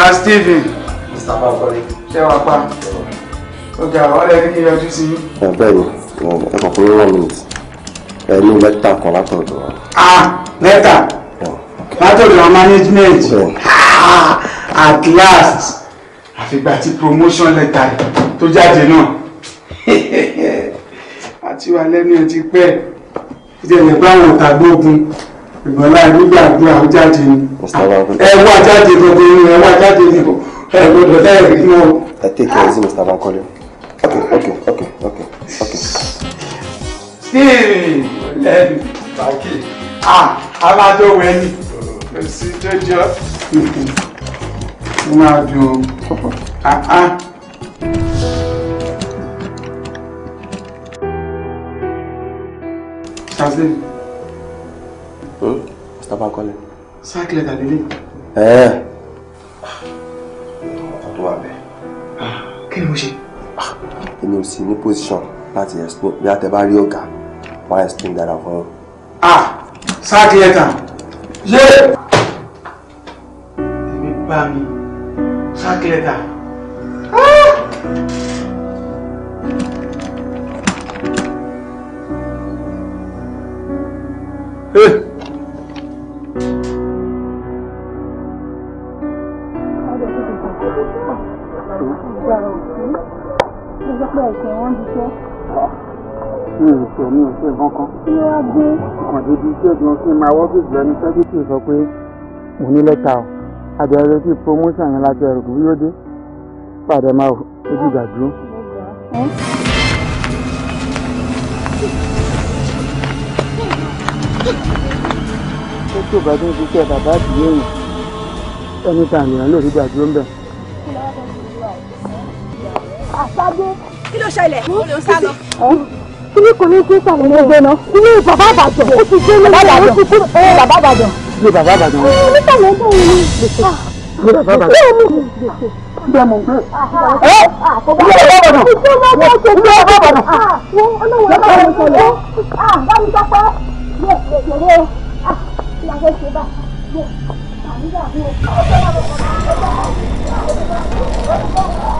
Mr. Stephen. Mr. Bankole. Ṣé wàá pa? Ọjà ọ̀rẹ́ ní kí n yọjú sí. Bẹ́ẹ̀ ni, ẹ kàn fún mi one minute. Ẹ ní lẹ́tà kan látọ̀dọ̀ wa. Ah! Lẹ́tà! Látọ̀dọ̀ management. At last! Àfìgbà tí promotion letter tó jáde náà. Àti wà lẹ́nu ẹ̀ ti pẹ́. Ìjẹ̀lẹ̀ báwọn ọ̀tàgbógun. Ìgbọ̀nlá ìlú gbàgbé àwọn jáde ni ẹ wá jáde gbogbo inú ẹ wá jáde nìkan ẹ gbọ́dọ̀ ẹ rí náà. ẹ take care easy Mr. Bankole ok ok ok ok ok. still lẹ́nu bàkì ah alájọwọ ẹni kò sí jẹjọ ó máa dùn ah ah. Kazeem. Hmm? Mr. Bankole. Sack letter lélẹ̀. Ẹ̀ẹ́. Ọkàn tó wà bẹ́ẹ̀. Kí ni mo ṣe? Èmi ò sí ní position láti explain bí a tẹ bá rí ọ̀gá wọ́n á explain dáadáa fún yín. Ah! Sack letter. Yé! Èmi bá mi. Sack letter. Ah! Eh! Hey! kankan. kí ló wá dé. ìkànnì ibi iṣẹ́ gan kí n máa wọ́fíìsì lẹ́nu sẹ́kítì sọ pé mo ní lẹ́tà o àbẹ̀rẹ̀ sí promotion yẹn láti ẹ̀rù kò yóò dé pàdé máa ojú ìgbà dúró. ó tó bá dín ṣiṣẹ́ bàbá àdìyẹ yìí ẹni tá àmìràn lórí ìgbà dúró ń bẹ̀. àṣàdé kí ló ṣẹlẹ̀ ó lè sá lọ kíní kò ní kí sàmì ní gbéná ilé bàbá àbàdàn ó ti gbé nílé ó ti kú bàbá àbàdàn. ilé bàbá àbàdàn. ilé bàbá àbàdàn. ilé bàbá àbàdàn.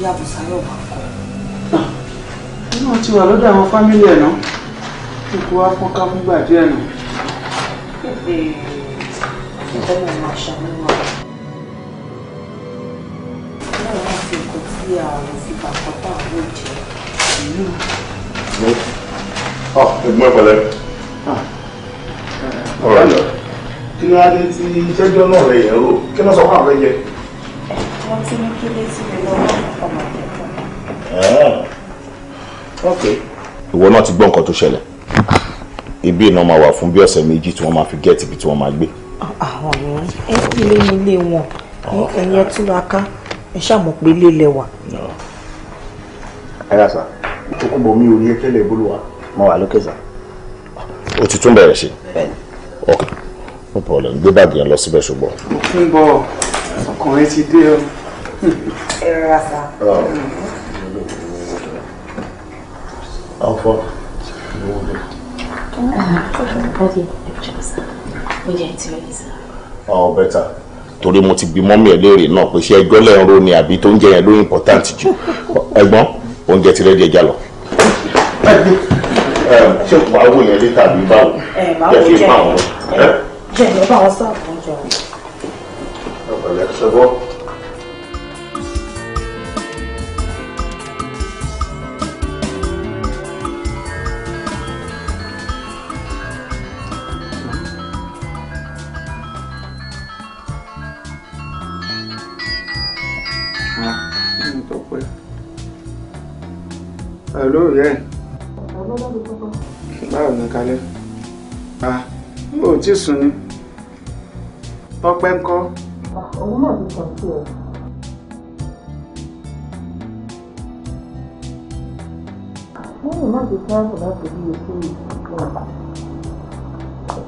ìyá Bùsáyọ̀ wà kọ́. náà ti wà lọ́dọ̀ àwọn fámílì ẹ̀ náà kókó wá fọ́n ká fúngbà díẹ̀ nù. ìjọba ìwà àṣà mi wà. náà wọ́n fi nǹkan tí ààrùn fi bàbá bá àwọn jẹ ìlú. Ah, ẹ̀gbọ́n ẹ̀ pẹ̀lẹ́. ọ̀rọ̀ ah. àjọ. kí ló á dé tí ìṣẹ́jọ́ náà rẹ̀ yẹ̀ rò kí ló sọ fún àwọn ẹ̀yẹ wọ́n ti ní kí létí rẹ̀ lọ́wọ́ ọmọ akẹ́kọ̀ọ́. ìwọ náà ti gbọ́ nǹkan tó ṣẹlẹ̀ ibi iná máa wà fún bí ọ̀sẹ̀ méjì tí wọ́n máa fi gẹ́ẹ̀tì ibi tí wọ́n máa gbé. àwọn ọ̀run ẹ ilé ní ilé wọn ẹ̀yin ẹ túraká ẹ ṣàmọ̀ pé ilé ilẹ̀ wà. ẹ yà sá mi ò ní ẹkẹ́lẹ̀ ìbólúwa. mo wà lókè sá. o ti tún bẹ̀rẹ̀ sí. ok no problem gbé báàgì yẹn lọ síbẹ̀ ṣùgbọ́n. mo tún ọkùnrin ti dé o ẹ alfa oh ń lò. ọ̀ bẹ́tà torí mo ti bi mọ́mí ẹ̀ léèrè náà pé ṣé ẹjọ́ lẹ́ ń ro ni àbí tó ń jẹ yẹn ló important jù ẹ̀gbọ́n oúnjẹ ti rẹ́dí ẹja lọ. ṣé wàá wò yẹn lé tàbí báwo jẹ́ fi bá wọn lọ. jẹ́ ẹ̀ bá wọn sọ̀rọ̀ oúnjẹ wọn. Hello, yeah. Báwo ni kalẹ́? Ah, n ò tí sùn ni. Tọ́pẹ́ ń kọ́. Òun náà ti sọ sí ẹ. Lẹ́yìn náà ti sáàbù láti bí etí ìgbà.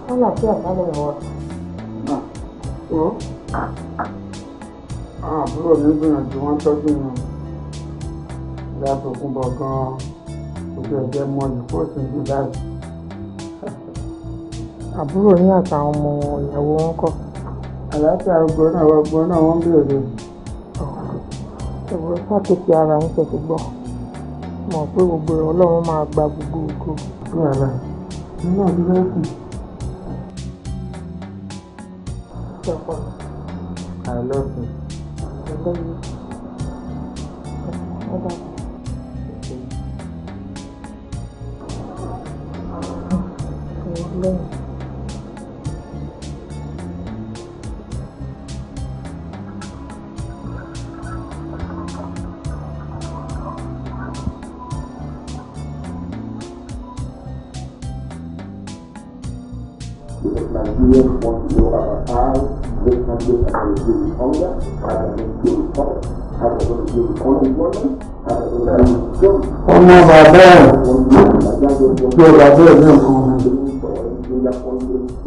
Kọ́lá sí àbálẹ̀ wọn. Ah, ó, ah, àbúrò mi gbìyànjú wọn tọ́jú mi ọ̀gá Tòkunbọ̀ gan-an ojú ẹ̀jẹ̀ mọ ìkó ìtújú báyìí. àbúrò yín àtàwọn ọmọ ìyàwó wọn kọ. àlàáfíà ọgbọ́n náà ọgbọ́n náà wọ́n ń béèrè. ìwé pàtẹ́kì ara ń tẹ̀sí gbọ́ mọ̀ pé gbogbo ọlọ́run máa gba gbogbo ògo. bẹ́ẹ̀ ni náà ló fẹ́ kù. ṣọ̀pọ̀. I love you. I love you. ọlọ́run. Nigerians want to know about they can look at the deal with hunger, how they can deal with poverty, how they can deal with unemployment, how they can deal with jobs. ọmọ bàbá ẹ tí bàbá ẹ náà kan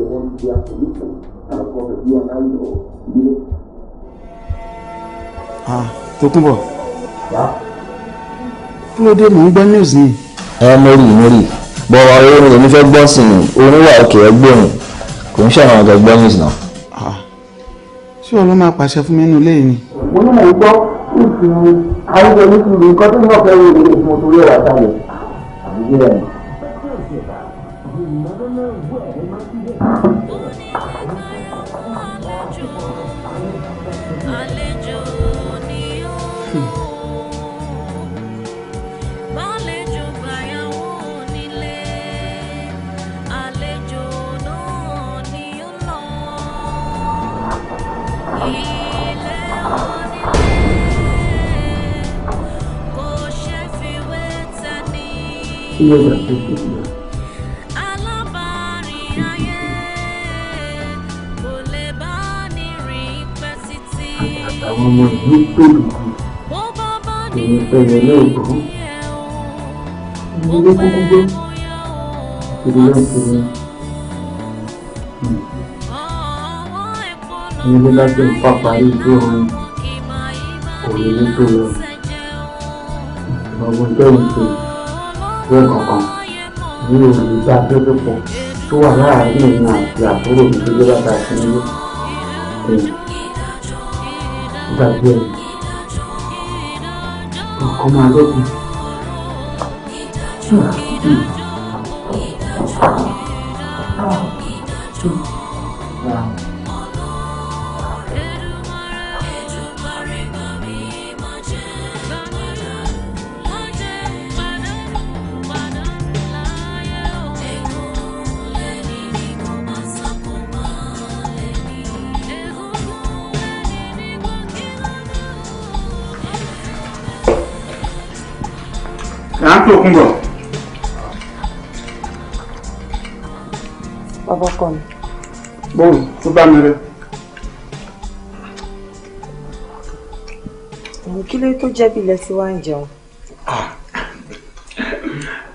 want their solution. And of course, as you and I know, you Ah, Tòkunbọ̀. Kí ló dé mò ń gbọ́ news ni? Ẹ mo rí mo rí. Bọ̀ wá orin fẹ́ gbọ́ sí ni orin wà òkè ẹ gbóhùn. Kò ń ṣàwọn ọ̀gá gbọ́ news náà. Ah. Ṣé o ló máa pàṣẹ fún mi nínú ilé yìí ni? Mo ní mò ń gbọ́ ìsìn àìjẹ́ nítorí nǹkan tó ń bọ̀ fẹ́ wo ìdílé fún mo torí ọ̀rọ̀ àtàlẹ̀. Àbújá ẹ̀ years and 15 years. àwọn ọmọ yìí pẹ̀lú èyí pẹ̀lú lẹ́ẹ̀kan ilé kúkú gbé kiri lẹ́ẹ̀kiri ní ilé láti ìfà parí tó orin òye ní tó lẹ́ẹ̀kọ̀ọ̀kan bí òòlù bá dúró pọ̀ tó wà láàárín èmi àti àbúrò mi tó jẹ́ bàtà sí ilé èyí gbàgbé ẹ̀ ọ̀kan máa lókun. àǹtí Òkúnbọ̀. bàbá ọkọ mi. bóun tó bá mi rẹ. òun kí ló tó jẹ́ bí ilẹ̀ tí wàá ń jẹun.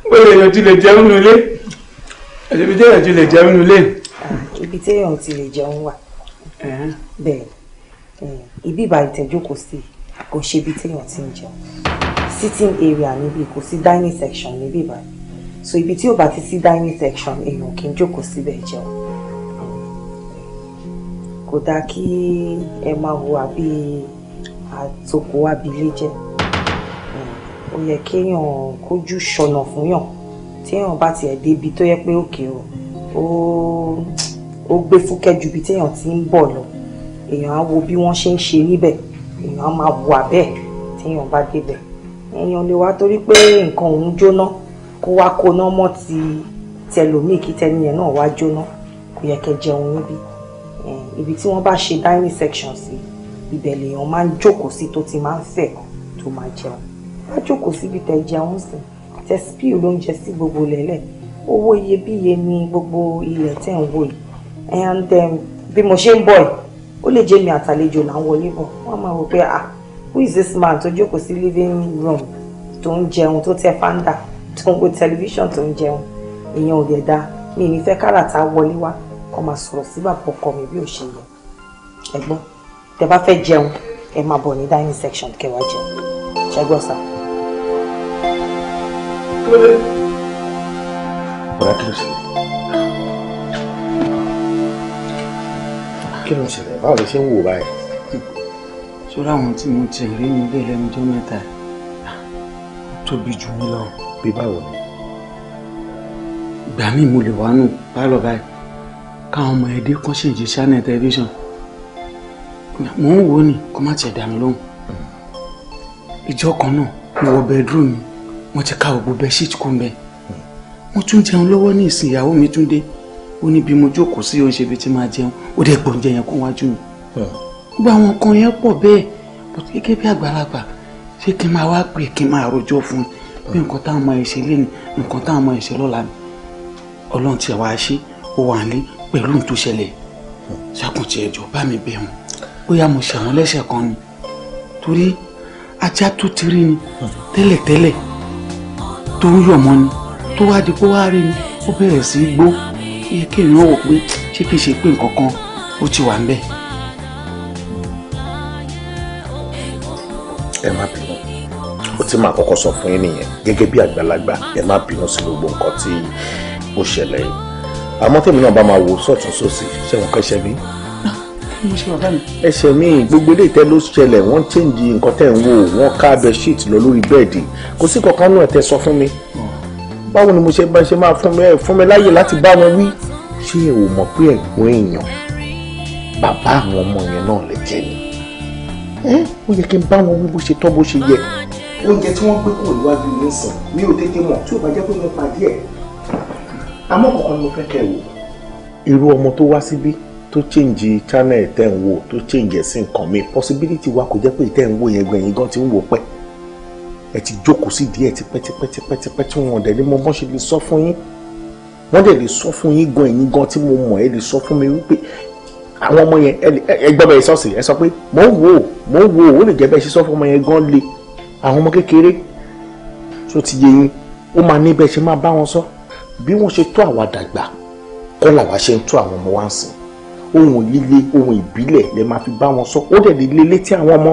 bóyá èèyàn ti lè jẹun nílé àṣebí jẹ́ èèyàn ti lè jẹun nílé. ibi tí èèyàn ti lè jẹun wà. bẹ́ẹ̀ ibi ìbàdàn tẹ̀jókòó sí kò ṣe ibi tí èèyàn ti ń sitting area níbí kò sí dining section níbí báyìí so ibi tí ò bá ti sí dining section èèyàn kì í jókòó síbẹ̀ jẹun kò dáa kí ẹ máa hùwà bí àtòkò abilé jẹ́ ó yẹ kéèyàn kójú ṣọ̀nà fún yàn téèyàn bá tiẹ̀ débi tó yẹ pé òkè o ó gbé fúkẹ́ ju ibi téèyàn ti ń bọ̀ lọ èèyàn á wo bí wọ́n ṣe ń ṣe níbẹ̀ èèyàn á máa hùwà bẹ́ẹ̀ téèyàn bá débẹ̀ èèyàn lè wá torí pé nǹkan òun jóná kó wá kóná mọ́ ti tẹlòmíì kí tẹni yẹn náà wá jóná kò yẹ kẹ́ jẹun níbí ibi tí wọ́n bá ṣe dining section sí ibẹ̀ lèèyàn máa ń jókòó sí tó ti máa ń fẹ̀ tó máa jẹun bá jókòó síbi tẹ jẹun sí tẹ spill lóúnjẹ sí gbogbo lẹ́lẹ̀ owó iyebíye ni gbogbo ilẹ̀ tẹ̀ ń wò yìí and um, bí mo ṣe ń bọ̀ yìí ó lè jẹ́ mi àtàlejò là ń wọlé bọ̀ wọ́n máa wò pé ah who is this man tó jókòó sí living room tó ń jẹun tó tẹ fanda tó ń wo tẹlifíṣàn tó ń jẹun èèyàn ò lè dá mi ní fẹ́ káràtà wọlé wá kó máa sọ̀rọ̀ sí bàbá ọkọ mi bí ò ṣe yẹ ẹ̀gbọ́n tẹ bá fẹ́ jẹun ẹ máa bọ̀ ní dining section kẹwàá jẹun ṣẹgbọ́n sá. ọ̀rẹ́ kí ló ṣe kí ló ń ṣẹlẹ̀ báwo lè ṣe ń wò báyìí sórí àwọn tí mo ti rí níbẹ̀ lẹ́nu ọjọ́ mẹ́ta ó tóbi jù mí lọ. bí báwo ni. ìgbà míì mo lè wánú pálọ̀ báyìí káwọn ọmọ ẹdẹ kan ṣèjì sánẹ tẹlifíṣàn mò ń wò ó ní kó má tiẹ̀ dá mi lóhùn. ìjọ kan náà mo wọ bẹẹdúró mi mo ti ká ògbó bẹ ṣíìtì kún bẹ mo tún jẹun lọ́wọ́ ní ìsìn ìyàwó mi tún dé ó ní bí mo jókòó sí oúnjẹ bíi ti máa jẹun ó dẹ̀ gbọ́ yẹn kó wájú mi. Hmm gba àwọn nǹkan yẹn pọ̀ bẹ́ẹ̀ but gẹ́gẹ́ bí àgbàlagbà ṣé kí n máa wá pè kí n máa rojọ́ fún un bí nǹkan táwọn ọmọ ìṣe lé ní nǹkan táwọn ọmọ ìṣe lọ́la ni ọlọ́run tiẹ̀ wá ṣe ó wà ní pẹ̀lú tó ṣẹlẹ̀ ṣàkùntì ẹ̀jọ̀ bá mi bẹ̀ wọ́n bóyá mo ṣàwọn lẹ́sẹ̀ kan ni torí ajá tó ti rí ni tẹ́lẹ̀tẹ́lẹ̀ tó ń yọ̀ mọ́ ni tó wá di kó wá rí ni ó bẹ̀rẹ̀ sí í gbó yẹ kéèyàn wò pé ṣé kìí ṣe pé nǹkan kan ó ti wà ń bẹ́ẹ̀. tí màá kọ́kọ́ sọ fún yín nìyẹn gẹ́gẹ́ bí àgbàlagbà ẹ má bínú sí gbogbo nǹkan tí ó ṣẹlẹ̀ yìí àmọ́ tèmi náà bá máa wò sọ̀tún sósì ṣẹ̀wọ̀n kẹ́sẹ̀ mi. ẹsẹ̀ mi gbogbo ilé ìtẹ́ ló ṣẹlẹ̀ wọ́n chẹ́ǹjì nǹkan tẹ̀ ń wò wọ́n ká abẹ sheet lọ lórí bẹ́ẹ̀dì kò sí kankan náà tẹ sọ fún mi báwo ni mo ṣe bá ṣe máa fún mi fún mi láyè láti bá wọn wí ṣé ẹ ò mọ̀ pé ẹ̀gbọ́n èèyàn bàbá àwọn ọmọ yẹn náà lè jẹ́ ni ó yẹ kí n bá wọn wí bó ṣe tọ́ bó ṣe yẹ oúnjẹ tí wọ́n gbé kúrò níwájú mi ń sàn mi ò tètè mọ̀ tí ò bá jẹ́ pé mo pa díẹ̀ àmọ́ kọ̀ọ̀kan ni mo fẹ́ kẹ́ wò. irú ọmọ tó wá síbí tó change channel tẹ́ ń wò tó change ẹ̀ sí nǹkan mi possibility wa kò jẹ́ pé tẹ́ ń wò yẹn gbẹ̀yìn gan ti ń wò pẹ́ ẹ ti jókòó sí díẹ̀ ti pẹ́tipẹ́tipẹ́tipẹ́ tí wọ́n dẹ̀ ní mo bọ́n ṣe lè sọ fún yín wọ́n dẹ̀ lè sọ fún yín gan ẹ̀yin gan tí mo mọ̀ ẹ lè sọ fún mi wípé àwọn ọmọ yẹn ẹgbẹ́ bẹ́ẹ̀ sọ́ọ̀sì ẹ sọ pé mò ń wò ó mò ń wò ó ó lè jẹ́ bẹ́ẹ̀ ṣe sọ fún ọmọ yẹn gan le àwọn ọmọ kékeré tó ti yé yín ó máa níbẹ̀ ṣe máa bá wọn sọ bí wọ́n ṣe tó àwa dàgbà kọ́ làwa ṣe ń tó àwọn ọmọ wa ń sìn ohun líle ohun ìbílẹ̀ lè máa fi bá wọn sọ ó dẹ̀ lè lé létí àwọn ọmọ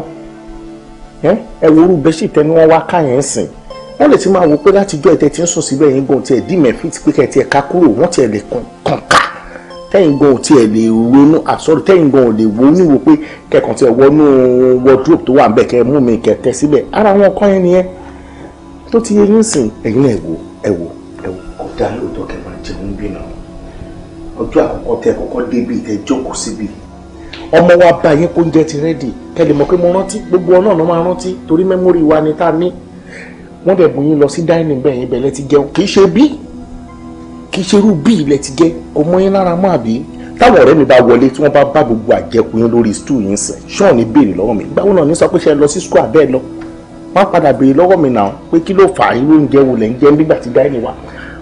ẹ wo orú bẹ́ṣì tẹ́ni wọ́n wá ká yẹn sìn wọ́n lè ti máa wò pé látijọ́ ẹ̀tẹ̀ tí ń sùn síbẹ̀ yín gan tiẹ̀ dì mẹ́fìtì pé kẹ́ẹ̀ tiẹ̀ ká kúrò wọ́n tiẹ̀ lè kàn ká tẹ́yìn gan ò tiẹ̀ lè ronú àsọ̀rọ̀ tẹ́yìn gan ò lè wo níwò pé kẹ̀kàn tiẹ̀ wọnú wardrobe tó wà ń bẹ̀ kẹ́ mú mi kẹ́ tẹ́ síbẹ̀ ara wọn kọ́ yẹn nìyẹn tó ti yẹ yín sìn ẹ̀yin náà ẹ̀wò ẹ̀wò ẹ̀wò. kódà lóòótọ́ kẹ́ máa jẹun bí náà ọjọ́ àkọ́kọ́ tẹ kọ́kọ́ débi tẹ jókòó síbi ọmọ wa bá yín kó ń jẹ ti rẹ́dì kẹ́ lè mọ̀ pé mo rántí gbogbo ọ̀nà ọ̀nà máa rántí torí mẹ́mórì wa ni tá a ní wọ́n dẹ̀ yín lọ sí dáìnì bẹ́ẹ̀ yín bẹ̀lẹ́ ti jẹun kì í ṣe bí kì í ṣerú bí ilẹ̀ ti jẹ́ ọmọ yín lára mọ́ àbí táwọn ọ̀rẹ́ mi bá wọlé tí wọ́n bá bá gbogbo àjẹkù yín lórí stool yín sẹ̀ ṣọ́ọ̀ ní béèrè lọ́wọ́ mi gbáwọn náà ní sọ pé ṣe lọ sí school abẹ́ lọ wọ́n padà béèrè lọ́wọ́ mi náà pé kí ló fà á irú oúnjẹ wo lẹ̀ ń jẹ nígbà tí dáìní wa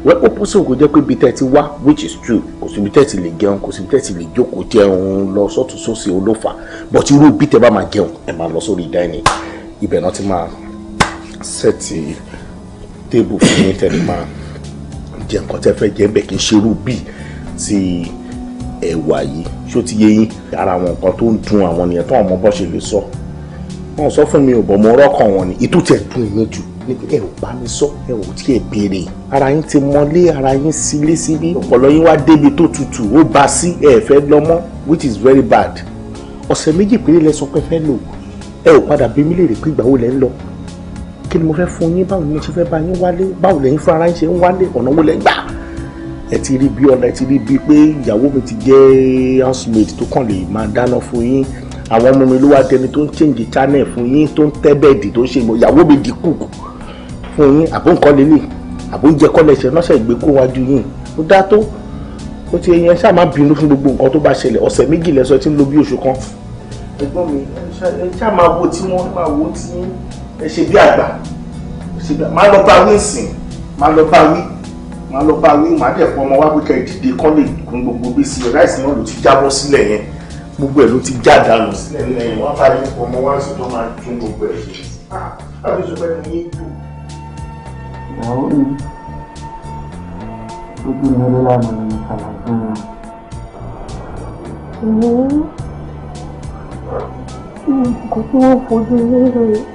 wẹ́ ó pọ́sọ̀ kò jẹ́ pé ibi tẹ́ ti wá which is true kò síbi tẹ́ ti lè jẹun kò síbi tẹ́ ti lè jókòó jẹun lọ sọ́tún sósì olófà but irú bí tẹ́ bá máa jẹun ẹ máa lọ sórí dáìní ibẹ̀ náà ti máa sẹ́ẹ̀tì tébù fún yín tẹ́lẹ̀ máa jẹ nǹkan tẹ́ fẹ́ jẹ ń bẹ̀ kí n ṣerú bíi ti ẹ̀wà yìí ṣó ti yé yín ara àwọn nǹkan tó ń dun àwọn nìyẹn tó àwọn ọmọ bọ́ ṣe lè sọ wọn sọ fún mi ò bọ̀ mọ rọ́kàn wọn ni ìtú tẹ̀ dùn ìmí jù níbi ẹ ò bá mi sọ ẹ ò tí ẹ béèrè ara yín ti mọlé ara yín sílé síbí ọpọlọ yín wá débi tó tutù ó ba sí ẹ fẹ́ lọ́mọ which is very bad ọ̀sẹ̀ méjì péré lẹ sọ pé fẹ́ lò ẹ ò padà bí mi lè rè pé ìgbà wo lẹ ń lọ kí ni mo fẹ́ fún yín báwo ni mo ṣe fẹ́ bá yín wálé báwo lẹ́yìn fún ara yín ṣe ń wálé ọ̀nà wo lẹ́yìn gbà ẹ ti rí bí ọ̀nà ẹ ti rí bí pé ìyàwó mi ti jẹ́ housemaid tó kàn lè máa dáná fún yín àwọn ọmọ mi ló wá tẹni tó ń change channel fún yín tó ń tẹ́ bẹ́ẹ̀dì tó ń ṣe ìyàwó mi di cook fún yín àbó nǹkan lélẹ̀ àbó oúnjẹ kọ́ lẹ́sẹ̀ náà ṣẹ̀ gbé kó wájú yín ó dá tó ó ti yẹn ṣáà má bínú fún gbogbo nǹkan tó bá ṣẹlẹ̀ ọ̀sẹ̀ méjì lẹ́sọ̀ tí ń lo bí oṣù kan. ẹ̀gbọ́n mi ṣáà máa wo tí wọ́n máa wo tí yín ẹ ṣe bí àgbà máa lọ bá wí sìn máa lọ bá wí máa lọ bá wí máa dẹ̀ fún ọmọ wa wíkẹ́ ìdìde kán lè kún gbogbo bí sí ráìsì náà ló ti jábọ́ sílẹ̀ yẹn gbogbo ẹ̀ ló ti já dànù sílẹ̀ yẹn wọ́n bá yín ọmọ wa sì tó máa tún gbogbo ẹ̀ ṣe. àbí ìṣòro ẹni yín dùn. ìyàwó mi ojú mi ló lànà ìrìn kàlà fún wọn. ìyẹn nǹkan tí wọ́n fojú rí rèé.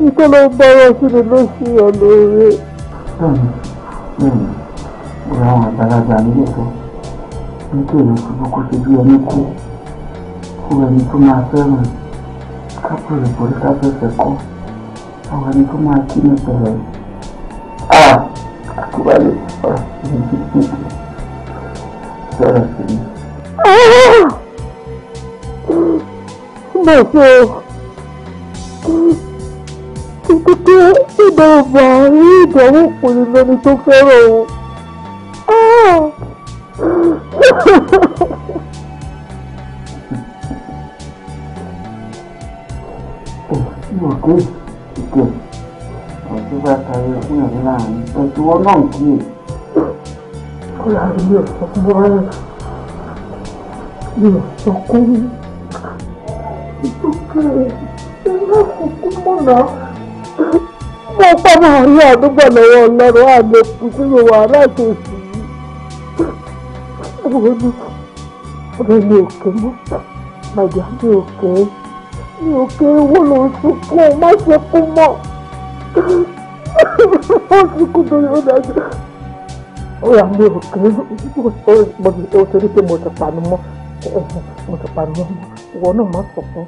ibi tó lọ bá wa sí ni ló ṣe ọlọ́ọ̀rẹ́. bẹ́ẹ̀ni bẹ́ẹ̀ni ìyá àwọn àgbàlagbà nílé fẹ́ nítorí òṣùpá kó ṣe bí ẹni kú fún ẹni tó máa fẹ́ràn kápẹ́rẹ́ pẹ̀lú káfẹ́fẹ́ kọ́ àwọn ẹni tó máa kí ní pẹ̀lẹ́ ah àtúbálẹ̀ ọ̀rọ̀ ìlú títí sọ̀rọ̀ sí mi. bẹ́ẹ̀ ṣe pé ìgbà ọba rí ìdánwò kò ní lẹni tó fẹ́ràn o. ìwà kan ìgò ọ̀dọ́ bá tayọ fún ẹ̀rí láàrin ẹ̀jú wọn náà kí è. ó yà á lè sọ fún bọ́lá rẹ̀ mi ò sọ kún mi. ìtòkè ẹ̀ mo pẹ́ mọ́ rí àdúgbò lọ́wọ́ ọlọ́run àgbẹ̀ kù sínú wàhálà tó sì yí. àwọn ọmọ mi ò kẹ́ mọ́ màjà mi ò kẹ́ mi ò kẹ́ owó ló ń sunkún má ṣe kú mọ́. ó ti kú torí ó dájú. ó mi ò kẹ́ ó torí pé mo ti pàánù mọ́ mo ti pàánù mọ́ ìwọ náà má sọ̀kan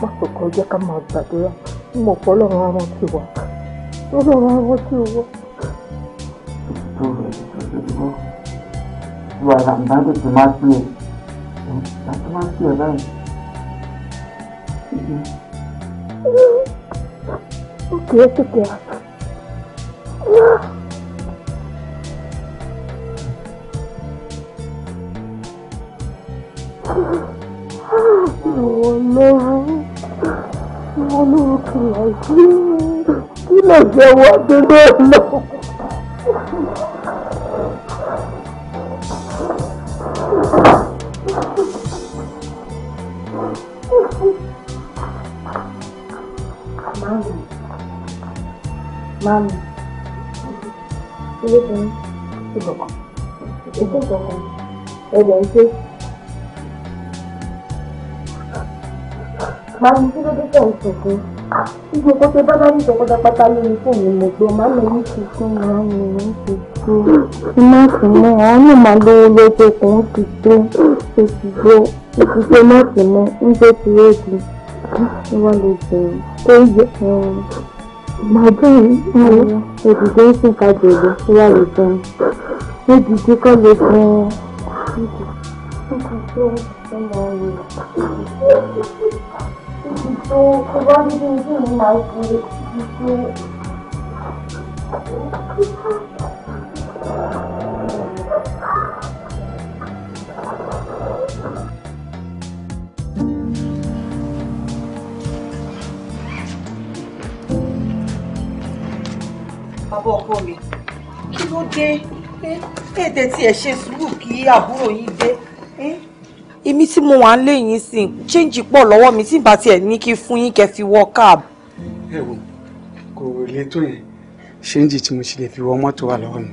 má sọ̀kan jẹ́ ká máa gbàdúrà mọ̀ fọlọ́run ọmọ ti wà fọlọ́run ọmọ ti wà. You are an advantage to my play. That's my play, right? Okay, take care. Oh, no wọn lórúkọ àìsí kí lè jẹ́ wọ́n délé lọ. Mami, mami, ilé kan, ìbọ̀kan, ìbọ̀kan, ẹ̀rọ ń ṣe. màá ní kí ló dé tẹ̀ ń sọ̀kún gbogbo nǹkan tó bá bá ní ìjọba pátá lórí fóònù mo gbọ́ màá lọ ní tuntun màá ní ní tuntun ní má sì mọ́ àwọn náà máa lówó lójú okùn ó ti tó ó ti gbó ó ti tó má sì mọ́ ń gbé tirẹ́ẹ̀dì wọ́n lè jẹun tó yẹ màdùn ìwọ òdìdó ń sìn kájọ ìlú tó wà lè jẹun méjìdí kọ́ lè jẹun. Thank you. 또 그거들이 좀 많이 보이고 bàbá ọkọ mi kí ló dé ẹ ẹ tẹ tí ẹ ṣe sùúrù kí àbúrò yìí dé èmi tí mo wà ń lé yín sí change pọ̀ lọ́wọ́ mi tí n bá tiẹ̀ ní kí fún yín kẹ́ fi wọ cab. ẹ wo kò lè tó yẹn change tí mo ṣe lè fi wọ mọ́tò wà lọ́wọ́ mi.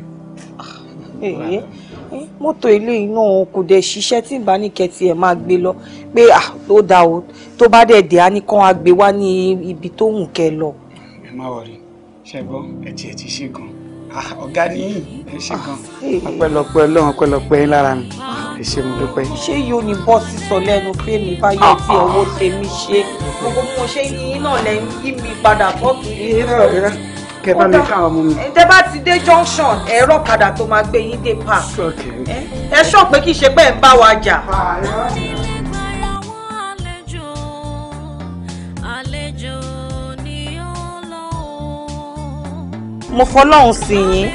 mọ́tò ilé náà kò dẹ̀ ṣiṣẹ́ tí n bá ní kẹ́ tiẹ̀ máa gbé lọ pé ó da o tó bá dẹ̀ dé á ní kán á wá ní ibi tó wù kẹ́ lọ. ẹ má wọrí ṣẹgbọn ẹ tiẹ̀ ti ṣe gan Ah, ọ̀gá nìyí ẹ ṣe gan. ọpẹ́lọpẹ́ Ọlọ́run ọpẹ́lọpẹ́ yín lára mi ẹ ṣe mo dúpẹ́. ṣé yóò ní bọ́ sísọ lẹ́nu pé mi bá yọ tí ọwọ́ tèmi ṣe gbogbo mo ṣe yín náà lẹ́ ń yí mi padà bọ́ọ̀tù yìí. kẹ bá mi káwọn ọmọ mi. tẹ́ bá ti dé junction ẹ̀rọ padà tó máa gbé yín dé park. ẹ ṣọ́ pé kì í ṣe pé ẹ̀ ń bá wa jà. mo fọlọ́run sí yín.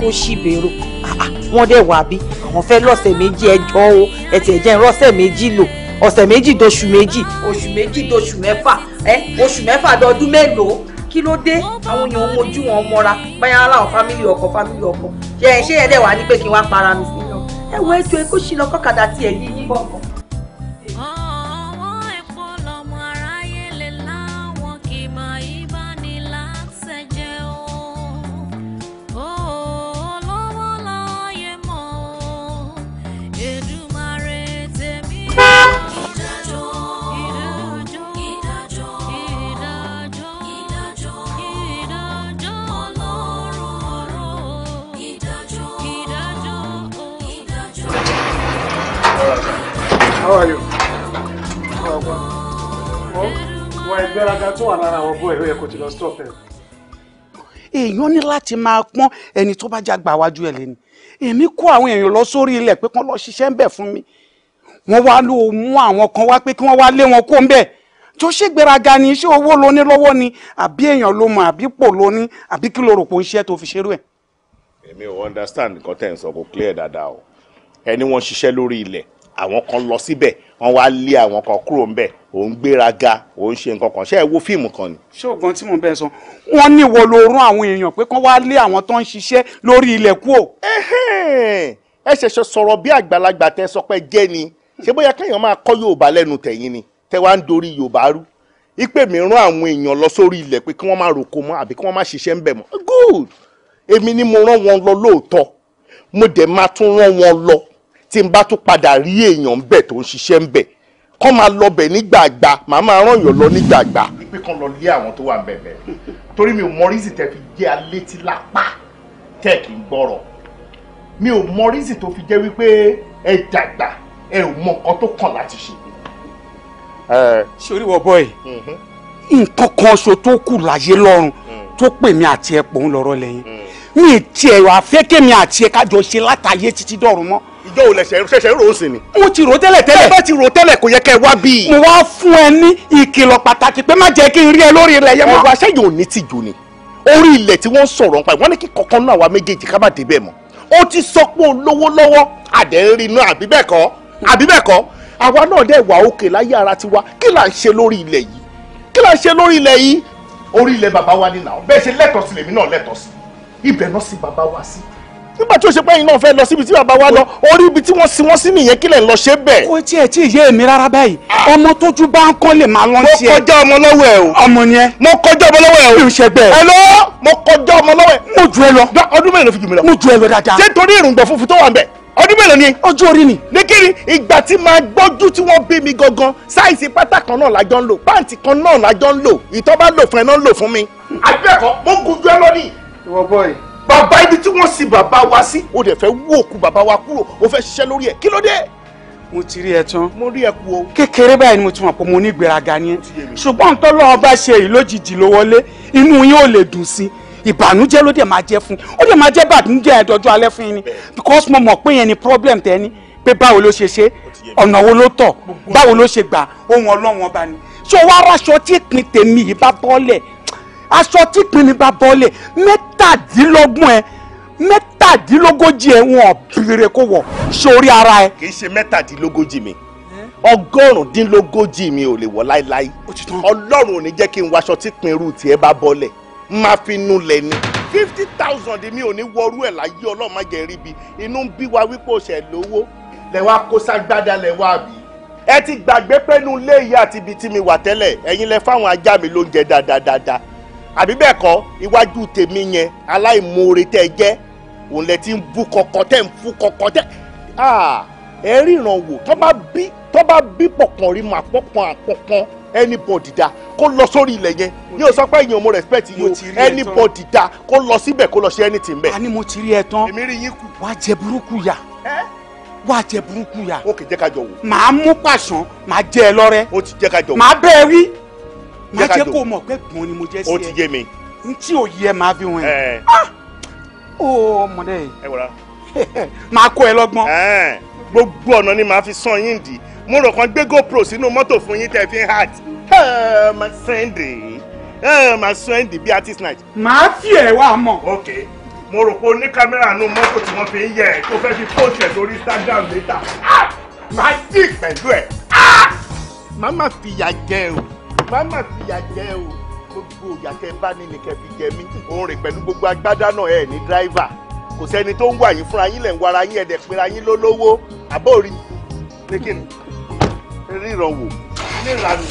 kó ṣìbẹ̀rù ah, ah, wọ́n dẹ̀ wà bí àwọn fẹ́ lọ́sẹ̀ méjì ẹjọ́ o ẹ̀tẹ̀ jẹ́ ìrọ́sẹ̀ méjì lò ọ̀sẹ̀ méjì doṣù méjì oṣù méjì doṣù mẹ́fà ẹ oṣù mẹ́fà dọdún mélòó kí ló dé àwọn èèyàn ń wojú wọn mọ́ra báyà aláwọ̀ fámìlì ọkọ fámìlì ọkọ ṣe ẹ ṣe ẹ dẹ̀ wá ní pé kí n wá para mi sí i náà ẹ wọ ètò ẹ kó ṣì lọ kọ́kadà yí yí bọ̀ọ̀kan. gbọ́ ẹ̀rọ yẹ kó ti lọ stop ẹ̀. èèyàn ní láti máa pọ́n ẹni tó bá jágbà wájú ẹ̀ lẹ́nu èmi kó àwọn èèyàn lọ sórí ilẹ̀ pé kán lọ ṣiṣẹ́ ń bẹ̀ fún mi wọ́n wá ló mú àwọn kan wá pé kí wọ́n wá lé wọn kó ń bẹ̀ tó ṣe gbéraga ni iṣẹ́ owó lo ní lọ́wọ́ ni àbí èèyàn ló mọ̀ àbí pò lo ní àbí kí lo rò pé ó ń ṣe tó fi ṣerú ẹ̀. èmi ò understand nǹkan tẹ̀ ń sọ kò clear dáadáa o ẹni wọ́n ṣiṣẹ́ lórí ilẹ̀ àwọn kan lọ síbẹ̀ wọ́n wá lé àwọn kan kúrò ńbẹ̀ òun gbéraga òun ṣe nǹkan kan ṣe é wo fíìmù kan ni. ṣóògùn tí mò ń bẹ sọ wọ́n ní wo ló rún àwọn èèyàn pé kán wá lé àwọn tó ń ṣiṣẹ́ lórí ilẹ̀ kú o. ẹ ṣẹ̀ṣẹ̀ sọ̀rọ̀ bí àgbàlagbà tẹ sọ pé jẹ́ ni ṣé bóyá kéèyàn máa kọ́ Yorùbá lẹ́nu tẹ̀yìn ni tẹ wá ń dorí Yorùbá rú ipe mi rán àwọn èèyàn lọ sórí ilẹ̀ pé kí wọ́n má roko mọ́ àbí kí wọ́n má ṣiṣẹ́ ń bẹ̀ mọ́ good èmi ni mo rán wọn lọ lóòótọ́ mo dẹ̀ máa tún rán wọn lọ tí n bá tún padà rí èèyàn ńbẹ tó ń ṣiṣẹ́ ńbẹ kọ́ máa lọ bẹ̀ nígbàgbà màá máa rán èèyàn lọ nígbàgbà. ìpín kan lọ lé àwọn tó wà bẹ̀bẹ̀ torí mi ò mọ rízì tẹ́ fi jẹ́ alétí lápá tẹ́ kì í gbọ́rọ̀ mi ò mọ rízì tó fi jẹ́ wípé ẹ dàgbà ẹ ò mọ nǹkan tó kàn láti ṣe. sori wọ bọ́ẹ̀ mhm. nǹkan kan ṣo tó kù láyé lọ́rùn mhm. tó pè mí àti ẹ̀ pòun lọ́rọ́ lẹ́yìn mhm. mi ì tiẹ̀ wà fẹ́ kémi àti ẹ̀ kájọ ṣe látàyé títí dọ̀rùn mọ́ ìjọ ò lẹsẹ ṣẹ̀ṣẹ̀ rò ó sì ni. mo ti rò tẹ́lẹ̀ tẹ́lẹ̀. bẹ́ẹ̀ ti rò tẹ́lẹ̀ kò yẹ kẹ́ ẹ wá bí. mo wá fún ẹ ní ìkìlọ̀ pàtàkì pé má jẹ́ kí n rí ẹ lórí ilẹ̀ yẹn. mo wá aṣẹ́yìn ò ní tìjú ni orí ilẹ̀ tí wọ́n ń sọ̀rọ̀ nípa ìwọ́n ní kí kankan náà wa méjèèjì ká má dé bẹ́ẹ̀ mọ́ ó ti sọ pé olówó lọ́wọ́ àdẹ̀ ń rí inú àbí bẹ́ẹ̀ kọ́ àbí bẹ́ẹ̀ kọ́ àwa náà dẹ̀ wà òkè láyé ara tiwa nígbà tí o ṣe pé ẹ̀yin náà fẹ́ lọ síbi tí bàbá wa lọ orí ibi tí wọ́n sin wọ́n sí nìyẹn kí lọ ṣe bẹ́ẹ̀. kò tiẹ̀ tí ì yé rárá báyìí ah. ọmọ tójú bá ń kọ́ lè máa lọ tiẹ̀. mo kọjá ọmọ lọ́wọ́ ẹ o. ọmọ ni ẹ. mo kọjá ọmọ lọ́wọ́ ẹ o. mi ò ṣe bẹ́ẹ̀. ẹ lọ mo kọjá ọmọ lọ́wọ́ ẹ. mo ju ẹ lọ. ọdún mélòó fi jù mí lọ. mo ju ẹ lọ dáadáa. ṣé torí èròǹgbà funfun tó wà ń ọdún mélòó ni. ọjọ́ orí ni. ní kí ìgbà tí màá gbọ́jú tí wọ́n bí mi gangan sáìsì pátá kan náà lájọ ń lò pàǹtì kan náà lájọ ń lò ìtọ́ bá lò fún ẹ náà lò fún mi. àbí mo gùn ju ẹ lọ ni. ìwọ bọ́ọ̀yì bàbá ibi tí wọ́n sin bàbá wa sí o dẹ̀ fẹ́ wú òkú bàbá wa kúrò o fẹ́ ṣiṣẹ́ lórí ẹ̀ kí ló dé. mo ti rí ẹ tán. mo rí ẹ kú o. kékeré báyìí ni mo ti mọ̀ pé mo ní ìgbéraga ni ẹ ṣùgbọ́n tó lọ́wọ́ bá ṣe èyí lójijì ló wọlé inú yín ò lè dùn sí i ìbànújẹ́ ló dẹ̀ máa jẹ́ fún ó dẹ̀ máa jẹ́ bàdújẹ́ ẹ̀dọ́jọ́ alẹ́ fún yín ni because mo mọ̀ pé yẹn ni problem tẹ́ ni pé báwo ló ṣe ṣe ọ̀nà wo ló tọ̀ báwo ló ṣe gbà ohun ọlọ́run ọba ni ṣé o wá aṣọ tí ìpín tèmi yìí bá bọ́ọ̀lẹ̀ aṣọ tí ìpín mi bá bọ́ọ̀lẹ̀ mẹ́ta mẹ́tàdínlógún ẹ mẹ́tàdínlógójì ẹ wọn bìrè kó wọ̀ sórí ara ẹ. kì í ṣe mẹ́tàdínlógójì mi ọgọ́rùndínlógójì mi ò lè wọ̀ láéláé ọlọ́run ò ní jẹ́ kí n waṣọ tí pinru tiẹ̀ bá bọ́lẹ̀ máa fi nulẹ̀ ni fifty thousand mi ò ní wọrú ẹ̀ láyé ọlọ́run má jẹ́ ríbi inú ń bí wa wípé ó ṣẹ̀ lówó lẹ́wà kó ságbádá lẹ́wà ẹ ti gbàgbé pẹ́nu léyìí àti ibi tí mi wà tẹ́lẹ̀ ẹ̀yin lẹ fáwọn ajá mi lóúnjẹ dáadáa dáadáa àbí bẹ́ẹ̀ kọ́ iwájú tèmi yẹn aláìmoore tẹ́ ẹ jẹ́ òun lẹ ti ń bú kọkọ tẹ́ ń fú kọkọ tẹ́ ẹ ah, ríran wò tó bá bí tó bá bí pọ̀pọ̀n rí màá pọ̀pọ̀n àpọ̀pọ̀n anybody da kó lọ sórí ilẹ̀ yẹn ní o sọ pé èèyàn mo respect yìí o anybody da kó lọ síbẹ̀ kó lọ ṣe anything bẹ́ẹ̀. a ní mo ti rí ẹ tán èmi rí yín kù. wàá jẹ burúkú yà wàá jẹ burúkú yà. ó kì í jẹ́ ká jọ wò. màá mú pàṣán màá jẹ ẹ lọ́rẹ́. ó ti jẹ́ ká jọ wò. màá bẹ́ẹ̀ rí má jẹ́ kó mọ̀ pé gbọ́n ni mo jẹ́ sí ẹ ó ti yé mi n tí ò yẹ máa fi wọn yẹn ah! ó mọ̀dé yìí máa kó ẹ lọ́gbọ́n. gbogbo ọ̀nà ni màá fi sàn yín dì mo rò kan gbé gopro sínú mọ́tò fún yín tẹ́ fi ń hàt máa sẹ́ndì máa sẹ́ndì bí artist night. màá fi ẹ̀ wá mọ̀. ok mo rò pé oní kámẹ́rà nù mọ́tò tí wọ́n fi ń yẹ ẹ̀ tó fẹ́ fi post ẹ̀ lórí Instagram later ah! máa dì pẹ̀lú ẹ̀ ah! máa má fi yà jẹ o. bá ti yà jẹ o gbogbo ìyà tẹ bá ní ni kẹfì jẹ mí òun gbogbo agbádá náà ní dráìvà kò sẹ́ni tó ń wà yín fúnra yín lẹ̀ ń wara yín ẹ̀dẹ̀ pera yín lólówó àbórí ní kí ni ríran wò ní ìlànà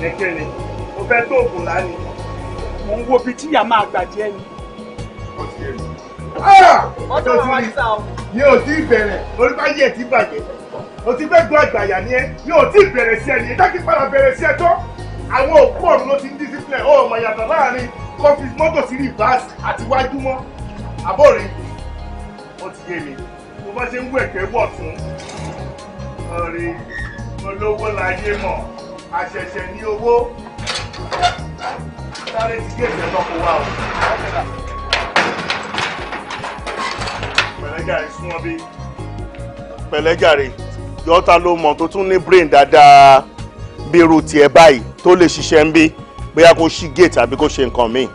ní kí ni mo fẹ́ tó oògùn lánìí. mo ń wo bí tíyà máa gbàjẹ́ ni. Ah! yóò ti bẹ̀rẹ̀ orí bá yẹ̀ bàjẹ́. o ti fẹ́ gbọ́ àgbàyà ni ẹ mi ò tí ì bẹ̀rẹ̀ sí ẹ nìyẹn jákè padà bẹ̀rẹ̀ sí ẹ tán àwọn òkú ọ̀run ló ti ń discipline ọ̀ mà yàtọ̀ láàrin kọfí mọ́tò sí rivers àti wájú mọ́ àbọ̀rẹ̀ ó ti yé mi mo bá ṣe ń wú ẹ̀kẹ́ wọ̀ tún ọ̀rẹ́ olówó láyé mọ̀ àṣẹ̀ṣẹ̀ ní owó sáré ti gé ìjẹ́ lọ́kọ̀ wa o. pẹ̀lẹ́gàrí súnmọ́ bí. pẹ̀lẹ́gàrí yọta ló mọ̀ tó tún ní brain dáadáa bí irú tiẹ̀ báyìí tó lè ṣiṣẹ́ ń bí bóyá kó ṣí gate àbí kó ṣe nǹkan míì.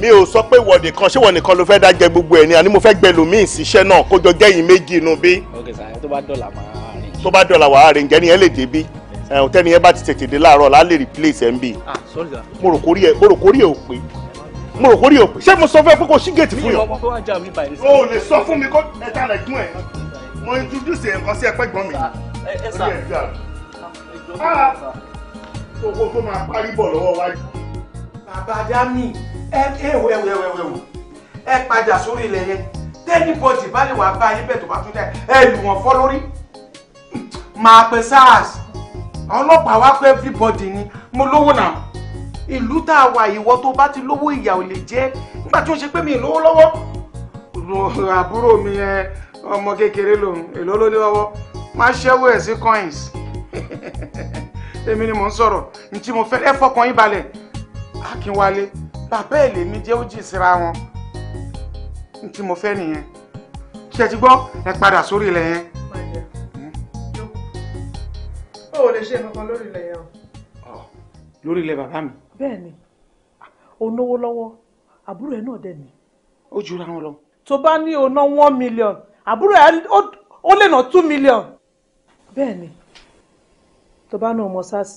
mi ò sọ pé ìwọ nìkan ṣé ìwọ nìkan ló fẹ́ dá jẹ gbogbo ẹ̀ ni àní mo fẹ́ gbẹlò míì síṣẹ́ náà kó jọ jẹ́yìn méjì inú bí. tó bá dọ̀là wàá rìn jẹ́ ni ẹ lè dé bí òtẹ́ni ẹ bá ti tètè dé láàárọ̀ la lè replace ẹ̀ ń bí. Ah, mo rò kórìí ẹ ò pé mo rò kórìí ò pé ṣé mo sọ fún pé kó ṣí gate fún yàn. o lè sọ fún mi kó ẹ̀ta rẹ̀ gún ẹ̀ mo introduce ẹ̀ nǹkan sí ẹ̀pẹ́ gbọ́n mi. ẹ sà ẹ sà kókó ah! tó máa parí bọ̀ lọ́wọ́ wájú. bàbá dami ẹ ẹwọ ẹwọ ẹwọ ẹwọ ẹ padà sórí ilẹ̀ yẹn tẹ́nibọ̀dì bá lè wà bá yín bẹ̀ tó bá tún dẹ̀ ẹ lù wọ́n fọ́ lórí máa pe sars ọlọ́pàá wá pé everybody ni mo lówó náà ìlú tá a wà ìwọ tó bá ti lówó ìyà ò lè jẹ nígbà tí ó ṣe pé mi lówó lọ́wọ́ àbúrò mi ẹ ọmọ kékeré lòun èló ló ní ọwọ́ má ṣẹ́wó ẹ̀ sí coins èmi ni mò ń sọ̀rọ̀ ní tí mo fẹ́ ẹ fọkàn yín balẹ̀ Akínwálé bàbá ẹ̀ lèmi jẹ́ ó jì síra wọn ní tí mo fẹ́ nìyẹn ṣe ti gbọ́ ẹ padà sórí ilẹ̀ yẹn. ó lè ṣe nǹkan lórí ilẹ̀ yẹn o. lórí ilẹ̀ bàbá mi. bẹ́ẹ̀ni ó náwó lọ́wọ́ àbúrò ẹ̀ náà dẹ̀ ni. ó jura wọn lọ. tó bá ní o ná one million àbúrò ẹ̀ ó lè ná two million. bẹ́ẹ̀ ni tó bá ná ọmọ sars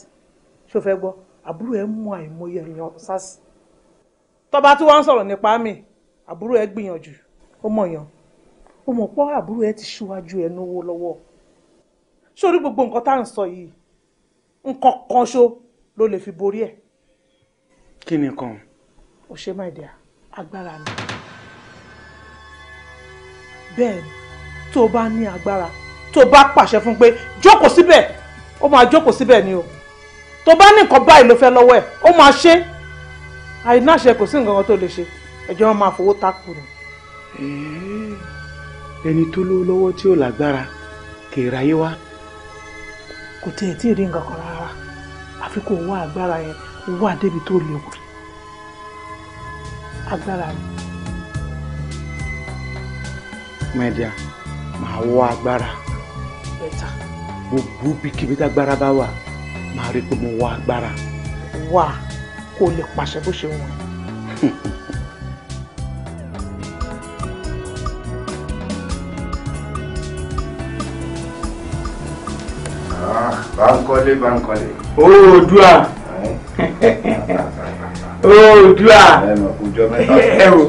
ṣó fẹ́ gbọ́ àbúrò ẹ̀ mú àìmọye èèyàn sars tó bá tí wọ́n ń sọ̀rọ̀ nípa mi àbúrò ẹ̀ gbìyànjú ó mọ̀ yàn ó mọ̀ pọ́ àbúrò ẹ̀ ti ṣíwájú ẹ̀ náwó lọ́wọ́ sórí gbogbo nǹkan tá à ń sọ yìí nǹkan kan ṣo ló lè fi borí ẹ̀. kí ni kan. ò ṣe máa dẹ̀ agbára mi bẹ́ẹ̀ ni tó o bá ní agbára tó o bá pàṣẹ fún pé jókòó síbẹ̀ ó máa jókòó síbẹ̀ ni o tó o bá ní nǹkan báyìí ló fẹ́ lọ́wọ́ ẹ̀ ó máa ṣe àìnáṣẹ kò sí nǹkan kan tó lè ṣe ẹ̀jọ̀ wọn máa fowó takù ni. ẹni tó lówó lọ́wọ́ tí ò lágbára kì í ráyé wá. kò tiẹ̀ tí ì rí nǹkan kan rárá àfi kó wá agbára yẹn wá débi tó lè wò agbára yẹn. Media dear màá wọ agbára gbogbo bíkíbi tágbára bá wà màá rí i pé mo wọ agbára. wà kó lè pàṣẹ bó ṣe wọn. Bankole Bankole. Oòdùà. Oòdùà. Ẹ wò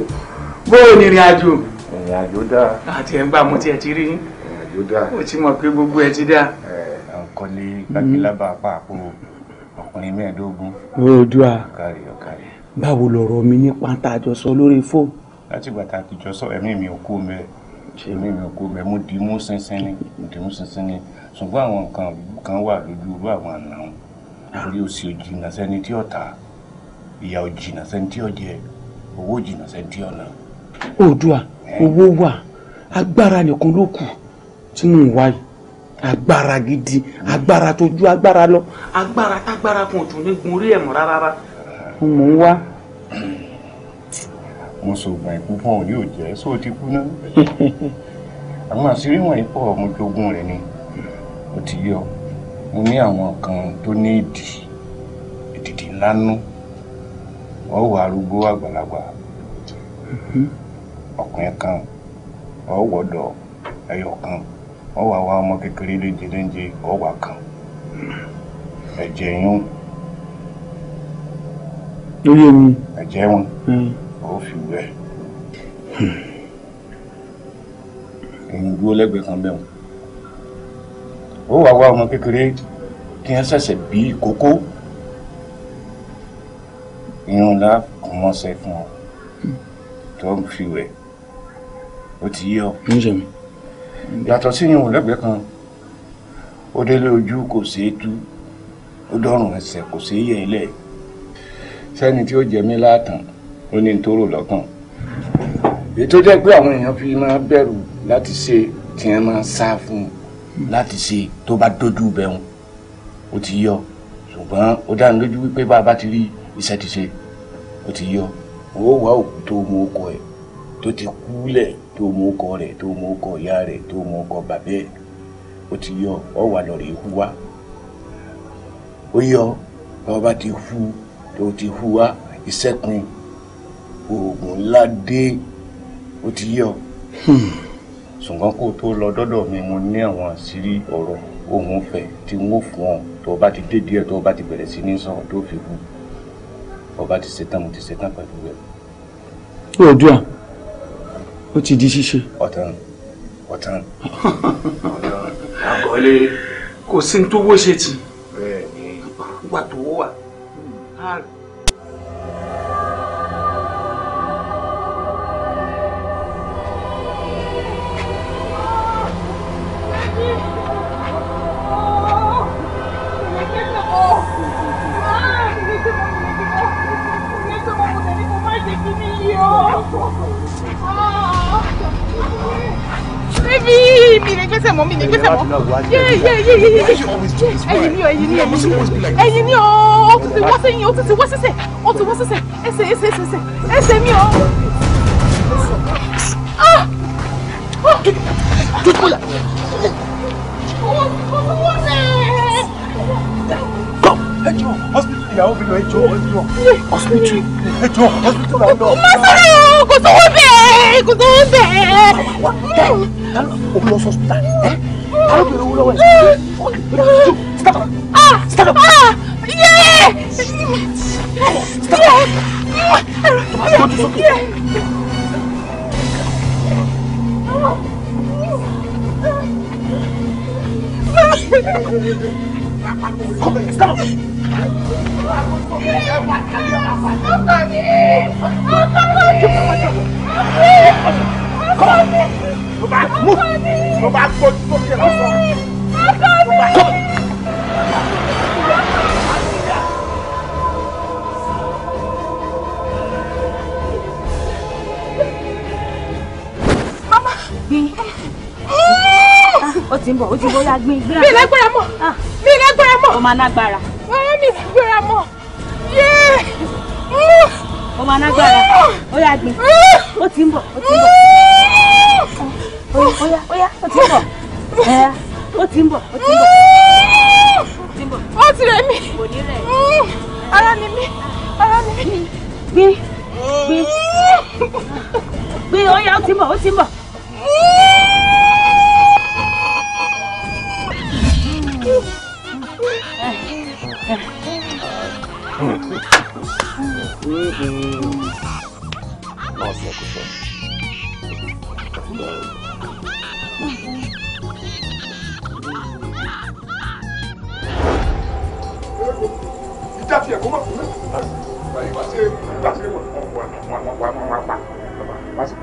bó o nìrìn àjò ìrìn àjò dáa. àti ẹ̀ ń bá mo tiẹ̀ ti rí yín. ìrìn àjò dáa. o ti mọ̀ pé gbogbo ẹ ti dáa. ẹ à ń kọ́lé gbàgbélábà pàápọ̀ ọkùnrin mẹ́ẹ̀ẹ́dógún. oòdùà ọ̀kàrí ọ̀kàrí. báwo lọ̀rọ̀ mi ní pátá àjọsọ lórí fóònù. láti ìgbà tá a ti jọsọ ẹ̀mí mi ò kú mẹ́ ẹ̀mí mi ò kú mẹ́ mo dì í mú sínsín ni mo dì í mú sínsín ni ṣùgbọ́n àwọn nǹkan kan wà lójú irú àwọn àná orí òsì òjìnà sẹ́ni tí ọ̀tá ìyà òjìnà sẹ́ni tí ọ̀jẹ owó òjìnà sẹ́ni tí ọ̀nà. oòdùà owó wà agbára nìkan ló kù tí mò ń wá yìí agbára gidi agbára tó ju agbára lọ agbára tágbára kan ò tún ní gun orí ẹ̀ mọ́ rárá mò ń wá. mo sògbà ikú fún òní ò jẹ́ sóò ti kú náà àwọn àṣírí wọ̀nyí pọ̀ mo jogún rẹ̀ ni ó ti yọ mo ní àwọn kan tó ní ìdí ìdìdì ńlá nú wọ́n wà arúgbó àgbàlagbà. Mhm. ọkùnrin kan ọ ẹyọ kan ọ wà wá ọmọ kékeré kan ẹ̀jẹ̀ yún. lóye mi. ẹ̀jẹ̀ wọn hmm. ó fi gbẹ. èyí dúró lẹ́gbẹ̀ẹ́ kan bẹ́ẹ̀ ó wà wá ọmọ kékeré ṣẹ̀ṣẹ̀ bí irun lá fún ọ tó ń fi wẹ̀. ó ti yé ọ. ń ṣe mi. yàtọ̀ sí yẹn ò lẹ́gbẹ̀ẹ́ kan ó délé ojú kò ṣeé tú ó dọ́rùn ẹsẹ̀ kò ṣeé yẹ ilẹ̀ sẹ́ni tí ó jẹ mí láàtàn ó ní tó rò lọ́kàn èyí tó jẹ́ pé àwọn èèyàn fi máa bẹ̀rù láti ṣe tí wọ́n máa ń sá fún un láti ṣe tó bá dójú bẹ̀rù ó ti yọ ṣùgbọ́n ó dá mi lójú wípé bá a bá ti rí iṣẹ́ ti ṣe ó ti yọ ó wà òkú tó mú ọkọ ẹ̀ tó ti kú lẹ̀ tó mú ọkọ rẹ̀ tó mú ọkọ ìyá rẹ̀ tó mú ọkọ bàbá ẹ̀ ó ti yọ ọ wà lọ́rọ̀ ihu wa ó yọ báwo bá ti hu tó ti hu wa ìṣẹ́kùn oògùn ńlá dé ó ti yọ hmm. ṣùgbọ́n kó tó lọ dọ́dọ̀ mi mo ní àwọn àṣírí ọ̀rọ̀ ohun ọ̀fẹ́ tí n ó fún ọ tó o bá ti dé díẹ̀ tó o bá ti bẹ̀rẹ̀ sí ní sọ̀rọ̀ tó fi hu ọba ti ṣetán mo ti ṣetán pẹ̀lú rẹ̀. ó dùn à ó ti di ṣíṣe. ọ̀tàn ọ̀tàn ọ̀tàn àgọ́lé kò sí ní tó wó ṣe tì. bẹ́ẹ̀ ni. wà tó hmm. wà. Ah, gbèsè mọ́ mi ní gbèsè mọ́ ẹyin ni o ẹyin ni ẹyin ẹyin ni o o tún ti wọ́ sẹ́yìn o tún ti wọ́ sísẹ̀ o tún wọ́ sísẹ̀ ẹsẹ̀ ẹsẹ̀ ẹsẹ̀ ẹsẹ̀ mi o. Ah! Ah! ẹjọ hospital ìyàwó mi lọ ẹjọ hospital ẹjọ hospital àwọn náà. kò sówó bẹ́ẹ̀ kò sówó ń bẹ̀ ẹ́. o lọ sọ sùtà ẹ ta ló bèrè owó lọ́wọ́ ẹ̀ stand up stand up. yẹ́ẹ̀ yẹ́ẹ̀ yẹ́ẹ̀. Come here, stop! Stop me! Stop me! Come mi lágbára mọ́ ah. mi lágbára mọ́. ó máa nágbára. mi lágbára mọ́ yéé ọmọ anágbára ó yá gbé ó ti ń bọ̀ ó ti ń bọ̀ ó yá ó yá ó ti ń bọ̀ ó ti ń bọ̀ ó ti ń bọ̀. ó ti rẹ̀ mí ara ni mí ara ni mí. gbé gbé gbé ó yá ó ti ń bọ̀ ó ti ń bọ̀. Ne yapıyor kuşum? Ìjáfíà kó má kú náà. Báyìí wá sí wá sí wà wà wà wà wà wá sí.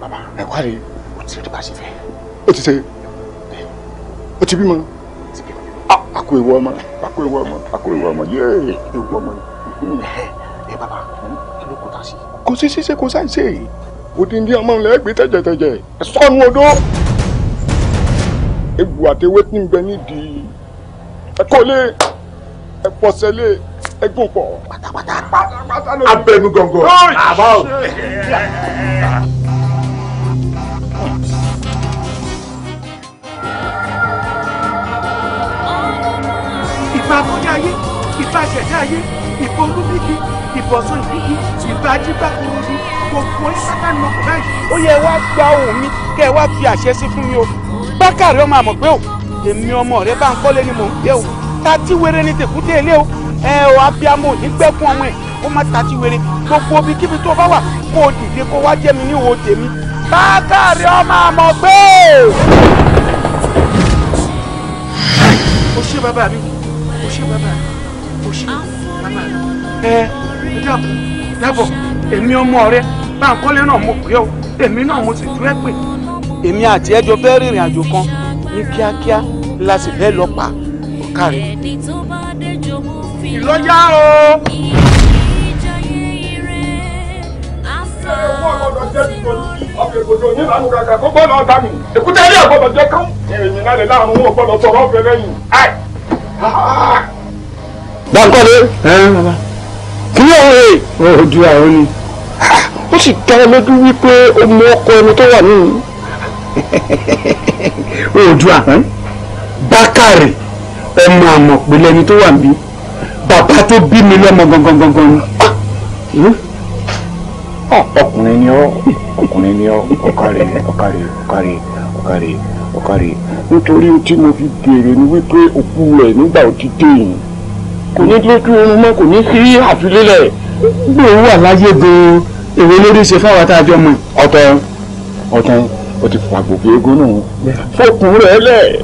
Bàbá ẹ wá rí o ti rí bá ṣe fẹ́ ìwọ ọmọ àkó ìwọ ọmọ yéé ìwọ ọmọ ni. ẹ bàbá kí ló kó ta sí. kò sí ṣíṣe kò sáì ṣe èyí odindi ọmọ ńlẹ gbé tẹjẹtẹjẹ ẹ sọnù odó egbò àtẹwé tí ń bẹ nídìí ẹ kọ́lé ẹ pọ̀sẹ̀lé ẹ gùn pọ̀ pátápátá abẹnugọ̀ngọ̀ àbáwò. aṣẹ̀dá ayé ìbọn olúmíkì ìbọn ọ̀sán ìbíkì ìbàjí gbogbo sátánù ọkọ̀ báyìí. ó yẹ wá gba ohùn mi kẹ́ wá fi àṣẹ sí fún mi o bákàrí ọmọ àmọ̀ pé o èmi ọmọ rẹ bá ń kọ́lé ni mò ń gbé o tàtí wéré ni tèkúté ilé o ẹ ọ abiyamọ ò ní gbẹ́kún ọmọ ẹ̀ ó má tàtí wéré gbogbo ibi kíbi tó bá wà kó o dìde kó wá jẹ́ mi ní ìhò tèmi bákàrí ọmọ àmọ̀ pé o. o ṣé bàbá mi o ṣé bàbá mi ẹ dẹ́bọ̀ èmi àti ẹjọ fẹ́ rìnrìn àjò kan ní kíákíá la sì fẹ́ lọ pa ọ̀ká rẹ. ìlọ́jà o. èkúté ilé ọgbọdọ jẹ kán. ìrìnnà lè láàrin owó ọgbọdọ sọ̀rọ̀ ọfẹ lẹ́yìn. Bankole. kí ni òun rè. Oòdùà ó ní. ó sì dá ọ lójú wípé ó mú ọkọ ẹni tó wà nínú. Oòdùà Bákàrè ọmọ àmọ̀pé lẹni tó wà níbí bàbá tó bí mi lọ́mọ gangan gangan ni ah! Ah, ọkùnrin ni ọ ọkùnrin ni ọ ọkàrè ọkàrè ọkàrè ọkàrè ọkàrè nítorí tí mo fi béèrè ni wípé òkú rẹ nígbà ó ti dé yìí kò ní dúró dúró oorun mọ́ kò ní sí àtúlélẹ̀. bí òun wà láyé gan-an èrè lórí ṣe fáwọn tá a jọ mọ̀. o ti fà gbòkè eégún náà fókun rẹ̀ lẹ̀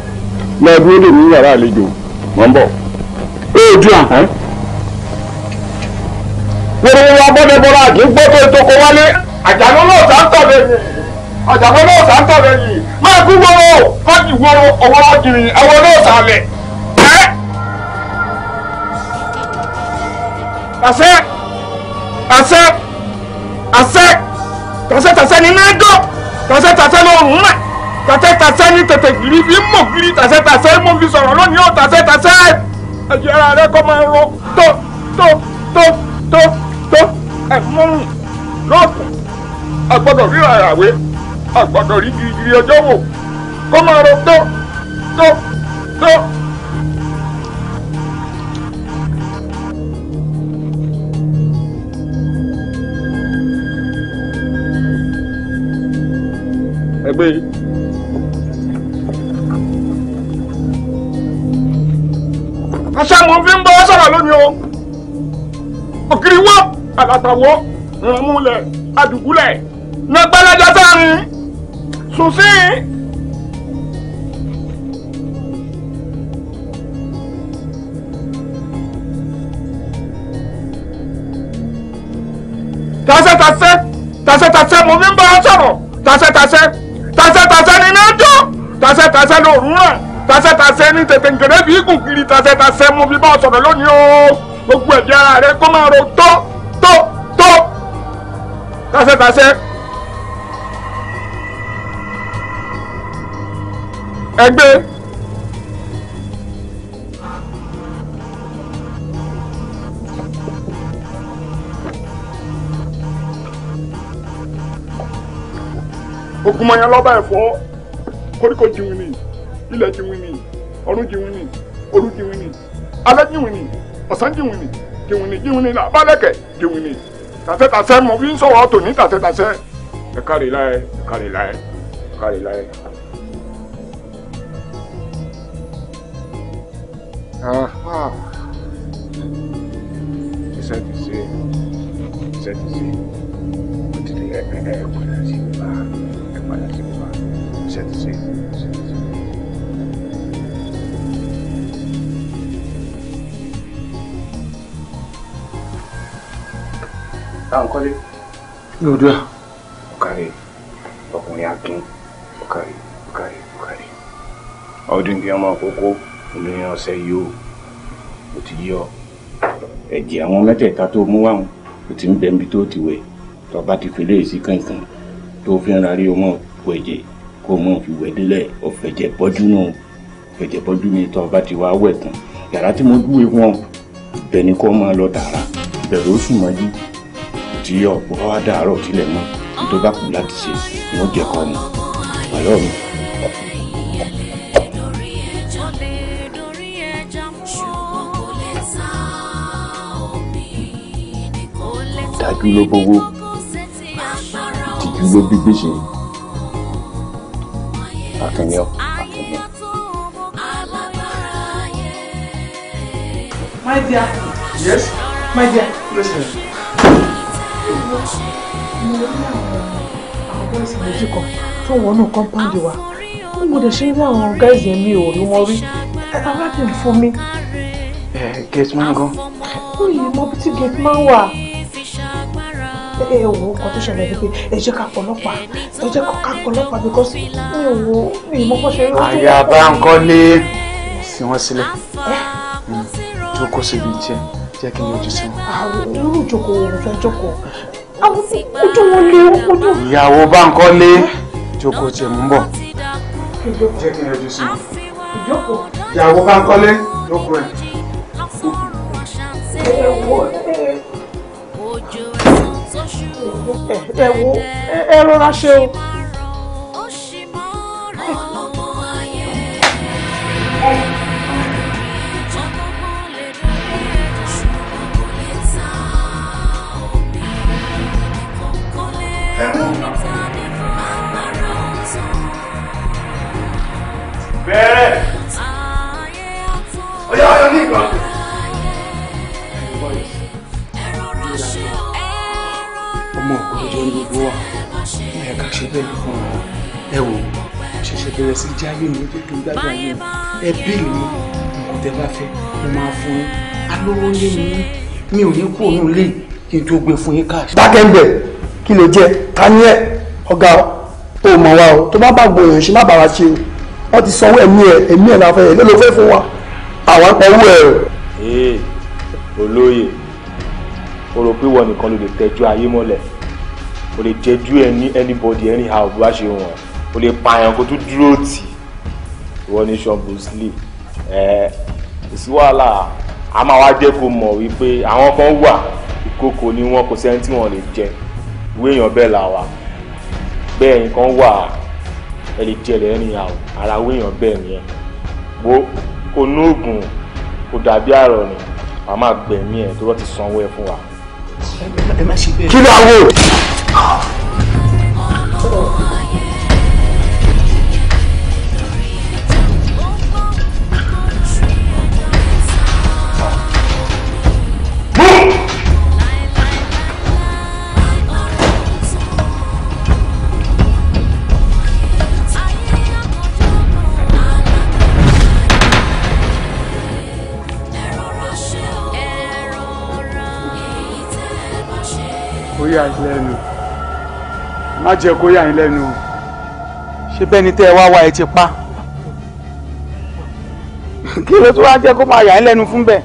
lọ́dún ó lè ní yàrá àlejò mọ́ ń bọ̀. ojú àhán. wọ́n wá bọ́dẹ̀ bọ́lá àti gbọ́ tó tó kó wálé àjàlọ́ náà sá ń tọ̀ lẹ́yìn àjàlọ́ náà sá ń tọ̀ lẹ́yìn máa kú gbọ́rọ̀ kọ́jú gbọ́rọ̀ ọwọ́ ọ̀gìrì àwọn náà sálẹ̀. àṣẹ àṣẹ àṣẹ tàṣẹ tàṣẹ ní nágọ tàṣẹ tàṣẹ lọrùn náà tàṣẹ tàṣẹ ní tètè gírí bí mọ gírí tàṣẹ tàṣẹ mọ fi sọ̀rọ̀ lónìí ó tàṣẹ tàṣẹ ẹjẹ ara rẹ kọ máa ro tó tó tó tó tó ẹ mọrùn lọkùn àgbọ́dọ̀ ríra àwé àgbọ́dọ̀ rí gírígírí ọjọ́ wò kó máa ro tó tó tó. gbé. àṣà mò ń fi ń bọ́ sọ̀rọ̀ lónìí o ògiri wọ́ àlàtàwọ́ ìrànmúlẹ̀ àdùgúlẹ̀ nàgbàlájà sáàrin sùn sí i. tasẹ tasẹ tasẹ tasẹ mo fi ń bá a tasẹ́tasẹ́ lòórùn rẹ̀ tasẹ́tasẹ́ ní tètè nkèrè bí ikùn kiri tasẹ́tasẹ́ mú bí bá sọ̀rọ̀ lónìí o gbogbo ẹ̀jẹ̀ ara rẹ̀ kó máa ro tó tó tó tasẹ́tasẹ́. ẹgbẹ́. ogunmọ̀yán lọ́ba ẹ̀fọ́ koríko jiwin ni ilẹ̀ jiwin ni ọ̀run jiwin ni òru jiwin ni alẹ́ jiwin ni ọ̀sán jiwin ni jiwin ni jiwin ni abalẹ̀kẹ̀ jiwin ni tàṣẹ́tàṣẹ́ mo fi ń sọ̀rọ̀ tòní tàṣẹ́tàṣẹ́ ẹ̀ka rè láyé ẹ̀ka rè láyé ẹ̀ka rè láyé. iṣẹ́ ti ṣe iṣẹ́ ti ṣe ó ti di ẹ̀ẹ́dẹ́gbẹ̀rún. Set, sí, sí, sí. Táwọn kọ́lé. Lóòdúrà. Bùkárì, ọkùnrin akin, Bùkárì, Bùkárì, Bùkárì. Ọdún kí ọmọ kókó olóyún ọ̀sẹ̀ yìí ó, kò ti yí ọ. Ẹ̀jẹ̀ àwọn mẹ́tẹ̀ẹ̀ta tó mú wáhùn kò ti ń bẹ̀ níbi tó ti wẹ̀. Tọ́ba ti fi léèsí kankan tó fi ń rarí ọmọ òkú kó o mọ̀ fi wẹ̀ délẹ̀ ọ̀fẹ̀jẹ̀ bọ́jú náà ọ̀fẹ̀jẹ̀ bọ́jú ni tó bá ti wá wẹ̀ tán yàrá tí mo dúwe wọn ibẹ̀ ni máa lọ tààrà bẹ̀rẹ̀ oṣù mọ́jú tí ọ̀pọ̀ wá dàárọ̀ tilẹ̀ mọ́ tó bá kù láti ṣe ni ó jẹ́ kọ́ ọmọ dájú ló bówó tìjú ló bí gbèsè tèmi ọkùnrin tèmi. my dear yes my dear ló ṣẹlẹ̀. mo rí àwọn àwọn bọ́ọ̀sì méjì kan tó wọnú kọ́ńpáǹdì wa bí mo dẹ̀ ṣe rí àwọn gáàsì mi ò rí wọn rí arábìnrin fún mi. ẹ gate man gan. ó yẹ mọ bí tí gate man wà ẹ wo nǹkan tó ṣẹlẹ̀ wípé ẹ jẹ́ ká pọlọ́pàá ẹ jẹ́ ká pọlọ́pàá because mi ò wo mi ìmọ̀ bó ṣe rí. àyà Bánkọ́lé fi wọ́n sílẹ̀ hmm. jókòó síbi tiẹ̀ jẹ́ kí n yọjú sí wọn. àwọn irú ìjókòó òun fẹ́ jókòó àwọn ojú wọn lé ojú. ìyàwó Bánkọ́lé jókòó tiẹ̀ mú bọ̀ jẹ́ kí n yọjú sí wọn. ìyàwó Bánkọ́lé jókòó ẹ̀. ẹ wọ ẹ. ẹ wo ẹ rọra ṣe tẹ́lẹ̀ fún ẹ wò ṣẹ̀ṣẹ̀ bẹ̀rẹ̀ sí jáyé mi tó tó gbádùn ayé mi mi nǹkan bá fẹ́ mo máa fún yín alówó lé mi mi ò ní kú òun lé kí n tó gbé fún yín káàṣì. dákẹ́ǹdẹ̀ kí ló jẹ́ ta ni ẹ ọ̀gá o mọ̀ wa o tó bá bá gbòòrò ṣe má bàa ṣe o wọ́n ti sanwó ẹ̀mí ẹ̀ ẹ̀mí ẹ̀ la ẹ̀ ló fún wa àwọn pẹ̀lú ẹ̀ ee olóye o rò pé wọn nìkan ló lè tẹjú ayé mọ́lẹ̀ o lè jẹjú ẹ anybody anyhow bó bá ṣe wọn o lè pààyàn kó tún dúró tì ìwọ ní ṣọ́ọ̀bù sílẹ̀ ẹ kò sí wàhálà a máa wá jẹ́ kó mọ̀ wípé àwọn kan wà ìkókò ni wọn kò sẹ́ni tí wọ́n lè jẹ ìwé èèyàn bẹ́ẹ̀ là wà bẹ́ẹ̀ nǹkan wà ẹ lè jẹlẹ̀ anyhow ara ìwé èèyàn bẹ́ẹ̀ nìyẹn wo kò ní oògùn kò dàbí àrọ̀ ni màá gbẹ̀mí ẹ̀ tó bá ti sanwó ẹ fún wa. kí ló wò guys let má jẹ́ kó yà yín lẹ́nu o ṣé bẹ́ẹ̀ ni tẹ́ ẹ wá wá ẹ ti pa kí ló tún wá jẹ́ kó máa yà yín lẹ́nu fún bẹ́ẹ̀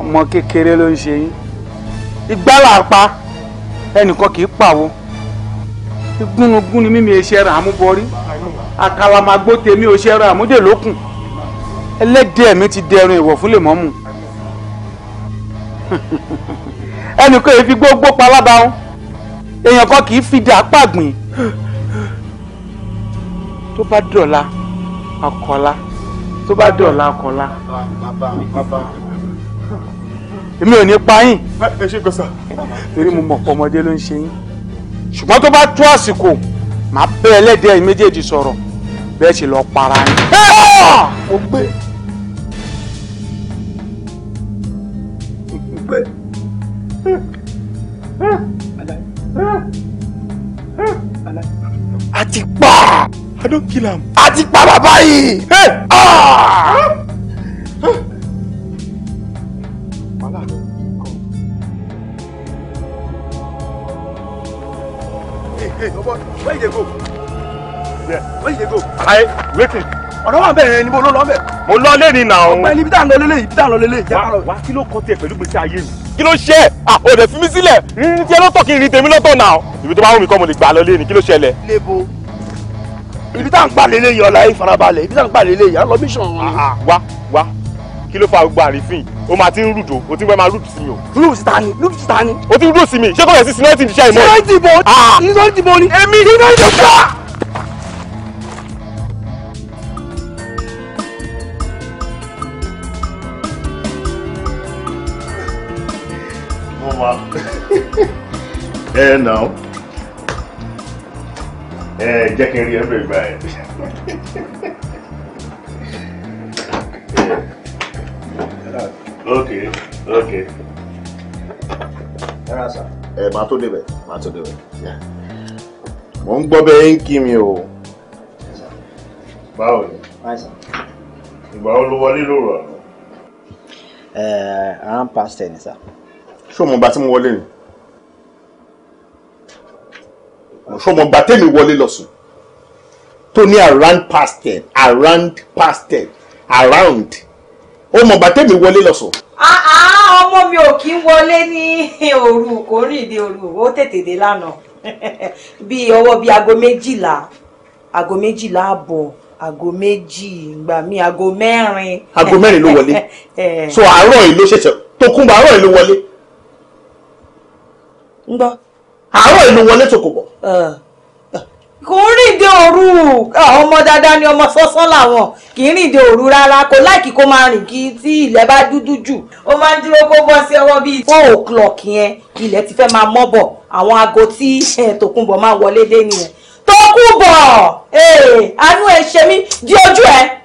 ọmọ kékeré ló ń ṣe yín igbá là pa ẹnìkan kì í pàwọ́ igúnnugún ni mímí iṣẹ́ rà mú borí àkàlàmàgbò tèmi ò ṣe rà mú dè lókùn ẹlẹ́dẹ̀ẹ́ mi ti dẹrun ìwọ̀ fún lè mọ́mù ẹnìkan èyí fi gbogbo pa lábàá èèyàn kan kì í fi dà pàgbìn tó bá dọ̀la akọ̀la tó bá dọ̀la akọ̀la. èmi ò ní pa yín. ẹ ṣe gbọ́sà. torí mo mọ̀ pọ́mọdé ló ń ṣe yín ṣùgbọ́n tó bá tó àsìkò màá bẹ́ ẹlẹ́dẹ̀ẹ́ méjèèjì sọ̀rọ̀ bẹ́ẹ̀ ṣe lọ para yín. ó gbé. don kill am. a ti pa bàbá yìí. Hey, ah! Obo, where you dey go? Yeah. Where you dey go? Aye, wetin. Ọ̀nà wà bẹ̀rẹ̀ ni mo lọ lọ bẹ̀. Mo lọ lé ni nà o. Ọ̀pẹ níbi tá à ń lọ lélẹ̀ yìí, bí tá à ń lọ lélẹ̀ yìí. Wà wá kí ló kọ́ tiẹ̀ pẹ̀lú gbèsè ayé mi. Kí ló ṣe é? À ò dẹ̀ fi mí sílẹ̀. Rírí tí ẹ lọ́tọ̀ kí n rí tèmi lọ́tọ̀ nà. Ibi tó bá wù mí kọ́ mo lè gbà lọ lé ni, kí ló ṣẹlẹ̀? Lébo ibi tá à ń gbà lélẹ̀ yìí ọ̀la yìí farabalẹ̀ ibi tá à ń gbà lélẹ̀ yìí alọ́ mission. wá wá kí ló fa gbogbo àrífín o máa ti ń rúdò o ti ń fẹ́ máa rúdò sí mi o. rúdò sí ta ni rúdò sí ta ni. o ti ń rúdò sí mi ṣé kò yẹ sí sinọ́ọ̀tì ìṣe ìmọ̀. sinọ́ọ̀tì ìbò sinọ́ọ̀tì ìbò ni. èmi sinọ́ọ̀tì ìbò. And now ẹ jẹ́ kí n rí ẹ̀rọ ok ok. ẹ máa tó débẹ̀ máa tó débẹ̀. mo ń gbọ́ bẹ́ẹ̀ ń kí mi o. báwo ni ìgbà wo ló wọlé lóru àná. ẹ around past ten sir. ṣé o mọ̀ bá tí mo wọlé ni. ṣọmọgbà tèmi wọlé lọ sùn tó ní around past ten around past ten around ó mọ̀gbà tèmi wọlé lọ sùn. Ah, ah, ọmọ mi ò kí ń wọlé ní òru kò rìn dé òru ó tètè dé lánàá bí ọwọ́ bíi aago méjìlá aago méjìlá àbọ̀ aago méjì ìgbà mi aago mẹ́rin. aago mẹ́rin ló wọlé eh. so àárọ̀ yìí ló ṣẹ̀ṣẹ̀ tó kún bá àárọ̀ yìí ló wọlé. ń gbọ́ àárọ̀ ìlú wọlé tó kò bọ̀. kò ń rìn dé òru ah, ọmọ dáadáa ni ọmọ sọ́sán làwọn kì í rìn dé òru rárá kò láìkí kó máa rìn kí tí ilẹ̀ bá dúdú jù ó máa ń dúró kó bọ́ sí ọwọ́ bíi four o'clock yẹn ilẹ̀ ti fẹ́ máa mọ́ bọ̀ àwọn aago tí eh, tòkunbọ̀ máa wọlé dé nìyẹn tòkunbọ̀ eh, àánú ẹ ṣe mí di ojú ẹ.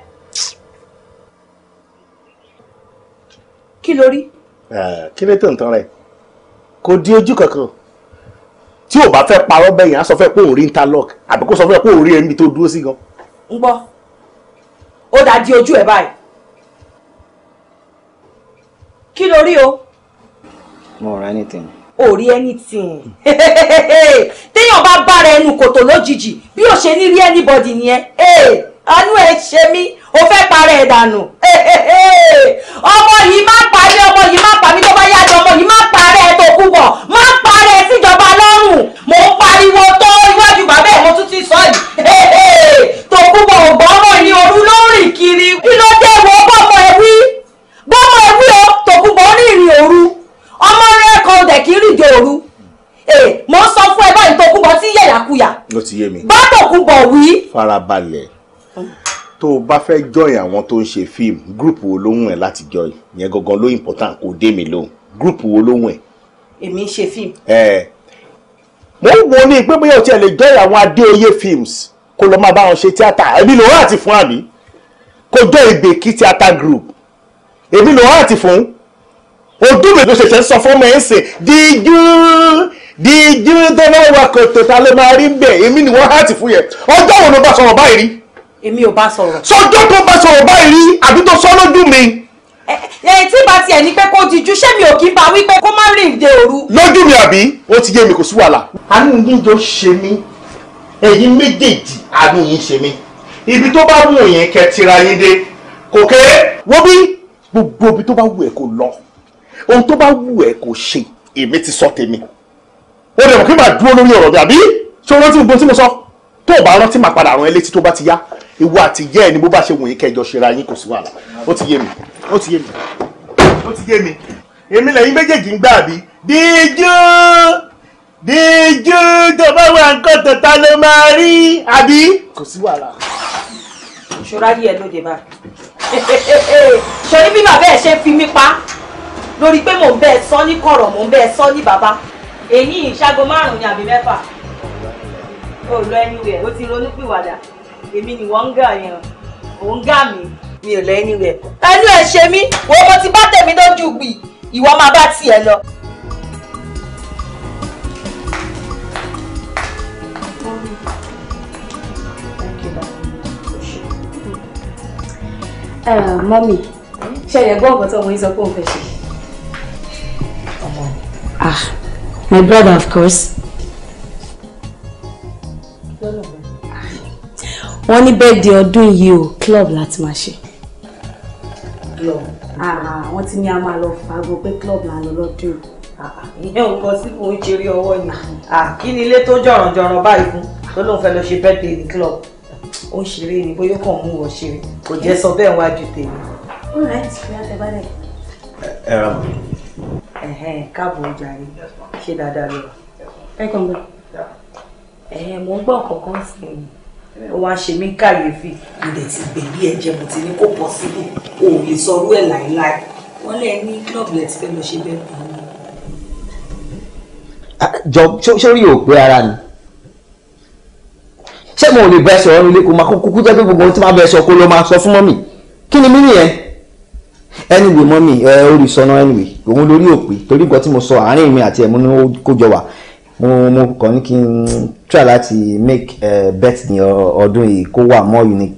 kí ló eh, kí ló tó ń tán kò di ojú kankan tí ò bá fẹ́ parọ́ bẹ́ẹ̀ yẹn á sọ fẹ́ pé òun rí interlock àbí kó sọ fẹ́ pé òun rí ẹni tó dúró sí gan. ń gbọ́ ó dáa di ojú ẹ̀ báyìí kí ló rí o. mo rí anything. ò rí anything téèyàn bá bára ẹnu kòtò lójijì bí ó ṣe ní rí anybody nìyẹn anú ẹ ṣe mí o fẹ́ parẹ́ ẹ̀ dànù ọmọ yìí má parí ọmọ yìí má parí tó bá yá jọ ọmọ yìí má parẹ́ ẹ̀ tó kú bọ̀ má parẹ́ ẹ̀ síjọba lọ́rùn mò ń pariwo tó iwájú bàbá ẹ̀ mo tún ti sọ yìí tó kú bọ̀ ọ̀gbọ́n ọmọ yìí òru ló ń rìn kiri kí ló dé wo bọ́mọ ẹ wí bọ́mọ ẹ wí o tó kú bọ̀ ó ní ìrìn òru ọmọ rẹ kan dẹ̀ kí rìn dé òru mo sọ fún ẹ báyìí tó kú bọ̀ tí yẹ̀yà kuyà bá tó kú bọ̀ wí. farabalẹ̀ tó o bá fẹ́ join àwọn tó ń ṣe fíìmù group wo ló wùn ẹ́ láti join yẹn gangan ló important kò dé mi lóhùn group wo ló wùn ẹ́. èmi ń ṣe fíìmù. ẹ mo ń wo ní pé bóyá o tiẹ̀ lè join àwọn adéoyè films kó lọ máa bá wọn ṣe tíátà èmi lòun àti fún àmì kó join ìgbèkí tíátà group èmi lòun àti fún ojú mi ló ṣẹ̀ṣẹ̀ sọ fún mi ẹ̀ ń sìn díjú díjú tó bá wà kòtò ta ló máa rí bẹ́ẹ̀ èmi ni wọ́n hàtì fún yẹn ọjọ́ wo ló bá sọ̀rọ̀ báyìí rí èmi ò bá sọ̀rọ̀. sọjọ́ tó bá sọ̀rọ̀ báyìí rí àbí tó sọ lójú mi. ẹ ẹ tí bá tiẹ̀ ní pé kó dijú ṣé mi ò kí bá wípé kó má rìn de òru. lójú mi àbí ó ti yé mi kò sí wàhálà. àánú yín ló ṣe mí ẹ̀yin méjèèjì àánú yín ṣe mí ibi tó bá wù yín kẹ́ tira yín dé kò ké. wo bí gbogbo ibi tó bá wù ẹ́ kó lọ ohun tó bá wù ẹ́ kó ṣe èmi ti sọ tèmi ó dẹ̀ mọ̀ kí màá dúró lórí ọ̀rọ̀ mi àbí ṣé o rántí gbogbo tí mo sọ tó o bá rántí màá padà rán ẹ létí tó bá ti yá ìwọ àti ìyá ẹ ni bó bá ṣe wòye kẹjọ ṣera yín kò sí wàhálà ó ti yé mi ó ti yé mi ó ti yé mi èmi lẹ́yìn méjèèjì ń gbà bí díjú díjú tó bá wà nǹkan tó ta ló máa rí àbí kò sí wàhálà. ìṣọ́ra yí ẹ lóde bá ṣòrí bí bàbá ẹ ṣe fi mí pa lórí pé mò ń bẹ́ẹ̀ sọ ní kọ̀rọ̀ mò ń bẹ́ẹ̀ sọ ní bàbá èyí ìṣàgò márùn ni àbí mẹ́fà ó lọ ẹnu rẹ̀ ó ti ronú pìwàdà èmi ni wọ́n ń gà yẹn ò ń gà mí mi ò lẹ́yìn rẹ̀ ẹnu ẹ̀ ṣe mí wo mo ti bá tèmi lójú gbì ìwọ máa bá tiẹ̀ lọ. mọ́mì ṣe yẹ gbọ́ nǹkan tí ọmọ yìí sọ pé òun fẹ́ ṣe. ah my brother of course wọ́n ní birthday ọdún yìí o club láti máa ṣe. Ah, wọ́n ti ní a máa lọ fagbọ́ pé club là ń lọ lọ́dún ah, ah. ìyẹn ò kọ sí fún ìṣeré ọwọ́ yìí kí ni ilé tó jọ̀rànjọ̀ràn báyìí fún tó lóun fẹ́ lọ ṣe birthday ní club ó ń ṣeré ni bóyá ó kàn mú wọ ṣeré kò jẹ́ sọ bẹ́ẹ̀ wá ju tèmi. ó rà ẹ́ ti fi àtẹ balẹ̀. ẹ ra mọ. káàbọ̀ ọjà rẹ ṣe dáadáa lọ. ẹ kàn gbọ́. mo ń gbọ́ ọ̀kọ̀ọ̀kan sí i ó wá ṣe mí kàyéfì mo dẹ̀ ti gbẹ̀bí ẹ̀jẹ̀ mo ti ní kó pọ̀ síbò òòyè sọrú ẹ̀ láéláé wọ́n lẹ̀ ní club lẹ̀ ti fẹ́ lọ ṣe bẹ́ẹ̀ pọ̀ ní. Ah, jọ sórí òpè ara ni ṣé mo lè bẹ sọ̀rọ̀ nílé kó máa kúkú jẹ́ pé gbogbo ohun tí máa bẹ sọ kó ló máa sọ fún mọ́mì kí ni mí nìyẹn anyway mọ́mì ẹ ó rí sọ náà anyway òun lórí òpè torí nǹkan tí mo sọ àárín mi àti ẹ̀mú ni ó kó jọ wà mo mo kàn ní kí n try láti make uh, bet ní ọdún yìí kó wà more unique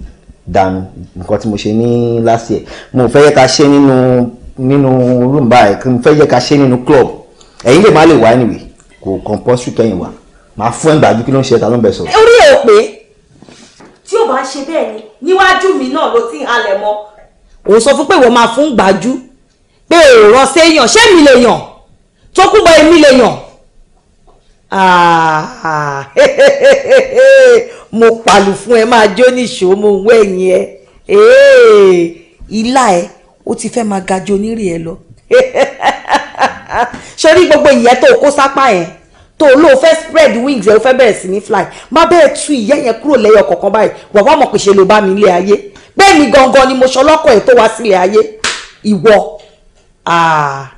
than nǹkan tí mo ṣe ní last year mo fẹ́ yẹ ká ṣe nínú nínú room báyìí mo fẹ́ yẹ ká ṣe nínú club ẹ̀yin lè má lè wá anyway kò compulsory kẹ́yìn wá màá fún ẹ̀ gbàdú kí ló ń ṣe ta ló ń bẹ sọ̀rọ̀. orí ẹ̀ ò pé tí ó bá ṣe bẹ́ẹ̀ ni níwájú mi náà ló ti ń halẹ̀ mọ́. ò sọ fún pé ìwọ máa fún gbàjú pé èrò rọ séèyàn ṣé mi lè yàn tó kú bọ èmi lè yàn Ah, mo pàlù fún ẹ máa jó níṣó mo wọ ẹ̀yìn ẹ ilá ẹ ó ti fẹ́ máa ga jo onírè ẹ lọ sórí gbogbo ìyẹn tó kó sápá yẹn tó o lóò fẹ́ spread wings ẹ o fẹ́ bẹ̀rẹ̀ sí ní fly má bẹ́ẹ̀ tú ìyẹn yẹn kúrò lẹ́yọ kọ̀ọ̀kan báyìí wà wá mọ̀ pé ṣe ló bá mi ilé ayé bẹ́ẹ̀ ni gangan ni mo ṣọlọ́kọ̀ ẹ̀ tó wá sílé ayé ìwọ ah,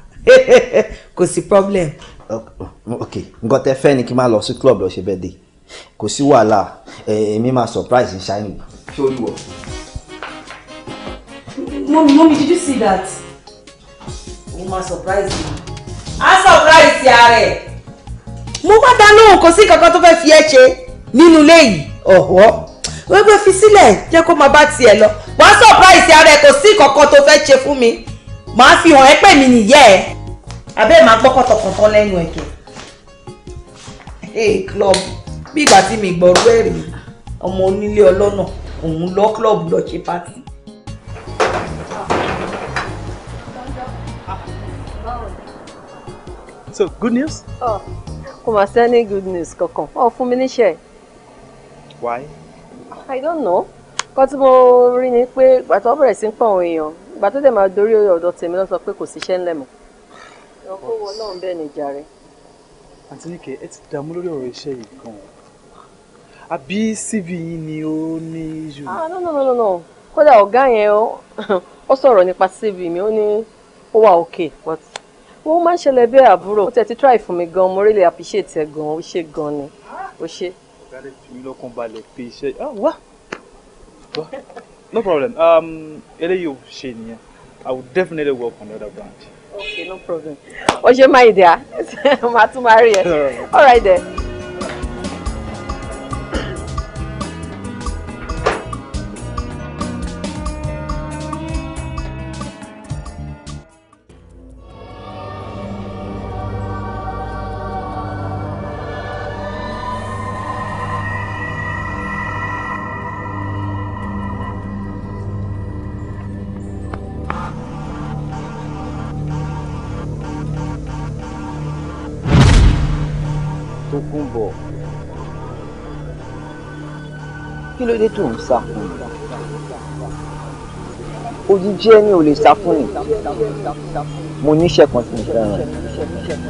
kò sí problem ok nǹkan tẹ fẹ́ ni kí n máa lọ sí club lọ ṣe birthday kò sí wàhálà èmi máa surprise ní ṣáínì. sórí wọ. mọ́mí mọ́mí did you see that? òun máa surprise mi. á surprise ara ẹ̀. mo bá dáná òun kò sí kankan tó fẹ́ fi ẹ́ ṣe nínú ilé yìí ọ̀họ́ wẹ́gbẹ́ fi sílẹ̀ jẹ́ kó máa bá tiẹ̀ lọ wàá surprise ara ẹ̀ kò sí kankan tó fẹ́ ṣe fún mi màá fi hàn ẹ́ pè mí nìyẹ́ abẹ́ máa gbọ́ kọ́tọ̀kọ́tọ̀ lẹ́nu ẹ̀kẹ́ hey club bí ìgbà tí mi gbọ́rú ẹ̀ rí ọmọ onílé ọlọ́nà òun lọ club lọ ṣe pátì. so good news. Oh, kò mà sí any good news kankan ọ oh, fún mi níṣẹ́. why. i don't know kan tí mo rí ni pé gbàtọ́ bẹ̀rẹ̀ sí ń pọ̀ àwọn èèyàn gbàtọ́ dẹ̀ máa dorí ọ̀dọ̀ tèmi lọ sọ pé kò síṣẹ́ ńlẹ̀ mọ́ jọ náà bẹ́ẹ̀ ni jàre. àǹtí ẹ ti dààmú lórí ọ̀rọ̀ iṣẹ́ yìí gan-an àbí cv yìí ni ó ní jù. ah no no no no no kódà ọ̀gá yẹn ó sọ̀rọ̀ nípa cv mi ó ní ó wà òkè but wọ́n máa ń ṣẹlẹ̀ bẹ́ẹ̀ àbúrò ó tẹ̀ ti try fún mi gan-an mo really appreciate ẹ gan-an ó ṣe gan-an ni ó ṣe. ọ̀gá rẹ̀ fi mí lọ́kàn balẹ̀ pé iṣẹ́ ah, wá no problem um, eléyìí ò ṣe nìyẹn i will definitely work on the branch okay no problem What's your idea? ì dẹ́ a màá tún all right then. dé tó ń sá fún mi òjijì ẹni ò lè sá fún mi mo níṣẹ́ kan tí mo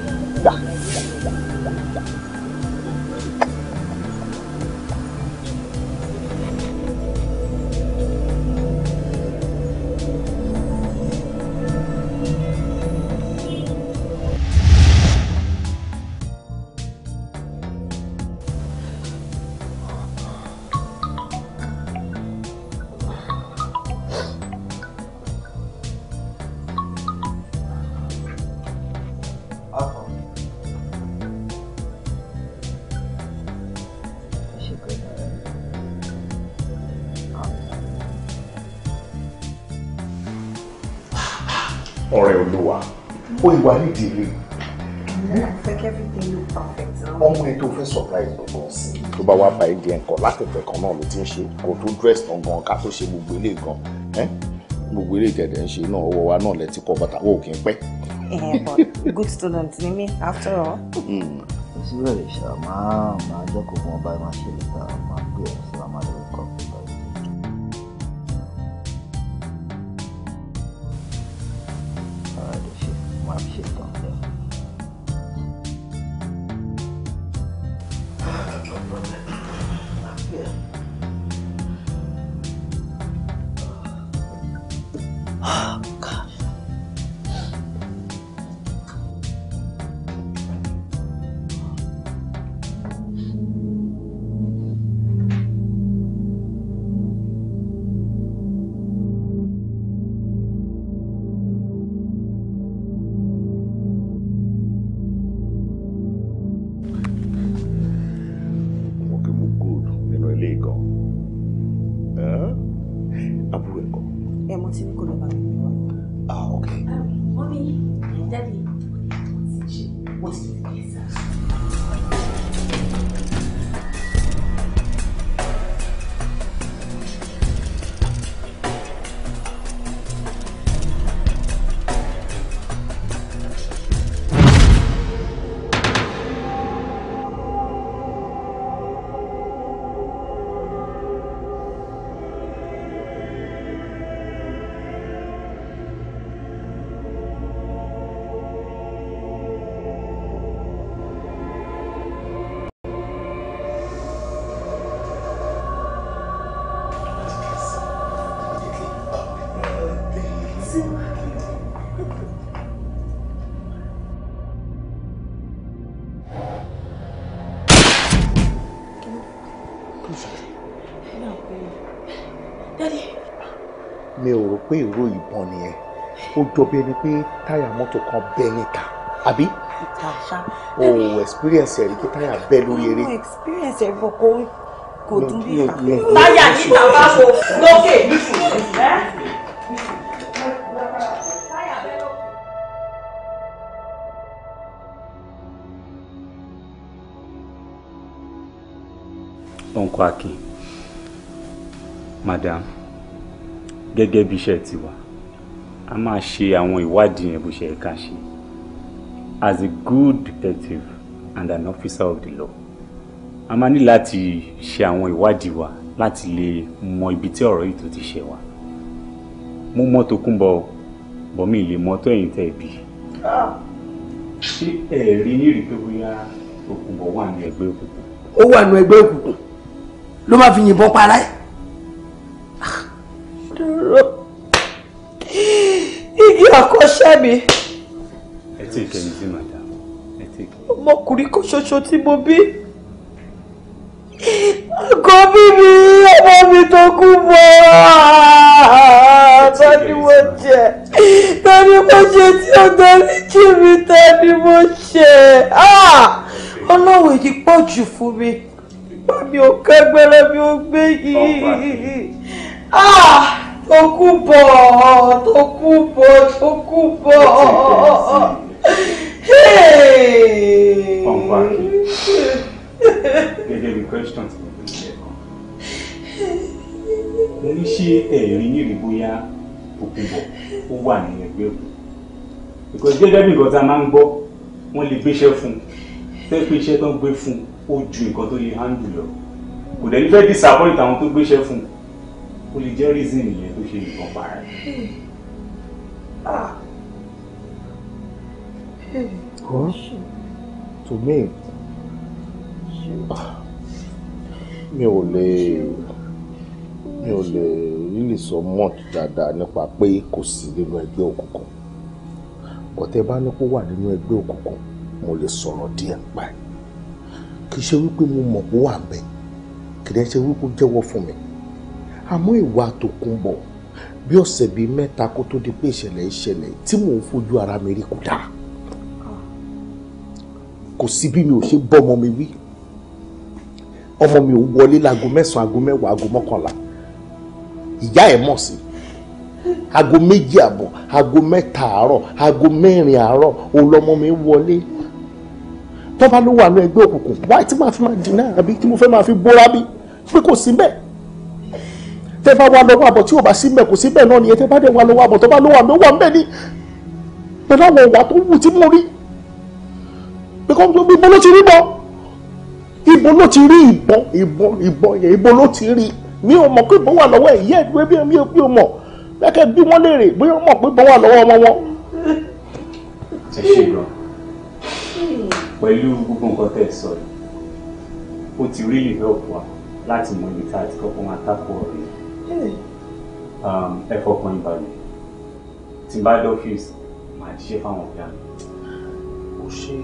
nípa indian kan látẹ̀tẹ̀ kan náà ló ti ń ṣe kó tó dress tán gan ká tó ṣe gbogbo ilé gan gbogbo ilé ìtẹ̀dẹ̀ ń ṣe náà ọwọ́ wa náà lẹ́tí kọ́ bàtà wò kí n pẹ́. good student ni mí after all. síbẹ̀ hmm. lè ṣàmà máa jẹ́ kó mọ báyìí máa ṣe lè ta máa gbé ẹ̀ sí àmàlẹ́ ọkọ̀. pé ìró ìbọn nìyẹn ó jọ bí ẹni pé táyà mọ́tò kan bẹ́ níta àbí o experience ẹ̀rí kí táyà bẹ́ lórí eré. mo experience ẹ̀rí kò kò dún bí i. táyà ní bàbá wo lókè nífun. Uncle Akin, Madam gẹ́gẹ́ bí iṣẹ́ tiwa a máa ṣe àwọn ìwádìí yẹn bó ṣe yẹ ṣe as a good detective and an officer of the law a máa ní láti ṣe àwọn ìwádìí wa láti lè mọ ibi tí ọ̀rọ̀ yìí tó ti ṣe wá mo mọ Tókunbọ̀ bọ̀mí lè mọ tó ẹ̀yìn tẹ̀ bí ṣé ẹ̀rí ní ìrì bóyá Tókunbọ̀ wà ní ẹgbẹ́ òkùnkùn. ó wà ní ẹgbẹ́ òkùnkùn ló máa fi yìnbọn para ẹ̀ dúró igi àkọ́ṣẹ́ mi. ẹ tí ì kẹ́ni sí madam ẹ tí ì kẹ́ni. ọmọkùnrin kan ṣoṣo tí mo bí àgọ́ bíbí ọmọ mi tó kú bọ́ tani mo jẹ tani mo ṣe tí ó tani jí mi tani mo ṣe ah! ọlọ́wọ̀ èyí pọ̀ jù fún mi bá mi ò mi ò gbé yìí tó kú bọ̀ Hey. kú bọ̀ Hey. kú bọ̀. ọ̀npá kí gẹ́gẹ́ bí question ti mo fi lẹ́kọ̀ọ́ mo ní ṣé ẹ̀rí nírì bóyá òkúbọ̀ because gẹ́gẹ́ bí nǹkan tá a máa ń gbọ́ wọ́n lè gbéṣẹ́ fún un fẹ́ pé iṣẹ́ tó handle lọ kò dẹ̀ disappoint àwọn want to fún fun kò lè jẹ́ reason yẹn tó ṣe nǹkan pa ẹ̀. kọ́ to me ah, mi ò lè mi ò lè really sọ much dáadáa nípa pé kò sí nínú ẹgbẹ́ òkùnkùn bọ́tẹ́ bá ní kó wà nínú ẹgbẹ́ òkùnkùn mo lè sọ̀rọ̀ díẹ̀ nípa ẹ̀ kì í ṣe wípé mo mọ̀ kó wà ń bẹ̀ kì í ṣe wípé jẹ́wọ́ fún mi àmọ́ ìwà Tòkunbọ̀ bí ọ̀sẹ̀ bíi mẹ́ta kó tó di pé ìṣẹ̀lẹ̀ ìṣẹ̀lẹ̀ tí mò ń fojú ara mi rí kò dáa kò sí bí mi ò ṣe bọ́mọ mi wí ọmọ mi ò ń wọlé láago mẹ́sàn-án aago mẹ́wàá aago mọ́kànlá ìyá ẹ̀ mọ̀ sí aago méjì àbọ̀ aago mẹ́ta àárọ̀ aago mẹ́rin àárọ̀ òun lọmọ mi ń wọlé tọ́ba ló wà ní ẹgbẹ́ òkùnkùn wáyé tí màá fi máa dì náà àbí tí mo fẹ́ máa fi bóra bí pé kò sí bẹ́ẹ̀ tẹ́ bá wà lọ́wọ́ àbọ̀ tí o bá sí mbẹ̀ kò sí mbẹ̀ náà nìyẹn tẹ́ bá dẹ̀ wà lọ́wọ́ àbọ̀ tó bá lọ́wọ́ àbẹ̀ wà mbẹ̀ ni pẹ̀lú àwọn ìwà tó wù tí mo rí because ibo ló ti rí bọ́ ibo ló ti rí ìbọn ìbọn ìbọn yẹn ibo ló ti rí mi ò mọ̀ pé ìbọn wà lọ́wọ́ ẹ̀yẹ́ ìdúró bí mi ò mọ̀ lẹ́kẹ̀ bí wọ́n léèrè bóyá wọ́n mọ̀ pé ìbọn wà lọ́wọ́ ọmọ wọn. ẹ ṣe lọ pẹ̀lú gbogbo nǹkan tẹ̀ sọ yìí ti rí ìlú ọ̀pọ̀ láti mọ ibi tá a ti kọ́kọ́ máa tákò ọ̀rẹ́ Um, ẹ fọkàn yín balẹ̀ tí n bá dé ọ́fíìsì màá jíṣẹ́ fáwọn ọ̀gá mi. ó ṣe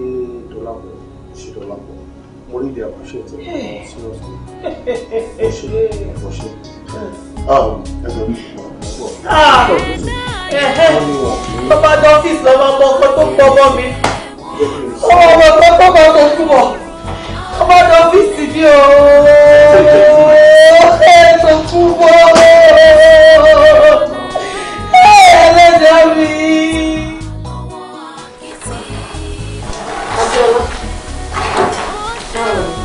dọ́làpọ̀ ṣe dọ́làpọ̀ mo rí ìdí àkọsí ẹ̀ tí mo kọ́ sí ọ̀sán ó ṣe àkọsí ẹ̀ẹ́dẹ́gbẹ̀rún. bàbá dọ́fíìsì lọ́wọ́ ọmọ ọkọ tó pọ̀ mọ́ mi ọmọ ọkọ tó pọ̀ tó túbọ̀ ọmọ ọdọ ọ́fíìsì mi o ètò púpọ̀ ẹlẹ́dàá mi. ọ̀rẹ́ adúpẹ́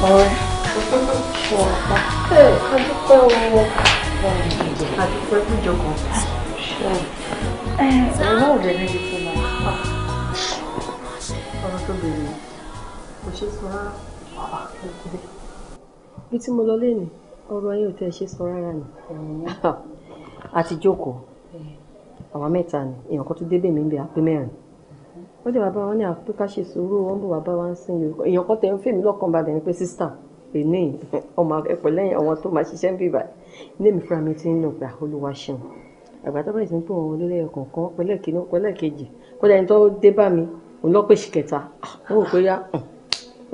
owó adúpẹ́ kújọ ọ̀rọ̀ tó bèrè kò ṣe sọ bí tí mo lọ léèní ọ̀rọ̀ yín ò tẹ́ ṣe sọ rárá ni a ti jókòó àwa mẹ́ta ni èèyàn kan tó débè mí bẹ́ẹ̀ àpé mẹ́rin wọ́n dẹ̀ bàbá wọn ní àpé ká ṣe sùúrù wọ́n bò bàbá wa ń sìn yìí èèyàn kan tẹ̀ ń fèmí lọ́kàn bàbá ẹni pé sísítà èmi ọmọ ẹ̀pẹ̀ lẹ́yìn àwọn tó máa ṣiṣẹ́ ń bíbà ní èmi fúnra mi ti ń lò pé olúwa ṣeun àgbà tó bẹ̀rẹ̀ sí ń pè wọn lórí ẹ̀kàn kan pẹ̀lẹ́kìnní pẹ̀lẹ́kejì kó dẹ́ni tó dé bá mi òun lọ́pẹ̀ ṣìkẹta ó rò pé yá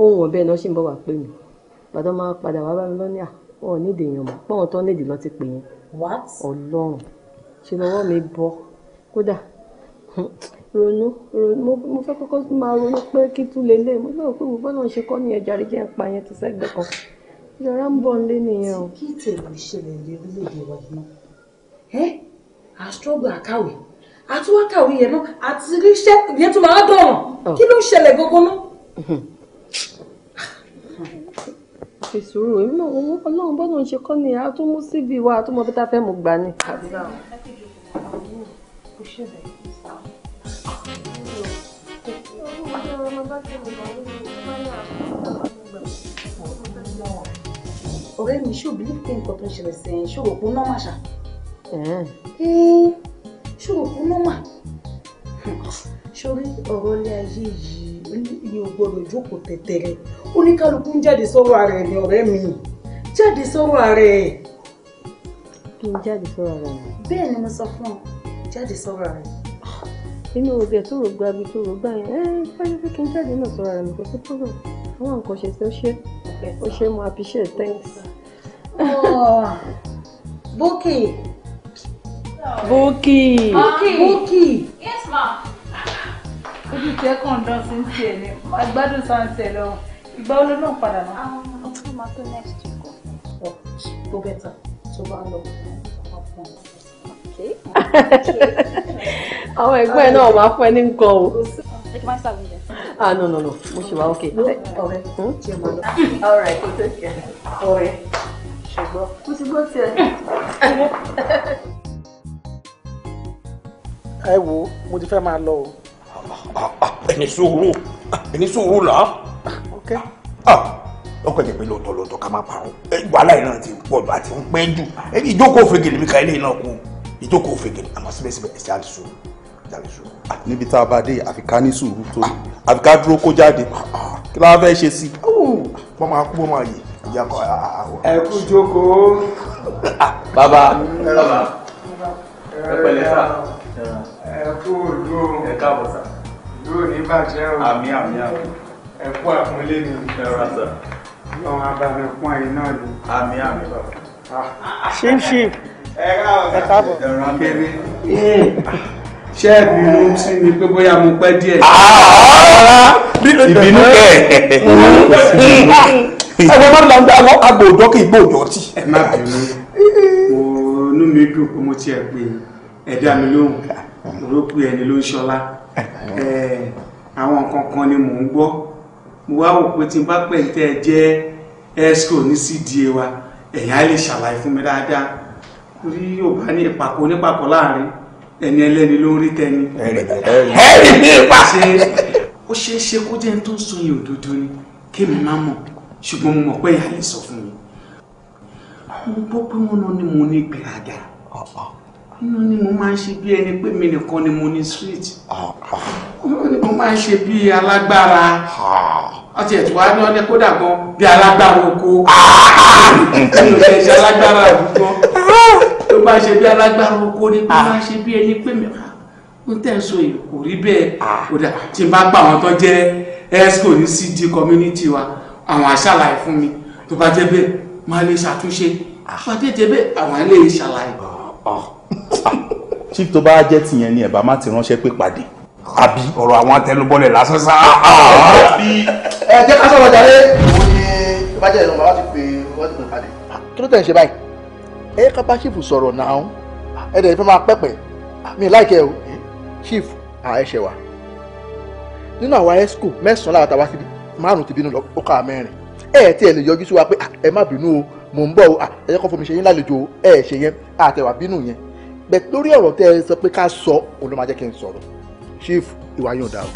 ohun ọ̀bẹ náà ṣì ń bọ̀ wá pè mí gbàdọ́ máa padà wá bá mi lọ́ní à wọn ò ní ìdèyàn mọ̀ pọ́n tó nídìí lọ ti pè yẹn. what ọlọ́run ṣe lọ́wọ́ mi bọ́ kódà ronú ronú mo fẹ́ kọ́kọ́ máa ronú pé kí tún lè lé mo lọ́wọ́ pé gbogbo náà ṣe kọ́ ní ẹja rí jẹ́ ń pa yẹn ti sẹ́gbẹ́ kan yọrá ń bọ̀ nílé nìyẹn o. kí tèmi ṣẹlẹ̀ lé orílẹ̀-èdè wa yìí ẹ́ àṣọ́gbà àkàwé àtúwákàwé yẹn náà àti iléeṣẹ́ yẹn tó máa dọ̀ràn oh. kí ló ń ṣẹlẹ̀ gbogbo náà. fi sùúrù èmi náà owó ọlọ́run bọ́dọ̀ ń ṣe kọ́ ni a tún mú síbi wa a tún mọ bí tá a fẹ́ mú gbà ni. ọ̀rẹ́ mi ṣó bí kí nǹkan tó ń ṣẹlẹ̀ sí ẹ̀ ṣòro kún nọ́mà ṣá. ṣòro kún nọ́mà ṣorí ọ̀rọ̀ ilé ayé yìí ni o gbọ́dọ̀ jókòó tẹ̀tẹ̀rẹ̀ oníkálukú ń jáde sọ̀rọ̀ ara ẹ̀ ní ọ̀rẹ́ mi jáde sọ̀rọ̀ ara ẹ̀. kí n jáde sọ̀rọ̀ ara ẹ̀. bẹ́ẹ̀ ni mo sọ fún ọ jáde sọ̀rọ̀ ara ẹ̀. inú oge tó rò gba ibi tó rò gbà yẹn ẹ fáyọ pé kí n jáde náà sọ̀rọ̀ ara mi kò sí pọ́lọ̀ àwọn nǹkan ṣe tí ṣe ó ṣe mo appreciate thanks. Bókì. Bókì. Bókì. Yes ma ojú tiẹ̀ kàn dán sí ti ẹ̀ ni máa gbádùn sáńtẹ̀ lọ́wọ́ ìgbà wo ló náà padà náà. àwọn ọmọ máa tó next week o. tó bẹ́tà tó bá lọ àwọn ẹ̀gbọ́n ẹ̀ náà máa fún ẹ ní nǹkan o. ah no no no mo ṣe wá ok. ọ̀rẹ́ hmm? ṣe mọ lọ. ọ̀rẹ́ kò tó kẹ ọ̀rẹ́ ṣùgbọ́n mo ti gbọ́ tiẹ̀. ẹ wo mo ti fẹ́ máa ẹni sùúrù ẹni sùúrù là. Ah, ó kọjá pé lóòótọ́ lóòótọ́ ká má parọ́ wàhálà yìí náà ti pọ̀ jù àti ń pẹ́ jù ìjókòó fegele mi ka eléyìí náà kú ìjókòó fegele àmọ́ síbẹ̀síbẹ̀ ẹ̀sẹ̀ àti sùúrù ah, níbi tá a bá dé àfi ká ní sùúrù tó ah. àfi ká dúró kó jáde kí la fẹ́ ṣe sí i. wọ́n máa kú wọ́n máa yè ìyá kọ́ ẹ kú jókòó. bàbá ẹ pẹ̀lẹ́ sá ẹ kú òdu o ẹ ní bàjẹ́ o àmì àmì àmì ẹ àpọ́nlé ni ẹ rà sá abàmì pọ́n yìí náà ni àmì àmì bàbá. Ah. ṣíṣì ẹ káàbọ̀ kéré eh. ṣé ìbínú sí ni pé bóyá mo pẹ́ díẹ̀. Ah, ah, ìbínú kẹ̀ eh, ẹgbẹ́ má lọ gba agbòòjọ́ kí igbóòjọ́ tì. ẹ má bínú mo inú mi dùn pé mo tiẹ̀ pè é ẹ̀dá mi lóhùn òrókù ẹni ló ń ṣọlá àwọn nǹkan kan ni mò ń gbọ́ mo wá wò pé tí n bá pẹ̀ tẹ́ ẹ jẹ́ esco ní cda wa ẹ̀yà lè ṣàlàyé fún mi dáadáa rí yorùbá ní ìpàkọ́ onípàkọ́ láàrin ẹni ẹlẹ́ni ló ń rí tẹni. ẹ̀rì bí ipa. ṣé ó ṣeé ṣe kó jẹ́ tó ń sọ yìí òdodo ni kémi má mọ̀ ṣùgbọ́n mo mọ̀ pé ìyá lè sọ fún mi. mo gbọ́ pé wọ́n lọ ní mo ní gbèrágà inú ni mo máa ń ṣe bí ẹni pé mi nìkan ni mo ní street ni mo máa ń ṣe bí alágbára àti ẹ̀tù wa ní ọdẹ kódà gan bí alágbára oko mi ò fẹ́ ṣe alágbára àdúgbò tó bá ṣe bí alágbára oko ni mo máa ń ṣe bí ẹni pé mi ń tẹ̀sọ̀ yìí rí bẹ́ẹ̀ kódà tí n bá pa àwọn tó jẹ́ esco ní cd community wa àwọn aṣàlàyé fún mi tó bá jẹ́ bẹ́ẹ̀ máa lè ṣàtúnṣe pàdé jẹ́ bẹ́ẹ̀ àwọn ilé ìṣàlàyé chief tó bá jẹ́ tìyẹn ni ẹ̀bá má ti ránṣẹ́ pé pàdé. àbí ọ̀rọ̀ àwọn atẹnubọ́lẹ̀ lásán sá. àbí ẹ jẹ́ ká sọ̀rọ̀ jàre. òun ni tó bá jẹ́ ìrànlọ́wọ́ láti pè wọ́n ti pè pàdé. kí ló tẹ̀ ń ṣe báyìí ẹ yẹ ká bá chief sọ̀rọ̀ náà ẹ dẹ̀ fẹ́ máa pẹ́pẹ́ mi láìkẹ́ o chief àẹ́ṣẹ̀ wa nínú àwọn high school mẹ́sàn-án láwọn tàwa síbi márùn-ún ti bínú lọ ó kà mẹ́rin ẹ tí ẹ lè yọjú sí wa pé ẹ má bínú o mò ń bọ̀ o ẹ fún mi ṣe yín lálejò ẹ ṣe yẹn àtẹ̀wà bínú yẹn bẹ́ẹ̀ lórí ọ̀rọ̀ tẹ́ ẹ sọ pé ká sọ òun ló máa jẹ́ kí n sọ̀rọ̀ chief ìwà yóò dà o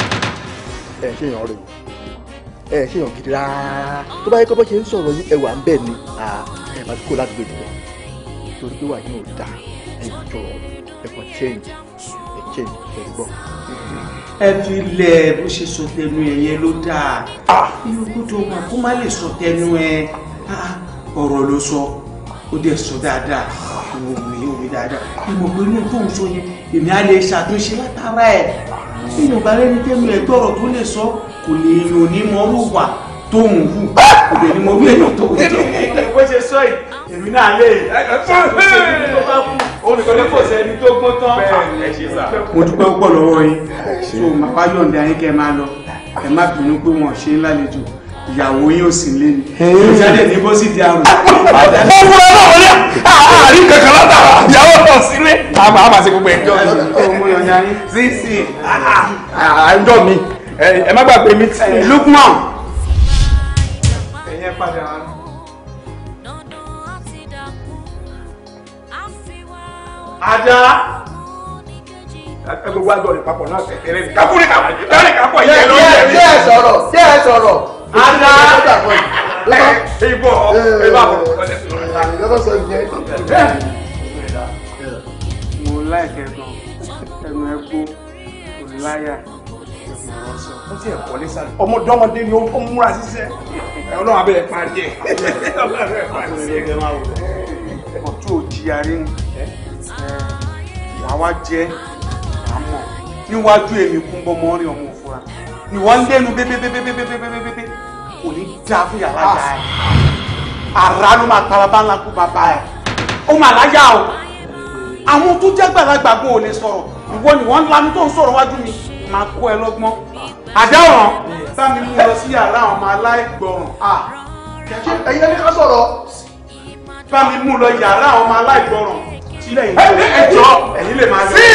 ẹ ṣe yàn rẹ o ẹ ṣe yàn gidi rárá tó bá yẹ kó bá ṣe ń sọ̀rọ̀ yín ẹwà ń bẹ̀ ni ẹ máa kó láti gbèdì lọ torí pé wà yín ò ẹ jọ ẹ kàn change ẹ change ẹ gbọ́. ẹ fi lẹ bó ṣe sọ tẹnu ẹ yẹn ló dáa ah! irú kó tó máa kó má lè sọ tẹnu ẹ ah, ọ̀rọ̀ ló sọ ó dẹ̀ sọ dáadáa ìwò mi ìwò mi dáadáa ìmọ̀ pé inú tóun sọ yẹn èmi á lè ṣàtúnṣe látara ẹ̀ èèyàn bá rẹ́ni tẹ́nu ẹ̀ tọ̀rọ̀ tó lè sọ kò ní èèyàn ò ní mọ ọ́rọ̀ wà tóun hù kò dẹ̀ ní mọ bí èèyàn tóun jẹ́. bó ṣe sọ yìí èmi náà lè ṣàtúnṣe tó bá kú olùkọ́ni kò sẹ́ni tó gbọ́n tán. mo dúpẹ́ púpọ̀ lọ́wọ́ yín so màá wá yọ̀ǹda yín kẹ́ máa lọ ẹ má bínú pé wọn ṣe é lálejò ìyàwó yín ò sì lé ní. ìjáde ní bó sì di àrùn. ó wúra náà wọlé àárín kankan látara ìyàwó náà sílé. àmà àmà sí gbogbo ẹjọ́. ọmọ yọ̀nyá yín. sí sí àjọ ah, ah, mi ẹ má gbàgbé mi tí. Lukman. ẹyẹ padà wá. ada gbogbo àjọ rẹ papọ̀ náà fẹ́ fẹ́rẹ́ ní. kakúrẹ́ kakúrẹ́ kakúrẹ́ yẹn lọ́yẹ̀ mi. ṣé sọ̀rọ̀ ṣé sọ̀rọ̀. Anda ìbọ̀ ìbá ẹnu ẹgbó kò láyà ni ó múra ṣiṣẹ́ ọlọ́run abẹ́rẹ́ parí ẹ̀ ọ̀tún òjìyà rí ni wàá jẹ́ àmọ́ níwájú èmi kún bọ́mọ́ rí ọmọ òfura ìwọ ń lẹ́nu bébébébébébébébébé kò ní dáa fún yàrá yà ẹ ara ló máa tara bá ńlá kú bàbá ẹ ó mà láyà o àwọn tó jẹ́ gbàlagbà gan ò lè sọ̀rọ̀ ìwọ ni wọ́n ń lanu tó ń sọ̀rọ̀ wájú mi máa kó ẹ lọ́gbọ́n àdáwọ̀n sámi mú lọ sí yàrá àwọn ọmọ aláìgbọràn à ẹ̀yin ẹni ká sọ̀rọ̀ sámi mú lọ yàrá àwọn ọmọ aláìgbọràn sílẹ̀ yìí ẹjọ́ ẹ̀yin lè máa lọ sí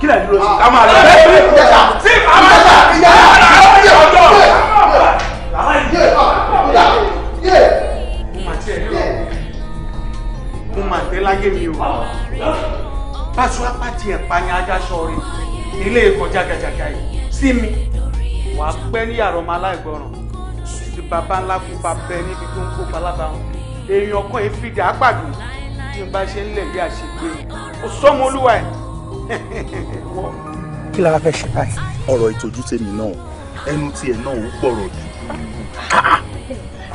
kílẹ̀ dúró sí ká máa lọ sí ìjẹta sí ìjẹta ìjẹta láyé mi o báṣọ apáti ẹ̀páyán ajáṣọ rẹ ilé ẹ̀kọ́ jágajàga yìí sí mi wà á pẹ́ ní yàrá ọmọ aláìgbọràn ti bàbá ńlá kú bá bẹ níbi tó ń kópa lábàáhùn èèyàn ọkọ yìí fìdí àpàdé tí n bá ṣe ń lẹ̀ bí àṣegbè o sọmọ olúwa ẹ̀. kí la fẹ́ ṣe báyìí. ọ̀rọ̀ ìtọ́jú tèmi náà ẹnu tiẹ̀ náà ó gbọ̀rọ̀ jù.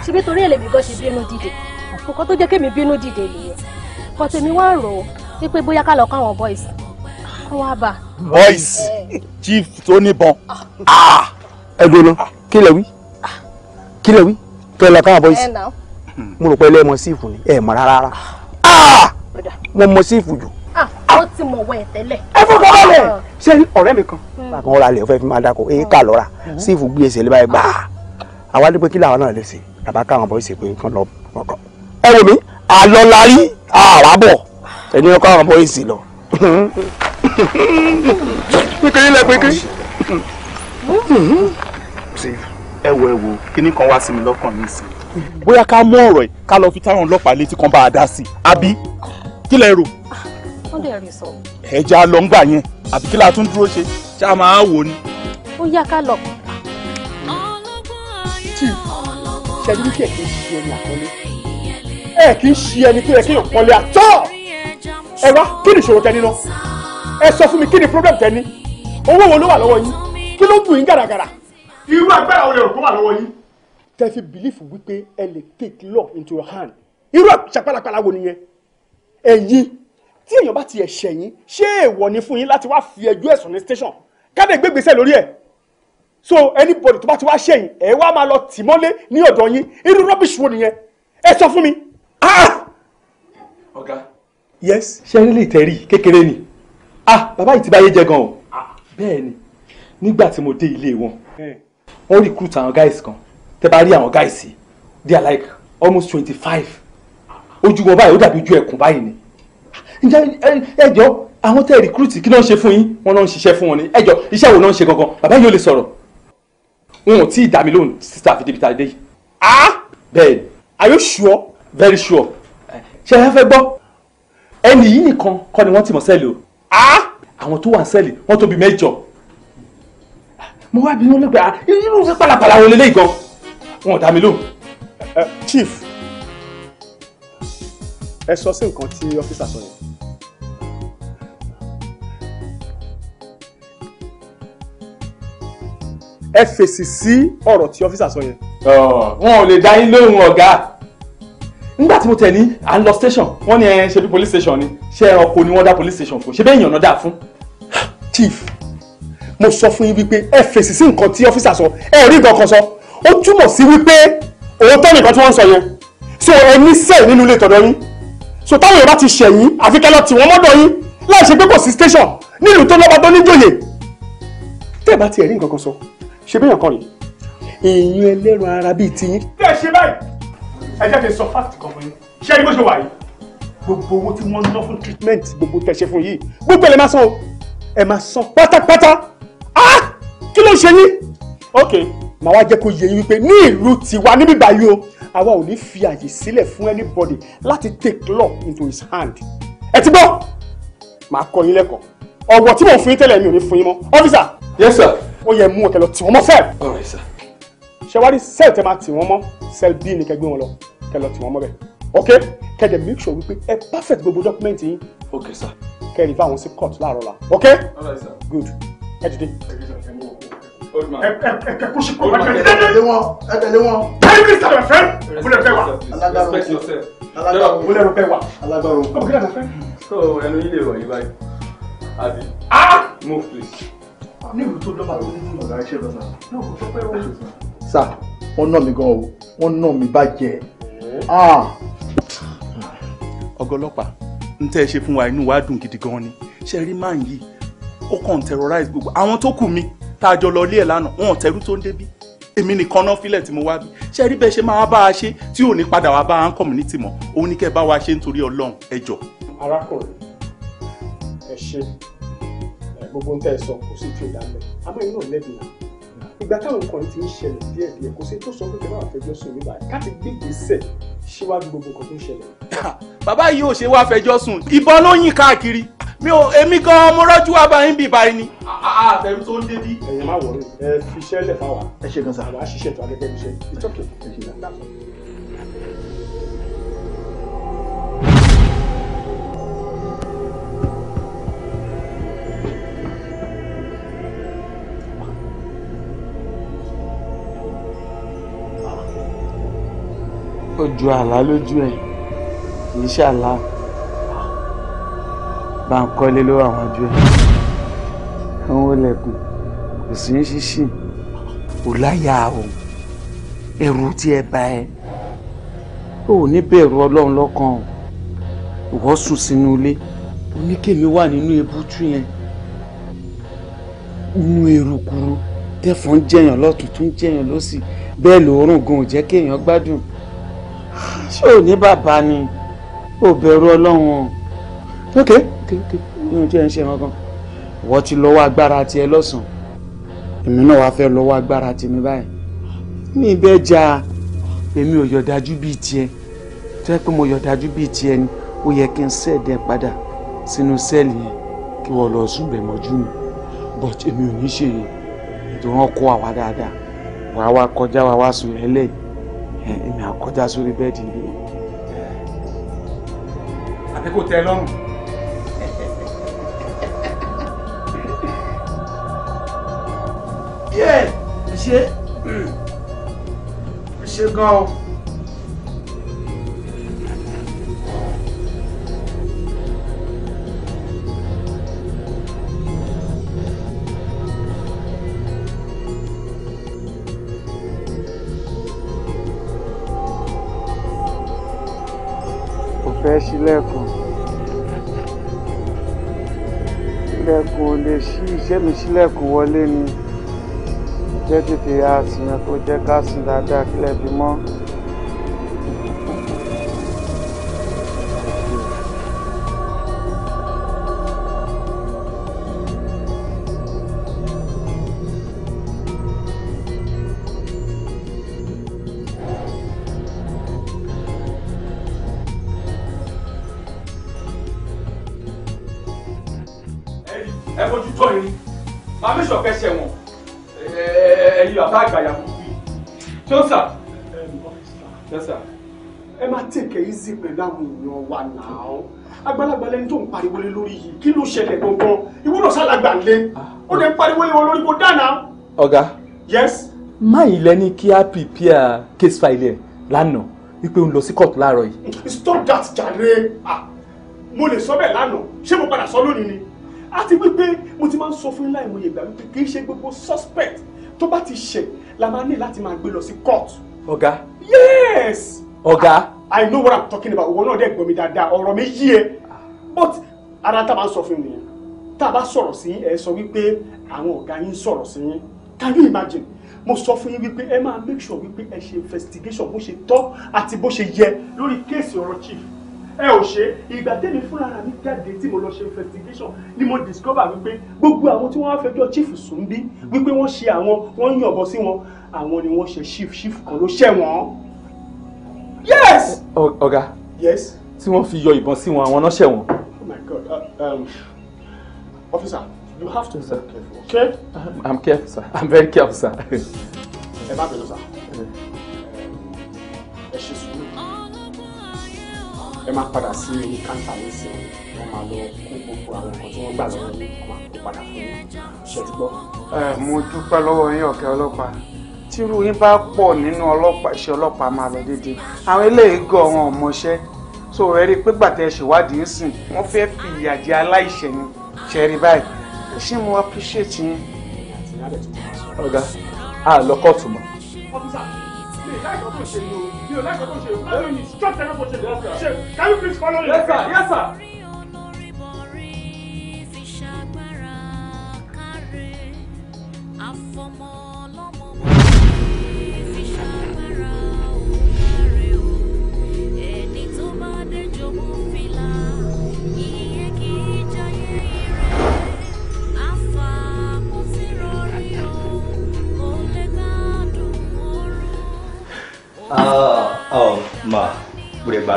ṣebí torí èlèmí gan ṣe bínú dìde nǹkan tó jẹ́ kémi bínú dìde nìyẹn kan tèmi wá rò ó wípé bóyá ká lọ kọ́ àwọn boys kọ́ wá bà. boys chief tó níbọn ah! ẹ gbóná kí lẹ wí kí lẹ wí kẹ lọ káwọn boys mo rò pé ẹlẹ́mọ sífù ni ẹ mọ̀ rárá ah! mo mọ sífù jù. Ah! ó ti mọ̀ wẹ̀ tẹ́lẹ̀. ẹ fọkàn balẹ̀ ṣé ọ̀rẹ́ mi kan wọn ra lè fẹ́ fi máa dako èyí kà lọ́ra mm-hmm. sífù gbé ẹsẹ̀ lébàá yìí gbàá àwa dé pé kí làwọn náà lè ṣe bàbá káwọn bọ́ọ̀sì pé kán lọ kọ̀ọ̀kan. ẹ wò mí àlọ́lárí àràbọ̀ ẹni káwọn bọ́ọ̀sì lọ. pékeré lẹ pékeré. ẹ wo ẹ wo kíní kan wá sí mi lọ́kàn mi sí. bóyá ká mú ọ̀rọ̀ ẹ̀ ká lọ fi táwọn ọlọ́pàá létí kan bá a dá sí i àbí kí lẹ rò. wọ́n ẹ já lọ ń gbà yẹn àbí kí la tún ṣe ṣá máa wò ni. ó yá ká lọ. tí ṣẹ́ni kí ẹ̀ kí ń ṣe ẹni àkọlé ẹ̀ kí ń ṣe ẹni tó yẹ kí èèyàn kọ́lé àtọ́ ẹ wá kí ni ìṣòro tẹni náà ẹ sọ fún mi kí ni problem tẹni owó wo ló wà lọ́wọ́ yín kí ló ń dùn yín gàràgàrà. irú agbára wo lè rò kó wà lọ́wọ́ yín. tẹ́ fi bìlífù wípé ẹ lè take love into your hand irú àṣàpàlàpàlà wo nìyẹn ẹ̀yin tí èèyàn bá ti ẹ̀ṣẹ̀ yín ṣé èèwọ̀ ni fún yín láti wá fi ẹjọ́ ẹ̀sùn ní station kádẹ gbégbèsè lórí ẹ so anybody tó bá ti wá ṣẹyìn ẹ wá máa lọ tì mọ́lé ní ọ̀dọ̀ yín irú rubbish wo nìyẹn ẹ sọ fún mi. Ah! ọ̀gá. yes ṣe eré lè tẹ̀rí kékeré ni ah bàbá yìí ti báyé jẹ gan o ah. bẹ́ẹ̀ ni nígbà tí mo dé ilé wọn wọ́n recruit àwọn guys kan tẹ́ bá rí àwọn guys yìí they are like almost twenty five ojú wọn báyìí ó dàbí ojú ẹkùn báyìí ni ǹjẹ́ ẹ jọ àwọn tẹ́ rìkúrútì kí ló ń ṣe fún yín wọ́n náà ń ṣiṣẹ́ fún wọn ni ẹjọ́ iṣẹ́ wo náà ń ṣe gangan bàbá yóò lè sọ̀rọ̀ wọn ò tí ì dá mi lóhùn sísá fi débi tàdé yìí ah bẹ́ẹ̀ are you sure very sure ṣe ẹ fẹ́ gbọ́ ẹni yìí nìkan kọ́ ni wọ́n ti mọ̀ sẹ́ẹ̀lì o ah àwọn tó wà sẹ́ẹ̀lì wọ́n tóbi mẹ́jọ mo wá bí wọn lè gbà irú fẹ́ pàlàpàlà wọn lélẹ́yìí gan wọn ò dá mi lóhùn. chief ẹ sọ sí nǹkan tí ọ́fíìsà sọ yẹn. ẹ fèsì sí ọ̀rọ̀ tí ọ́fíìsà sọ yẹn. wọn ò lè dá yín lóhùn ọ̀gá nígbà tí mo tẹ̀ ní à ń lọ station wọ́n ní ẹ ṣe bí police station ni ṣé ẹranko ni wọ́n dá police station fún ṣé bẹ́ẹ̀ yàn náà dà fún. chief mo sọ fún yín wípé ẹ fèsì sí nǹkan tí ọ́fíìsà sọ ẹ rí nǹkan kan sọ ó túmọ̀ sí wípé òótọ́ nìkan tí wọ́n ń sọ yẹn so ẹ ní sẹ́ẹ̀ nínú ilé tọ̀dọ̀ yín so táwọn yorùbá ti ṣẹ̀yìn àfikẹ́lọ́ tí wọ́n mọ́dọ̀ yín láì ṣe pé kò sí station nílùú tó lọ́ba tó níjòyè tẹ́ẹ̀ bá ti ẹ̀rí nǹkan kan sọ ṣe bẹ́ẹ̀ kọ́ ni èèyàn ẹlẹ́ran ara bíi ti yín. bẹ́ẹ̀ ṣe báyìí ẹ jẹ́ kí n sọ fáàtì kan fún yín ṣé ẹni bó ṣe wà yìí gbogbo owó tí wọ́n ń ná fún treatment gbogbo tẹ̀ ṣe fún yìí gbogbo ẹ̀ lè máa san o ẹ̀ máa san pátápátá ah kí ló ṣe yín. ok màá wá jẹ́ kó yẹ yín wípé ní ìlú tiwa níbí báyìí o àwa ò ní fi àyè sílẹ̀ fún anybody láti take law into his hand ẹ ti gbọ́ màá kọ́ yín lẹ́kọ̀ọ́ ọ̀wọ̀ tí mò ń fún yín tẹ́lẹ̀ mi ò ní fún yín mọ́ ọ́fíìsà. yes sir ó yẹ mú ọ̀kẹ́ lọ tì wọ́n mọ́ sẹ́ẹ̀. ọ̀rẹ́ sà. ṣé wàá rí sẹ́ẹ̀ tẹ́ máa tì wọ́n mọ́ sẹ́ẹ̀ bí ni kẹ́ gbé wọn lọ kẹ́ lọ tì wọ́n mọ́ bẹ́ẹ̀ ok kẹ́ dẹ̀ make sure wípé ẹ perfect gbogbo document yín. ok sà. kẹ́ ẹ rí fáwọn sí court láàárọ̀ la ok. ọ̀rẹ́ sà. good ẹ dìde. ẹ ẹ kẹ kó sí kó ẹ tẹ̀lé wọn ẹ tẹ̀lé wọn. prime minister rẹ fẹ́ wúlẹ̀ fẹ́ wa. alágbára wúlẹ̀ fẹ́ wa. alágbára wúlẹ̀ fẹ́ wa. so ẹnu yín lè wọ̀ yí báyìí. abi. ah move please ní ìlú tó lọ́mọ àwọn onímọ̀ ọ̀la iṣẹ́ lọ́nà náà kò tó pẹ́ wọ́n ṣe sàn. sà wọ́n nà mí gan o wọ́n nà mí bàjẹ́. Ah. ọgọlọpàá n tẹ́ ẹ ṣe fún wa inú wa dùn gidi gan ni ṣe rí máa ń yí ó kàn terrorize gbogbo àwọn tó kù mi tá a jọ lọ ilé ẹ̀ lánàá wọn ò tẹrú tó ń débí èmi nìkan náà filẹ̀ tí mo wá bí ṣe rí bẹ́ẹ̀ ṣe máa bá a ṣe tí ò ní padà wá bá a ń community mọ́ òun ní kẹ́ bá wa ṣe nítorí ọlọ́run ẹ jọ. arákùnrin ẹ ṣe gbogbo ń tẹ̀ sọ kò sí tí ò dá mẹ́ àmọ́ inú lẹ́bi náà ìgbà táwọn nǹkan ti ń ṣẹlẹ̀ díẹ̀ díẹ̀ kò sí tó sọ pé kẹ́lá àfẹjọ́ sùn nígbà káti gbígbé sẹ̀ síwájú gbogbo nǹkan tó ń ṣẹlẹ̀. bàbá yìí ò ṣe wá fẹjọ́ sùn ìbọn ló yìn káàkiri mi ò èmi gan mo rọ́jú wá yín bì báyìí ni. àtẹ̀rù tó ń dé bí. ẹ̀yin má wọlé ẹ fi iṣẹ́ lẹ̀ fáwa. ẹ ṣe gan sa. àwa ṣiṣẹ́ tó alẹ́ bẹ́ẹ̀ ṣe ìtọ́kẹ̀ ju àlá lójú ẹ̀ kì í ṣàlá bá ń kọ́lé ló wà wájú ẹ̀ àwọn ilẹ̀kùn kò sí ń ṣíṣì ò láyà o ẹ̀rù tí ẹ bá ẹ ò ní bẹ̀rù ọlọ́run lọ́kàn o ìwọ sùn sínú ilé ó ní kèmí wà nínú ebútú yẹn inú erukuru tẹ̀fọ́n jẹyàn lọ́tún tún jẹyàn lọ́sì bẹ́ẹ̀ lòórùn gan ò jẹ́ kéèyàn gbádùn ò ní bàbá ni ò bẹ̀rù ọlọ́run ok ní ojú ẹ̀ ń ṣe wọn gan wọ́n ti lọ́wọ́ agbára tiẹ̀ lọ́sàn èmi náà wàá fẹ́ lọ́wọ́ agbára tèmi báyìí ní ibẹ̀ jà èmi ò yọ̀dájú bíi tiẹ̀ tó yẹ pé mo yọ̀dájú bíi tiẹ̀ ni ó yẹ kí n sẹ́ẹ̀dẹ̀ padà sínú sẹ́ẹ̀lì yẹn kí wọ́n lọ sùn bẹ̀ mọ́jú mi but èmi ò ní ṣe ètò wọn kó àwa dáadáa wàá wá kọjá wàá wá sùn ẹlẹ́yìí èmi àkọjá sórí bẹ́ẹ̀dì ni. àti kò tẹ́ lọ́rùn. ṣé ṣé gan-an. fẹ́ ṣílẹ̀kùn ilẹ̀kùn lè ṣí iṣẹ́ mi ṣílẹ̀kùn wọlé ni jẹ́ tètè àsìnà kó jẹ́ ká sìn dáadáa kílẹ̀ bí àgbàlagbà lẹni tó ń pariwo lé lórí yìí kí ló ṣẹlẹ̀ gbọ̀ngàn ìwúlò sálàgbà lé ó lè pariwo lé wọn lórí kó dáná. ọ̀gá. yes. máyì lẹ́ni kí á prepare case file ẹ̀ lánàá wípé ń lọ sí court láàárọ̀ yìí. stop that jàre mo lè sọ bẹ́ẹ̀ lánàá ṣé mo padà sọ lónìí ni àti wípé mo ti máa ń sọ fún láì mo yẹ wípé kì í ṣe gbogbo suspect tó bá ti ṣẹ̀ la máa ní láti máa gbé lọ sí court. ọ̀gá. yes. ọ̀gá. I know what I'm talking about. Òwò náà dẹ̀ gbọ́ mi dáadáa. Ọ̀rọ̀ mi yí ẹ. But ara tá a máa ń sọ fún nìyẹn. Tá a bá sọ̀rọ̀ sí ẹ sọ wípé àwọn ọ̀gá yín sọ̀rọ̀ sí yín. Can you imagine? Mo sọ fún yín wípé ẹ máa make sure wípé ẹ ṣe investigation bó ṣe tọ́ àti bó ṣe yẹ lórí kéèsì ọ̀rọ̀ chief. Ẹ ò ṣe ìgbà tẹ́mi fúnra mi jáde tí mo lọ ṣe investigation ni mo discover wípé gbogbo àwọn tí wọ́n wá fẹjọ́ chief sùn bí wípé wọ́n ṣe àwọn wọ́n yànbọ sí wọn àwọn ni wọ́n ṣe chief chief kan ló ṣẹ̀ wọ́n yes. ọ̀gá. yes. tí wọ́n fi yọ ìbọn sí wọn àwọn ọ̀nàṣẹ́ wọn. oh my god uh, um, officer you have to be careful okay. I'm, I'm careful sir I'm very careful sir. ẹ má bẹ̀rù sir ẹ ṣe sùúrù ẹ máa padà sí káńtà nísìnyí wọ́n máa lọ kó gbogbo àwọn nǹkan tí wọ́n gbà lọ́wọ́ yìí wọ́n máa kó padà fún yín ṣètúgbọ́. mo dúpẹ́ lọ́wọ́ yín ọ̀kẹ́ ọlọ́pàá tírú yín bá pọ̀ nínú ọlọ́pàá iṣẹ́ ọlọ́pàá máa lọ déédéé àwọn eléyìí gan wọn ò mọṣẹ́ so rí i pé gbàtẹ́ ẹ ṣèwádìí sìn wọ́n fẹ́ fi ìyà jẹ aláìṣẹ̀ ni ṣe rí báyìí ṣé mo appreciate yín. ọ̀gá a lọ kóòtù mọ́. yes sir yes sir.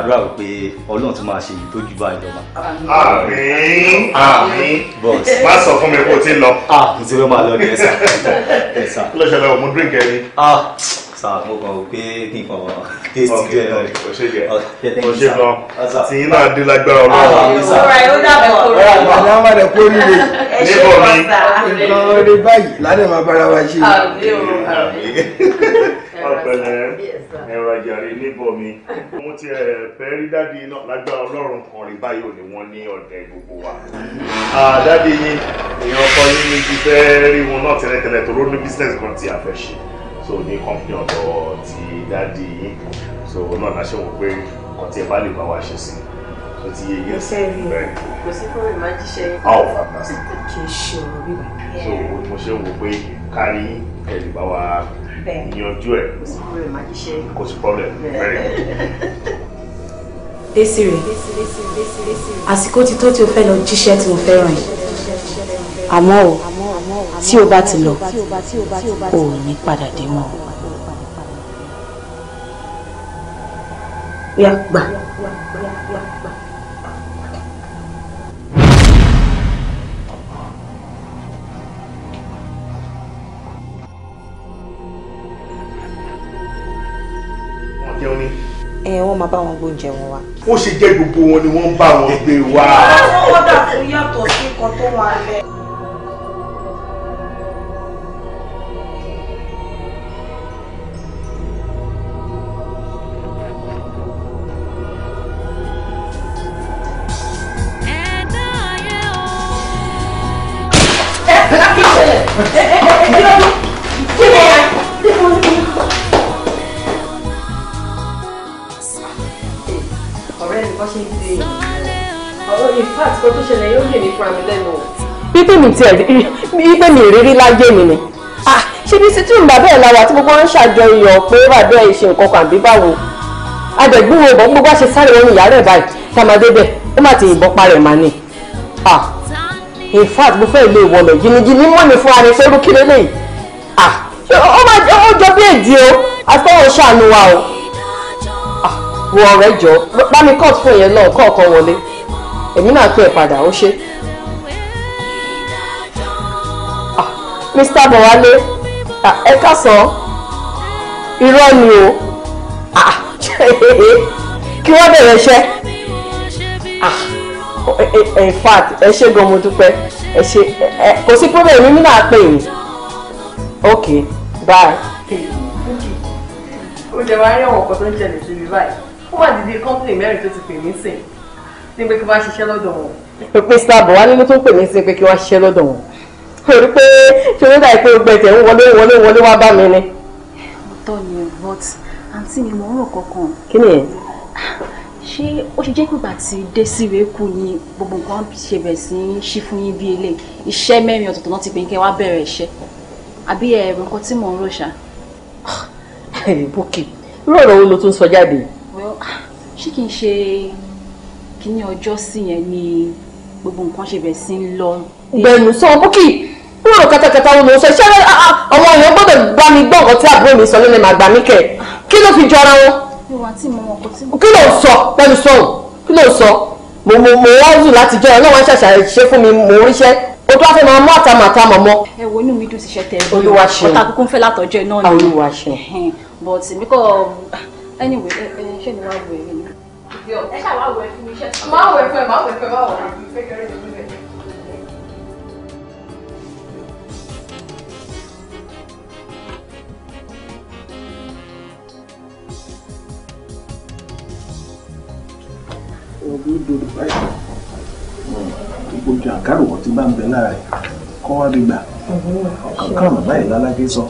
gbàdúrà pé ọlọ́run ti máa ṣe èyí tó jù báyìí lọ́wọ́. àmín àmín bọ́s. má sọ fún mi kó o ti lọ. ah mo ti fẹ́ máa lọ ní ẹ̀sà ẹ̀sà. kí ló ṣẹlẹ̀ o drink ẹ ah sà mo kàn wò pé kí n kàn taste jẹ ẹ. ṣe jẹ o ṣe gan tí iná dín lágbára ah, ọlọ́run. ah mi sà ó dàbẹ̀ kóró. ọ̀rọ̀ àwọn àdàkọ líle. níbo ni. ọ̀pẹ̀lẹ̀ ẹ̀rọ àjàre níbọ̀ mi mo ti eh, fẹ́ rí dáàdi náà lágbára ọlọ́run kan rí báyìí ò ní wọ́n ní ọ̀dẹ gbogbo wa dáàdi yín èèyàn kan yín ni ti fẹ́ rí wọn náà tẹ́lẹ̀tẹ́lẹ̀ tó ló ní business kan tí a fẹ́ ṣe so ní company ọ̀dọ̀ ti dáàdi yín so náà láṣẹ wò pé kàn tí ẹ bá lè bá wa ṣe sí tó ti yé yẹn sí bẹ́ẹ̀. kò sí fún mi máa jíṣẹ́ yín. a ò kì í ṣe òwò bíbá. so mo ṣe wò pé kárí ẹ lè bá wa ìyànjú ẹ̀ kò sí problem very good. Desire àsìkò ti tó tí o fẹ́ lọ jíṣẹ́ tí mo fẹ́ ràn yìí àmọ́ o tí o bá ti lọ o ò ní padà dé mọ́ o. Ó yá jẹun ni. ẹ wọn máa bá wọn gbóúnjẹ wọn wá. ó ṣe jẹ́ gbogbo wọn ni wọ́n bá wọn gbé wá. wọ́n dà fún yàtọ̀ sí nǹkan tó wà lẹ́. tiẹ̀ ipe mi ìrírí láyé mi ni ṣíbi títí ń bàbá ẹ̀ láwa tí gbogbo ń ṣàjọyọ̀ pé bàbá ẹ̀ ṣe nǹkan kan àbí báwo adẹ̀gbúwo bọ̀ gbogbo àṣẹ sáré wọn ìyá rẹ̀ báyìí tàmádé bẹ̀ ó má ti yìnbọn parẹ̀ mà ni in fact mo fẹ́ lè wọlọ̀ jìnnìjìnnì mọ́ ni fún arinṣẹ́rú kiri lẹ́yìn ó má ó jọ bí èdè o afẹ́wọ̀n ṣàánú wa o wọ ọ̀rẹ́ jọ bá mi kọ́ọ̀tù fún ìyẹn náà kọ́ọ̀kan wọlé èmi náà pẹ́ padà ó ṣe é. Mr. Bọ̀wálé ẹ kásán irọ́ ni o kí wọ́n bẹ̀rẹ̀ iṣẹ́ in fact ẹ ṣe gan mo dúpẹ́ ẹ ṣe kò sí problem mímú náà pè mí ok bye. ó jẹ́ wá rí ọ̀wọ̀n kan tó ń ṣẹlẹ̀ sí mi báyìí ó wà dídí kọ́ńpìnì mẹ́rin tó ti pè mí sìn ní pé kí wọ́n á ṣiṣẹ́ lọ́dọ̀ wọn. Mr. Bọ̀wálé ló tún pè mí sí pé kí wọ́n á ṣiṣẹ́ lọ́dọ̀ wọn torí pé ṣeré dà pé gbẹ̀jẹ̀ ń wọlé wọlé wọlé wá bá mi ni. ọ̀tọ̀ ni but àǹtí mi mò ń rò kankan. kí ni ẹ̀. ṣé ó ṣe jẹ́ pé ìgbà tí desire kú ni gbogbo nǹkan ṣe bẹ̀rẹ̀ sí í ṣí fún yín bí eléyìí iṣẹ́ mẹ́rin ọ̀tọ̀ọ̀tọ̀ náà ti pè é kẹ́ wá bẹ̀rẹ̀ iṣẹ́ àbí ẹ̀rọ nǹkan tí mò ń rò ṣá. bókè irú ọ̀rọ̀ wo ló tún sọ jáde. ṣé kí n ṣe kíní ọjọ́ sí yẹn ni gbogbo nǹkan ṣe bẹ̀rẹ̀ sí í lọ. gbẹ̀nù sọ bókè kúrò katakata wọn mò ń sọ ṣé àwọn èèyàn gbọ́dọ̀ bá mi gbọ́ nǹkan tí àbúrò mi sọ lẹ́nu màgbà mi kẹ̀ kí ló fi jọra wọn. kí ló sọ pẹ̀lú sọ̀hún kí ló sọ mo mo mo wá zù láti jọ ọlọ́wọ́ ń ṣàṣà ṣe fún mi mo ríṣẹ́ o tó wá fẹ́ máa mú àtàmà àtàmà mọ́. ẹ wo inú mi dùn sí iṣẹ́ tẹ ẹ olúwa ṣe ọ̀tá kúkú ń fẹ́ látọjọ́ iná ni olúwa ṣe but mi kò anyway ẹ ṣe ni wàá wẹ ẹ ṣàwáwẹ fún mi iṣẹ́ máa wẹ fún ẹ máa wẹ fún ẹ máa ọdún dodo báyìí gbogbo ju àkàrò wọn ti bá ń bẹ lára ẹ kọ́ wá bí gbà ọ̀kankan ọ̀nà báyìí lálágé sọ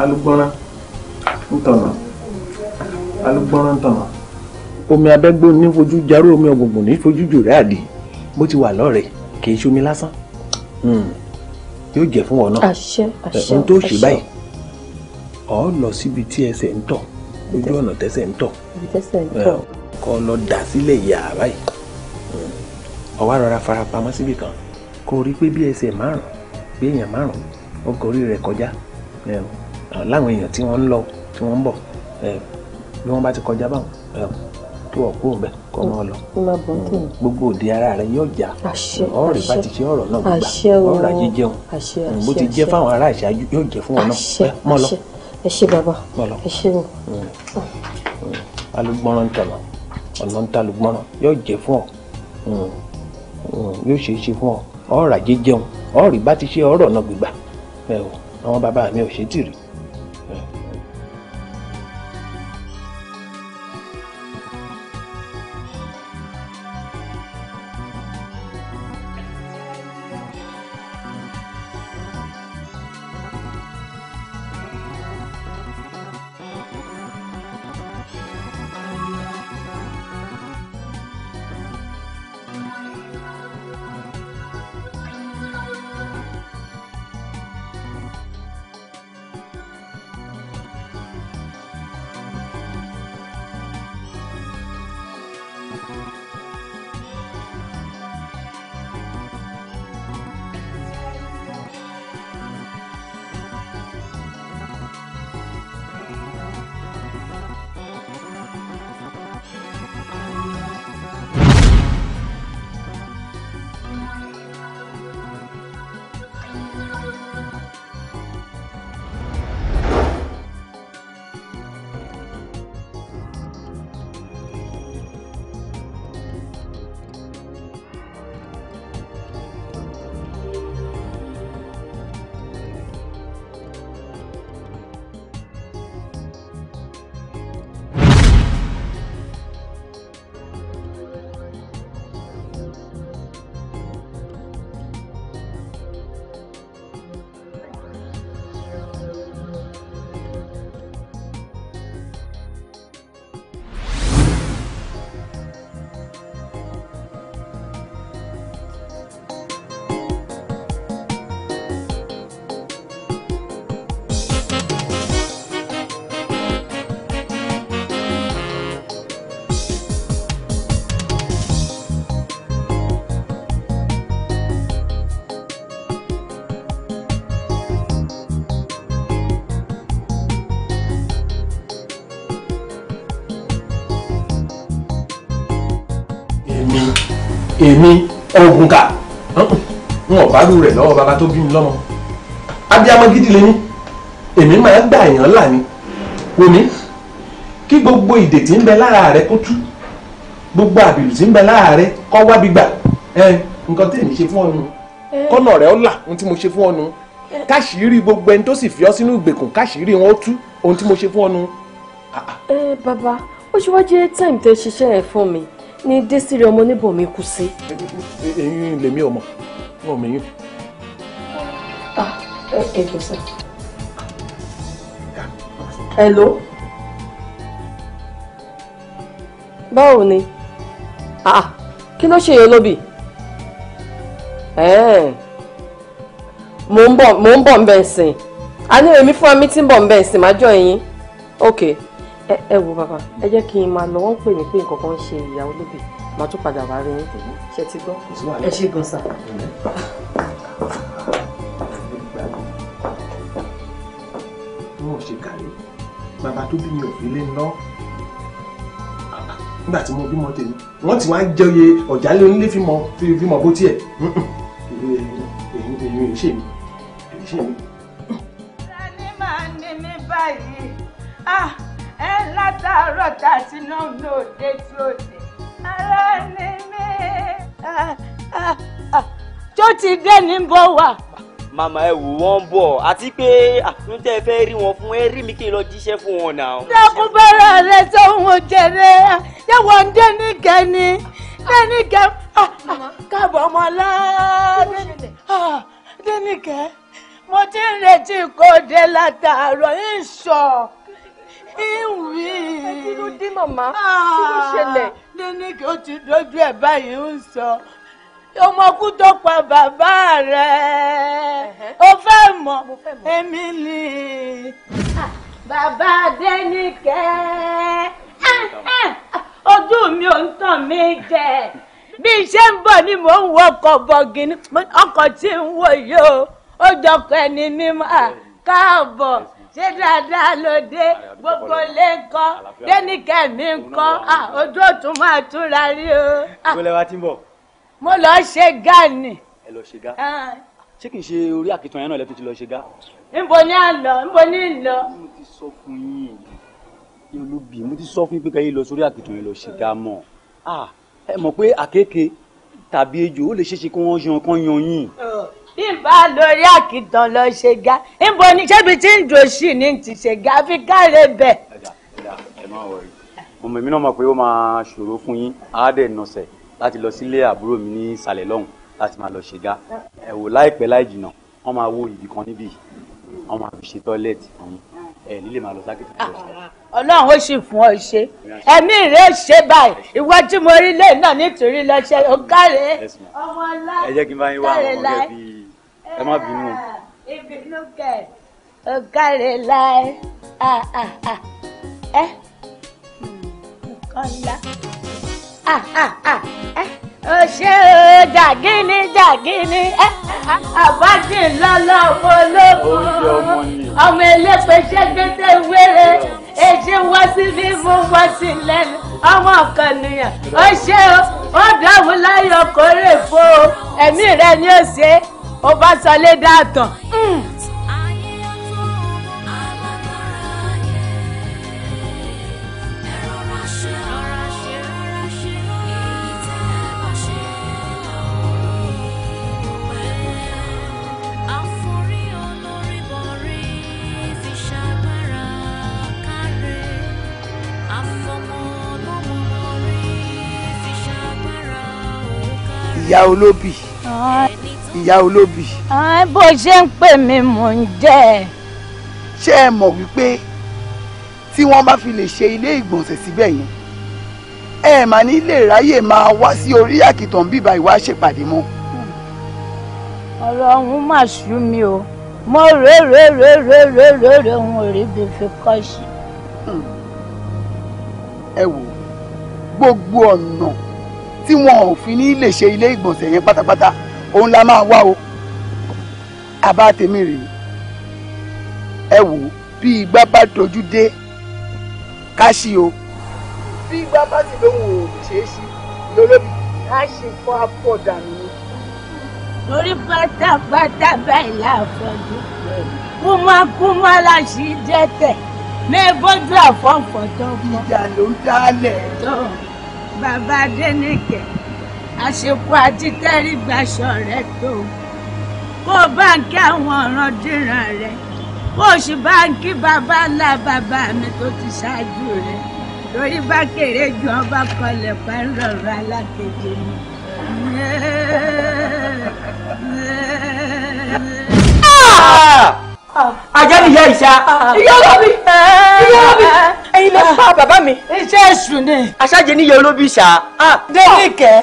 alúgbọ́nrán ń tọ̀nà alúgbọ́nrán ń tọ̀nà. omi abẹ́gbó ní fojú jarú omi ọ̀gbùngbùn ní fojú jù rẹ̀ àdì bó ti wà lọ́rẹ̀ẹ́ kì í ṣomi lásán hmm. yóò jẹ́ fún ọ náà ohun tó ṣe báyìí ọ lọ síbi tí ẹsẹ̀ ń tọ̀ ojú ọ̀nà tẹ́sẹ̀ ń tọ̀ kọ́ lọ dà sílẹ̀ yàrá yìí ó hmm. wá rọra farapamọ́ síbì kan kó rí pé bí ẹsẹ̀ márùn bí èèyàn márùn ó gorí rẹ̀ kọjá láwọn èèyàn tí wọ́n ń lọ tí wọ́n ń bọ̀ bí wọ́n bá ti kọjá báwọn tó ọ̀pọ̀ òun bẹ̀ kọ́ mọ́ ọ lọ hmm. gbogbo òde ara rẹ yóò já ọ̀rẹ́ bá ti ṣe ọ̀rọ̀ náà gbà ọ̀rọ̀ ajé jẹun hmm, bó ti jẹ́ fáwọn ará ìṣáájú yóò jẹ́ fún ọ náà mọ́ lọ. ẹ ṣé bàbá ẹ ṣé o. alùgbọ́n ń tẹ̀lọ́ ọ̀nà ń ta lùgbọ́nràn yóò jẹ́ fún ọ hmm. Hmm. yóò ṣe é ṣe fún ọ ọ̀rọ̀ àjẹjẹun ọ̀rọ̀ ìbá ti ṣe ọ̀rọ̀ ọ̀nà gbígbà ẹ̀ ọ̀ àwọn bàbá mi ò ṣe é tì rí èmi ogun kà n ò bá rú rẹ̀ lọ́wọ́ bàbá tó bí mi lọ́mọ abiyamọ gidi lèmi èmi máa ń gbà èèyàn là ni omi kí gbogbo ìdè tí ń bẹ lára rẹ kó tú gbogbo àbìlù tí ń bẹ lára rẹ kó wá bí gbà ẹ nǹkan ṣe fún ọnu kọ́nà rẹ ó là ohun tí mo ṣe fún ọnu káṣíírí gbogbo ẹni tó sì fi ọ sínú ìgbèkùn káṣíírí wọn ó tú ohun tí mo ṣe fún ọnu. ẹ bàbá ó ṣe wá jẹ́ time tẹ́ ṣiṣẹ́ ẹ̀ fún mi ni désìrè ọmọ níbọ̀ mi kú sí. eyín lèmi ọmọ wọn ò mẹyìn. Ah, ẹ jọ sá. hello. báwo ni ah, ah, kí ló ṣe yẹn lóbì mo ń bọ̀ ń bẹ̀ ń sìn a ní èmi fún mi tí ń bọ̀ ń bẹ̀ ń sìn má jọ ẹ̀yìn okay ẹ wo bàbá ẹ jẹ́ kí n máa lọ wọ́n ń pè mí pé nǹkan kan ń ṣe ìyàwó lóbì màá tún padà wá rí yín ṣe ti gbọ́ ẹ ṣe gan sà. wọn ò ṣe kàlẹ́ bàbá tó bí mi ò fi lé ná nígbà tí mo bímọ tèmi wọn ti wá ń jẹye ọ̀jálé onílé fímọ fímọ bó tiẹ̀ èyí èyí ṣe mi èyí ṣe mi. sani máa ń ní mi báyìí. Ah! ẹ látàárọ̀ tá a ti náà mi ò dé tí ò dé ara ni mí. Ah, ah, ah, tó ti dé ní bó wà. màmá ẹ wò wọ́n ń bọ̀ àti pé àtúntò tẹ́ ẹ fẹ́ rí wọn fún ẹ rí mi kí n lọ jíṣẹ́ fún wọn náà. dákun bára rẹ tó ń wò jẹrẹ yẹ wọn dé nìkẹ́ ni dé nìkẹ́ káàbọ̀ ọmọ aláàdé dé nìkẹ́ mo ti ń retí kó dé látàárọ̀ ń sọ. ìwì. kí ló dé màmá kí ló ah, ṣẹlẹ̀. níní kí o ti dojú báyìí ń sọ ọmọkú tó pa bàbá rẹ̀ o fẹ́ mọ̀ èmi ni. Ah, bàbá Adéníkẹ́ ah, ojú mi ò ń tàn mí jẹ bí iṣẹ́ ń bọ̀ ni mò ń wo ọkọ̀ bọ̀gìnì ọkọ̀ tí ń wò yìí o ó ẹni mímọ́ káàbọ̀. ṣé dáadáa ló gbogbo lè ń kọ́ dénìkẹ́mi ń ojú òtún máa túnra rí o. mo lọ ṣe gánì. ẹ lọ ṣe gá ṣé kìí ṣe orí àkìtàn yẹn náà lẹ́tún ti lọ ṣe gá. nbo ni à ń ni ń mo ti sọ fún yín olùbí mo ti sọ fún yín pé kẹ́yìn lọ sórí àkìtàn yẹn lọ ṣe gá mọ́ ẹ mọ̀ pé àkékè tàbí ejò ó lè ṣeéṣe kí wọ́n yan kán yan yín bí n bá lórí àkìtàn lọ ṣe ga níbo ni ṣébi tí ń dùn sí ni ti ṣe ga fi káre bẹ̀. ẹ má wọrí mo mọ̀ èmi náà mọ̀ pé ó máa ṣòro fún yín àádẹ́ nọ̀sẹ̀ láti lọ sílé àbúrò mi ní ìsàlẹ̀ lọ́hùn láti máa lọ ṣe ga ẹ wò láìpẹ́ láì jìnnà wọ́n máa wó ibì kan níbí wọ́n máa fi ṣe tọ́lẹ̀tì fún yín ẹ nílé máa lọ sákìtì fún ọsẹ. ọlọ́run ó sì fún ọ ṣe ẹ̀mí rẹ̀ ṣe báyìí ìwọ tí mo rí lẹ́yìn náà nítorí lọ́ṣẹ́ ọ̀gá rẹ̀ ọmọ ọlá rẹ̀ kí n bá yín wá àwọn ọ̀rẹ́ bíi ẹ má bínú. ìbínú kẹ ọgá rẹ láì ẹ nǹkan ńlá ah, ah, ah. ó ṣe o jàgínní jàgínní àbájì lọ́lọ́ ọmọ ológun ọmọ elépe ṣẹ́gbẹ́tẹ̀ wéré èjì wọ́n sí bí mo wọ́n sí lẹ́nu ọmọ ọ̀kan nìyàn ó ṣe o ó dáhùn láyọ̀ kórè fún o rẹ ni ó ṣe é. Ọbaṣọlé Dàtàn. Hmm. ìyá olóbì ìyá olóbì. bó ṣe ń pè mí mò ń jẹ́. ṣé ẹ mọ̀ wípé tí wọ́n bá fi lè ṣe ilé ìgbọ̀nsẹ̀ síbẹ̀ yẹn ẹ mà ní lè ráyè máa wá sí orí àkìtàn bíbá ìwà ṣèpàdé mọ́. ọ̀rọ̀ ọ̀hún mà sú mi o mo rèrèrèrèrèrèrè ń rí bí fi kọ́ sí. Hmm. ẹ wò gbogbo ọ̀nà tí wọn ò fi ní lè ṣe ilé ìgbọ̀nsẹ̀ yẹn pátápátá òun la máa wá o àbá tèmi rèé ẹ wò bí igbá bá dojú dé ká ṣí o bí igbá bá sì lóhùn ò ṣeé ṣí lólóbi ká ṣe fọ́ apọ̀ dànù ni. lórí pátápátá báyìí láàfọ̀dún kúmọ́kúmọ́ la ṣì jẹ́ tẹ̀ ní bójú àfọ̀fọ̀ tó mọ́. ìjà ló ń dálẹ̀. tó bàbá adẹ́nìkẹ́ àṣepọ àti tẹrígbàṣọ rẹ tó kó báńkì àwọn ọ̀ràn dìran rẹ kó sì báńkì bàbá ńlá bàbá mi tó ti ṣáájú rẹ lórí bá kéré ju ọba kọlẹ̀ pẹ́ńrọ̀rọ̀ alákejì mi. Ah! ajá nìyá ìṣá. ìyá olóbi ìyá olóbi ẹ̀yin lọ pa bàbá mi. iṣẹ́ èṣù ni. aṣáájú ni ìyá olóbi ṣá. Ah! délé kẹ́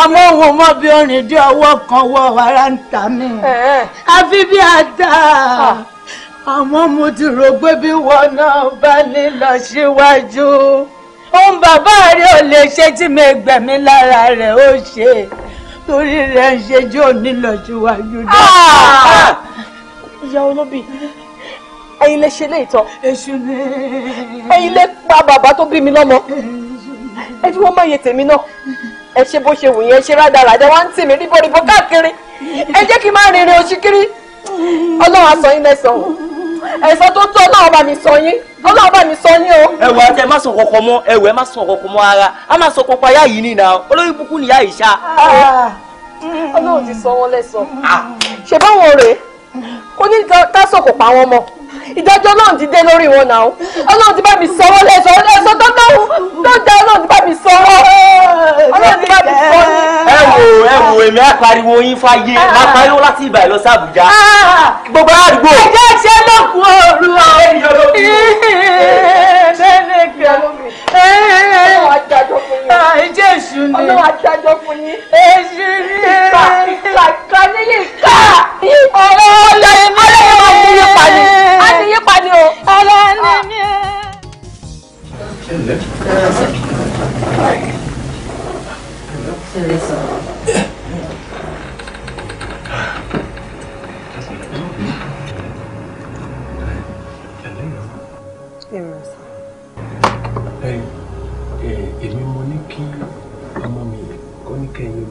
àmọ́ òun mọ̀ bí orin dé ọwọ́ kan wọ ara ń ta mí eh, eh. àfi bí a dá ah. àmọ́ mo ti rò pé bí wọn náà bá ní lọ síwájú òun bàbá rẹ ò lè ṣe tí mi gbẹ̀mí lára rẹ̀ ó ṣe torí rẹ̀ ń ṣe jẹ́ òní lọ síwájú dé. Ah. Ah. ìyá olóbì ẹ̀yin lè ṣe léètọ́ ẹ̀yin lè pa bàbá tó bí mi lọ́mọ ẹ fi wọ́n máa yẹ tèmi náà ẹ ṣe bó ṣe wù yín ẹ ṣe rádaràdà wá ń tì mí ríbọríbọ káàkiri ẹ jẹ́ kí n máa rìnrìn oṣù kiri ọlọ́run á sọ yín lẹ́sàn-án ẹ̀sán tó tó ọlọ́run bá mi sọ yín ọlọ́run bá mi sọ yín o. ẹwù àti ẹ má sọ kọkọ mọ ẹwù ẹ má sọ kọkọ mọ ara a má sọ kọkọ ayá yìí nìyà olórí kúkú nìyà yìí ṣá. Ah, ọlọ́run ti sọ wọn lẹ́sàn-án ah, ṣèbáwọn rèé kò ní tásọ̀ kò pa wọn mọ́ ìdájọ́ náà ti dé lórí wọn náà ọlọ́run ti bá mi sọ wọ́n lẹ́sọ̀ ẹ̀sọ́ tó tó tó dá ọlọ́run ti bá mi sọ wọ́n ọlọ́run ti bá mi sọ ẹ wo ẹ wo èmi á pariwo yín fáyé ah. má pariwo láti ibà lọ Àbújá ah. gbogbo àdúgbò. ẹ jẹ́ ṣe lókun òru ọ̀ èṣù ni ọlọ́wà dájọ́ fún yín èṣù ni ìka ìka ìka nílé ìka ọ̀rọ̀ ọlọ́yẹ mi ọlọ́yẹ wa ti yí pani a ti yí pani o. ọ̀rọ̀ ọlọ́yẹ mi. Ah. ṣẹlẹ̀ sọ.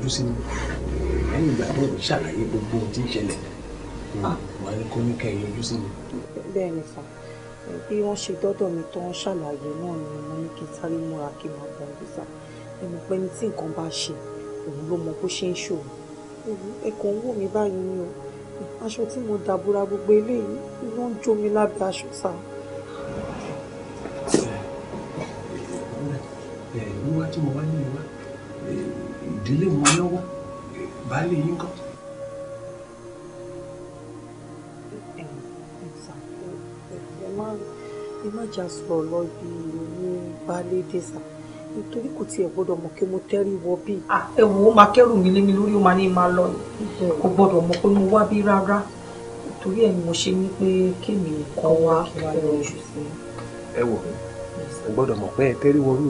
yọjú sí mi lẹ́yìn ìgbà náà mi ṣàlàyé gbogbo ohun tí ń ṣẹlẹ̀ ah. wà ní kó ní ká yọjú sí mi. bẹ́ẹ̀ ni sà eh, bí wọ́n ṣe dọ́dọ̀ mi tó ń ṣàlàyé náà ni mo ní kí n sáré múra kí n máa bọ̀ ọ́n sà ẹnu pé ní tí nǹkan bá ṣe òun ló mọ bó ṣe ń ṣòro ẹkọ ń wò mí báyìí ni o aṣọ tí mo dàbúra gbogbo eléyìí ló ń jó mi lábẹ́ aṣọ sà. níwájú mo wá ní ìdílé wọn lọ́wọ́ baálé yín kọ́. ẹ má jà sọ̀rọ̀ lọ bí ní baálé dèsà nítorí kò tiẹ̀ gbọ́dọ̀ mọ̀ kí mo tẹ́rí wọ bí. ẹ wo máa kẹ́rù mi lé mi lórí ó máa ní máa lọ kò gbọ́dọ̀ mọ̀ pé mo wá bí rárá torí ẹ̀ ni mo ṣe ní pé kémi kan wá kí wá lọ jù sí. ẹ wò ó gbọ́dọ̀ mọ̀ pé ẹ tẹ́rí wọ rú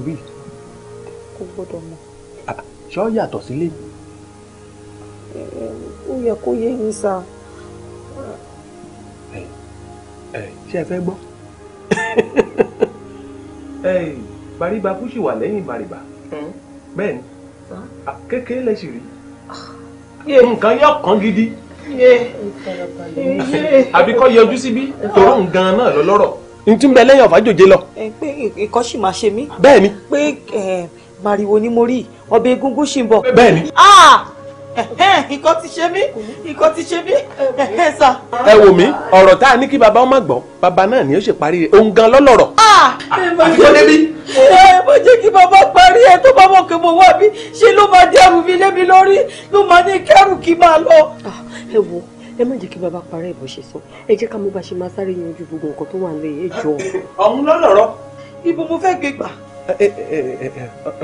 kò gbọ́dọ̀ mọ̀ tí ó yàtọ̀ sílé mi. ó yẹ kó yé yín sá. ẹ ẹ ṣé ẹ fẹ́ gbọ́. bàrìbà kú sì wà lẹ́yìn bàrìbà hmm? bẹ́ẹ̀ ni kékeré lẹ sì rí ah, nǹkan yọ kàn gidi àbí kọ́ yọjú síbí tòró nǹkan náà lọ lọ́rọ̀ ntí ń bẹ lẹ́yìn ọ̀fà jòjé lọ. pé ìkọ́ sì máa ṣe mí. bẹ́ẹ̀ ni. pé màrìwò ni mo rí ọbẹ̀ egungun ṣì ń bọ̀. bẹ́ẹ̀ni. Ah! nǹkan ti ṣe mí nǹkan ti ṣe mí sà. ẹ wò mí ọ̀rọ̀ tá a ní kí bàbá ọmọ gbọ́ bàbá náà ni ó ṣe parí òun gan lọ́lọ́rọ̀. Ah! àtúntò débi. ẹ mo jẹ́ kí bàbá parí ẹ tó bá mọ̀ pé mo wá bí ṣe ló máa dẹ́rù mi lé mi lórí ló máa ní kẹ́rù kí máa lọ. Ah, ẹ wo ẹ má jẹ́ kí bàbá parẹ́ ìbò ṣe sọ ẹ jẹ́ ká mú bá ṣe máa sáré yanjú gbogbo nǹkan tó wà ń lé ẹjọ́. ọ̀hún lọ́lọ́rọ̀. ibo mo fẹ́ gbé gbà.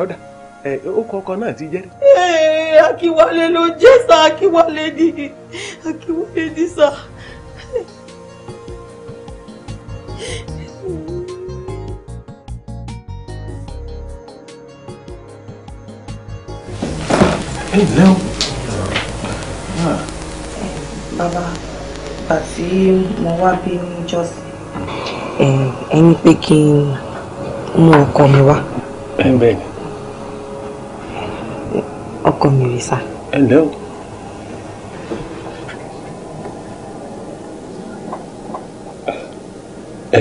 ọ̀dà ẹ ó kọkọ náà ti jẹ́. ee akínwálé ló jẹ́ sá akínwálé di akínwálé ni sá. ẹ ǹlẹ́ o. Ah. bàbá àti mo wá bí níjọ́sí. ẹ̀yin pé kí n mú ọkọ mi wá. bẹ́ẹ̀ ni. ọkọ mi rè sá. ẹ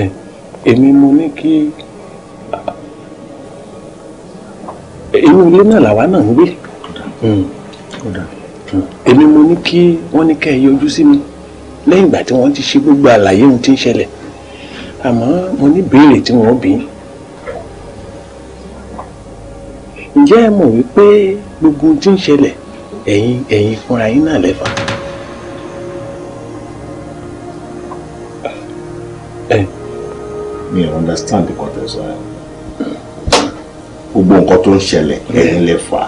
ǹlẹ́ èmi mo ní kí inú ilé náà làwa náà ń gbé hmm, hmm. èmi mo ní kí wọ́n ní kẹ́ ẹ yọjú sí mi lẹ́yìn ìgbà tí wọ́n ti ṣe gbogbo àlàyé ohun tí ń ṣẹlẹ̀ àmọ́ mo ní béèrè tí wọ́n bí ǹjẹ́ ẹ mọ̀ wípé. gbogbo ohun tí ń ṣẹlẹ̀ ẹ̀yin ẹ̀yin fúnra yín náà lẹ́fà. ẹ mi ò understand the context ẹ gbogbo nǹkan tó ń ṣẹlẹ̀ ẹ̀yin lè fà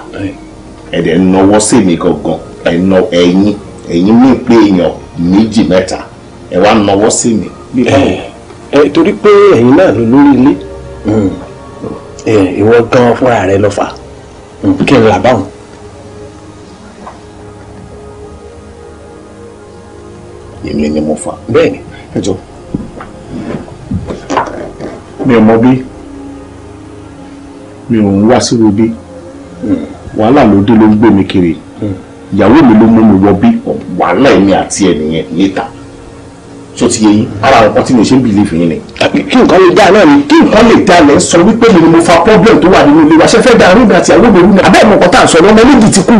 ẹ̀dẹ̀ ń náwó sí mi gangan ẹ̀yin ẹ̀yin ní pé èèyàn méjì mẹ́ta ẹ wá náwó sí mi. ẹ torí pé ẹ̀yin náà ló lórí ilé hmm. ìwọ gan fúnra rẹ ló fà á òbí kí n là báwọn. èmi ni mo fà bẹ́ẹ̀ ni ẹ jọ mi ò mọ bí mi ò ń wá síbi bí wàhálà ló dé ló ń gbé mi kiri ìyàwó mi ló mú mi So ti yẹ yín ara nǹkan tí mo ṣe ń bìlífì yín ni. kí nǹkan lè dá náà ni. kí nǹkan lè dá lẹ́ sọ wípé mi ni mo fa problem tó wà nínú ilé wa ṣe fẹ́ da arúgbó àti agbóhùn mi abẹ́ ìmọ̀ kọ́tà sọ lọ́mọ méjì ti kú.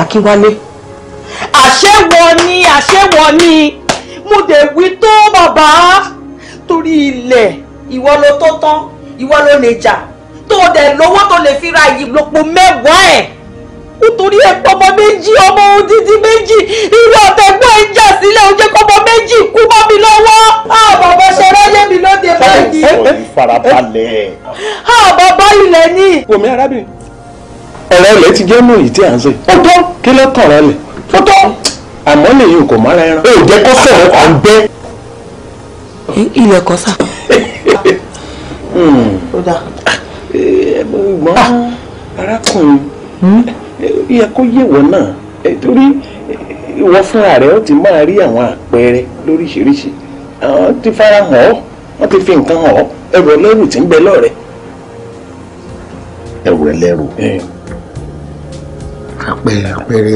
Akínwálé àṣẹwọ ni àṣẹwọ ni mo dé wí tó bàbá torí ilẹ̀ ìwọ ló tó tán ìwọ ló lè jà tó dẹ̀ lówó tó lè fi ra ìlòpọ̀ mẹ́wàá ẹ̀ nítorí ẹ̀pọ̀ ọmọ méjì ọmọ odidi méjì irú àtẹ̀gbọ́n ẹ̀ ń jà sílẹ̀ ó jẹ́ kọ́ ọmọ méjì kú mọ́ mi lọ́wọ́. a ah, bàbá ṣe ráyè mi lóde báyìí. sọ̀rọ̀ ní farabalẹ̀. a ah, bàbá ilẹ̀ ni. wòmí arábìnrin ọ̀rọ̀ ilẹ̀ ti jẹ́ mú èyí tí à ń sè. ó tọ́ kí ló tàn rẹ lẹ̀. ó tọ́ àmọ́ lèyìn kò mọ́ra ẹran. ó jẹ́ kó sọ̀rọ̀ à ń bẹ́. ilẹ̀ kọ́ sà. Hmm. ó dà. Ah, ẹ ẹ arákùnrin. Hmm? yẹ kó yé wọ náà torí ìwọ fúnra rẹ ó ti máa rí àwọn àpẹẹrẹ lóríṣiríṣi àwọn ti fara hàn ọ́ wọ́n ti fi nǹkan hàn ọ́ ẹrù ẹlẹ́rù tí ń bẹ lọ́rẹ̀. ẹrù ẹlẹ́rù àpẹẹrẹ àpẹẹrẹ.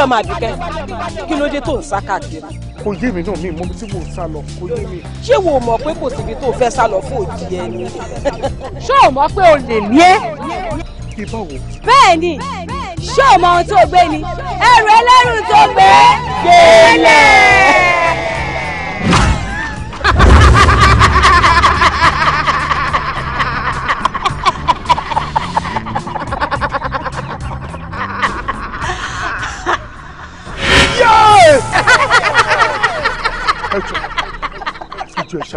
lọ́dọ̀ máa dùkẹ́ kí ló dé tó ń sá káàkiri. kò yé mi náà mi mọ tí mò ń sá lọ kò yé mi. ṣé wo mọ̀ pé kò síbi tó fẹ́ sá lọ fún òdì ẹni. ṣé o mọ̀ pé o lè ní ẹ́. kí ṣé o mọ ohun tó gbé ni ẹrù ẹlẹ́rù tó gbé. gbélé.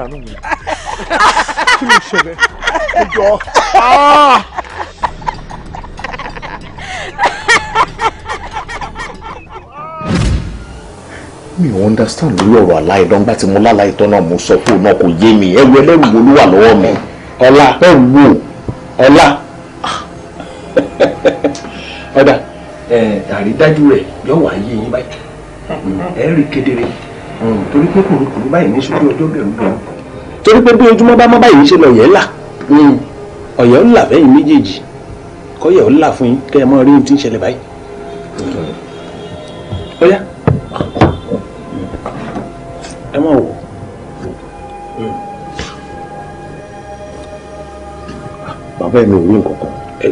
ṣàánú mi kí ló ṣẹlẹ̀ mi ò understand lórí ọ̀rọ̀ aláì lọ́ngbà tí mo láláì tán náà mo sọ fóònù náà kò yé mi ẹrù ẹlẹ́rù wo ló wà lọ́wọ́ mi ọlá ẹrù wo ọlá ọ̀dà àrídájú rẹ̀ yóò wá yé yín báyìí ẹ rí kedere torí pé kùrùkùrù báyìí ní sójú ọjọ́ bẹ̀rù bẹ̀rù torí pé bí ojúmọ́ bá mọ́ báyìí ṣe lọ̀yẹ́ là ọ̀yẹ́ ń là fẹ́yìn méjèèjì kọ́yẹ̀ ń là fún yín kẹ́ ẹ mọ́ rí ohun tí ń ṣẹlẹ̀ báyìí. ọ̀yá ẹ mọ̀ wò. bàbá mi ò rí nǹkan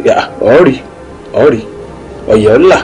kan. ọ̀ọ́rì ọ̀ọ́rì ọ̀yẹ́ ń là.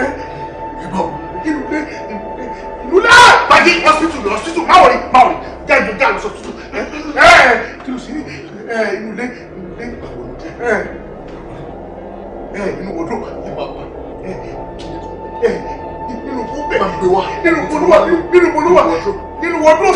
ẹ̀gbọ́n inú lé inú lé pàdé hospital lọ hospital má wọlé má wọlé jáde jáde lọ hospital ẹ ẹ kí ló sì ní inú lé inú lé báwo ẹ ẹ inú wọdọ ẹ máa pa ẹ ẹ nínú kú bẹ nínú bolúwa nínú bolúwa nínú wọdọ.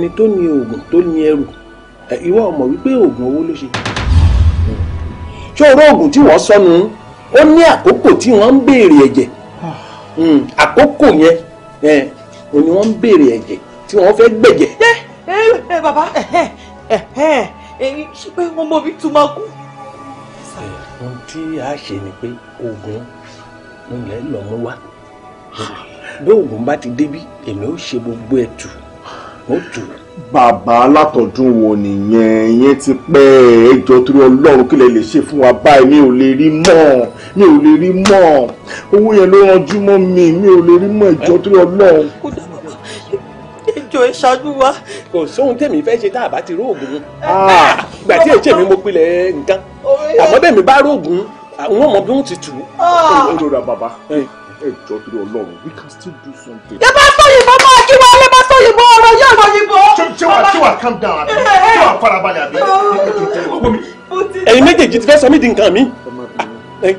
ẹni tó ní oògùn tó ní ẹrù ìwọ ọmọ wípé oògùn owó ló ṣe ṣé oró oògùn tí wọ́n sọnù ó ní àkókò tí wọ́n ń béèrè ẹ̀jẹ̀ ah. hmm, àkókò yẹn òun ni wọ́n ń béèrè ẹ̀jẹ̀ tí wọ́n fẹ́ gbẹ̀jẹ̀. ẹ ẹ bàbá ẹ ẹ ṣé pé wọ́n mọ bí tún máa kú. ohun tí a ṣe ni pé oògùn ń lẹ́ lọ́mú wá ah. bí oògùn bá ti débí èmi ó ṣe gbogbo ẹ̀ tù bàbá alátọ̀dún wo nìyẹn ìyẹn ti pẹ́ ẹjọ́ torí ọlọ́run kílẹ̀ lè ṣe fún wa báyìí mi ò lè rí mọ́ mi ò lè rí mọ́ owó yẹn ló ranjú mọ́ mi mi ò lè rí mọ́ ẹjọ́ torí ọlọ́run. ẹjọ́ ẹ wa. kò sóhun tèmi fẹ́ ṣe tá a bá ti róògùn. Ah. Ah, ìgbà tí èjì mi mo pilẹ̀ nǹkan àmọ́ bẹ́ẹ̀ mi bá róògùn àwọn ọmọ bí wọ́n ti tù ó rọra ah. bàbá ẹjọ́ torí Ọlọ́run we can still do something. ìbá sọyìnbó máa kí wọn lè bá sọyìnbó ọ̀rọ̀ yóò lọ yìnbó. ṣéwà ṣéwà calm down àbí ṣéwà farabalẹ̀ àbí. ẹ̀yin méjèèjì ti fẹ́ sọ mí di nǹkan mi. ẹ̀yin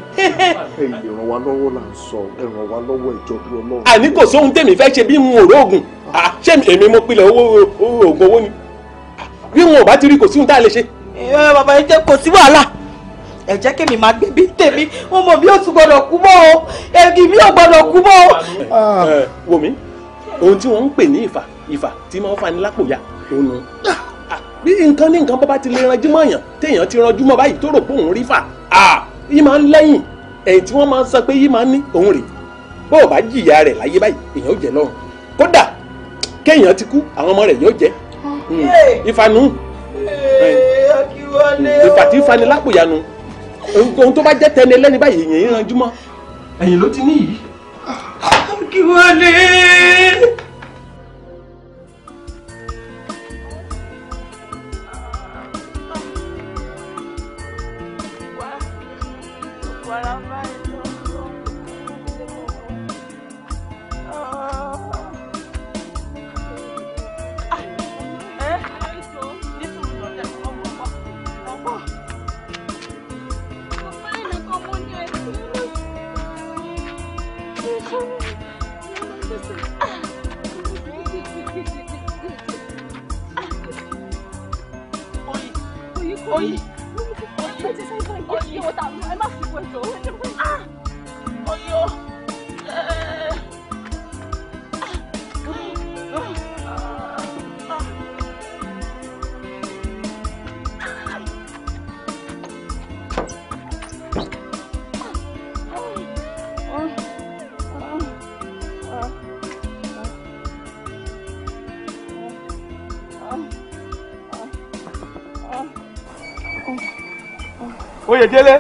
ìràn wa lọ́wọ́ là ń sọ ẹ̀ràn wa lọ́wọ́ ẹjọ́ torí Ọlọ́run. àní kò sóhun tèmi fẹ́ ṣe bí n ò rógùn ah. Ah, ṣé èmi mo pilẹ̀ owó oògùn owó ni ah, bí wọn ò bá ti rí kò síhun tá a lè ṣe. bàbá yìí jẹ́ kò sí wàhálà ẹ jẹ́ kémi máa gbé bí tèmi wọn mọ̀ bí ó tún gbọ́dọ̀ kú mọ́ o ẹ̀gì mi ò gbọ́dọ̀ kú mọ́ o. Ah. Eh, wò mí ohun tí wọ́n ń pè ní ìfà ìfà tí máa ń fani lápò ya òun nu ah, ah, bí nǹkan ní nǹkan bábá ti lè ranjú mọ́ èèyàn téèyàn ti ranjú mọ́ báyìí tó rò pé òun rí fà yìí máa ń lẹ́yìn ẹ̀yìn tí wọ́n máa ń sọ pé yìí máa ń ní òun rèé bó o bá jìyà rẹ̀ láyé báyìí èèyàn ò jẹ́ lọ́run ti kú àwọn ọmọ ohun tó bá jẹ́ tẹni ẹlẹ́ni báyìí èèyàn ranjú mọ́ ẹ̀yìn ló ti ní yìí. kí wọ́n lè. Oyèdélé.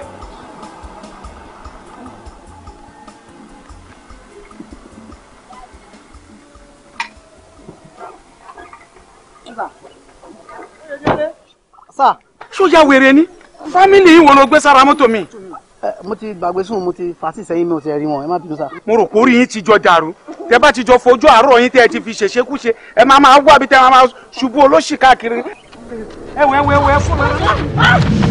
sá. sójà wèrè ni fámìlì yìí wọn ló gbé sára mọ́tò mi. mo ti gbàgbé sùn mo ti fàtí sẹ́yìn mi ò ti rí wọn ẹ má bínú sá. mo rò kórìí yín ti jọ dàrú tẹ bá ti jọ fojú àárọ̀ yín tẹ ẹ ti fi ṣèṣekúṣe ẹ máa máa wá bí tẹ máa máa ṣubú olóṣì káàkiri. ẹ wẹ wẹ fún mi.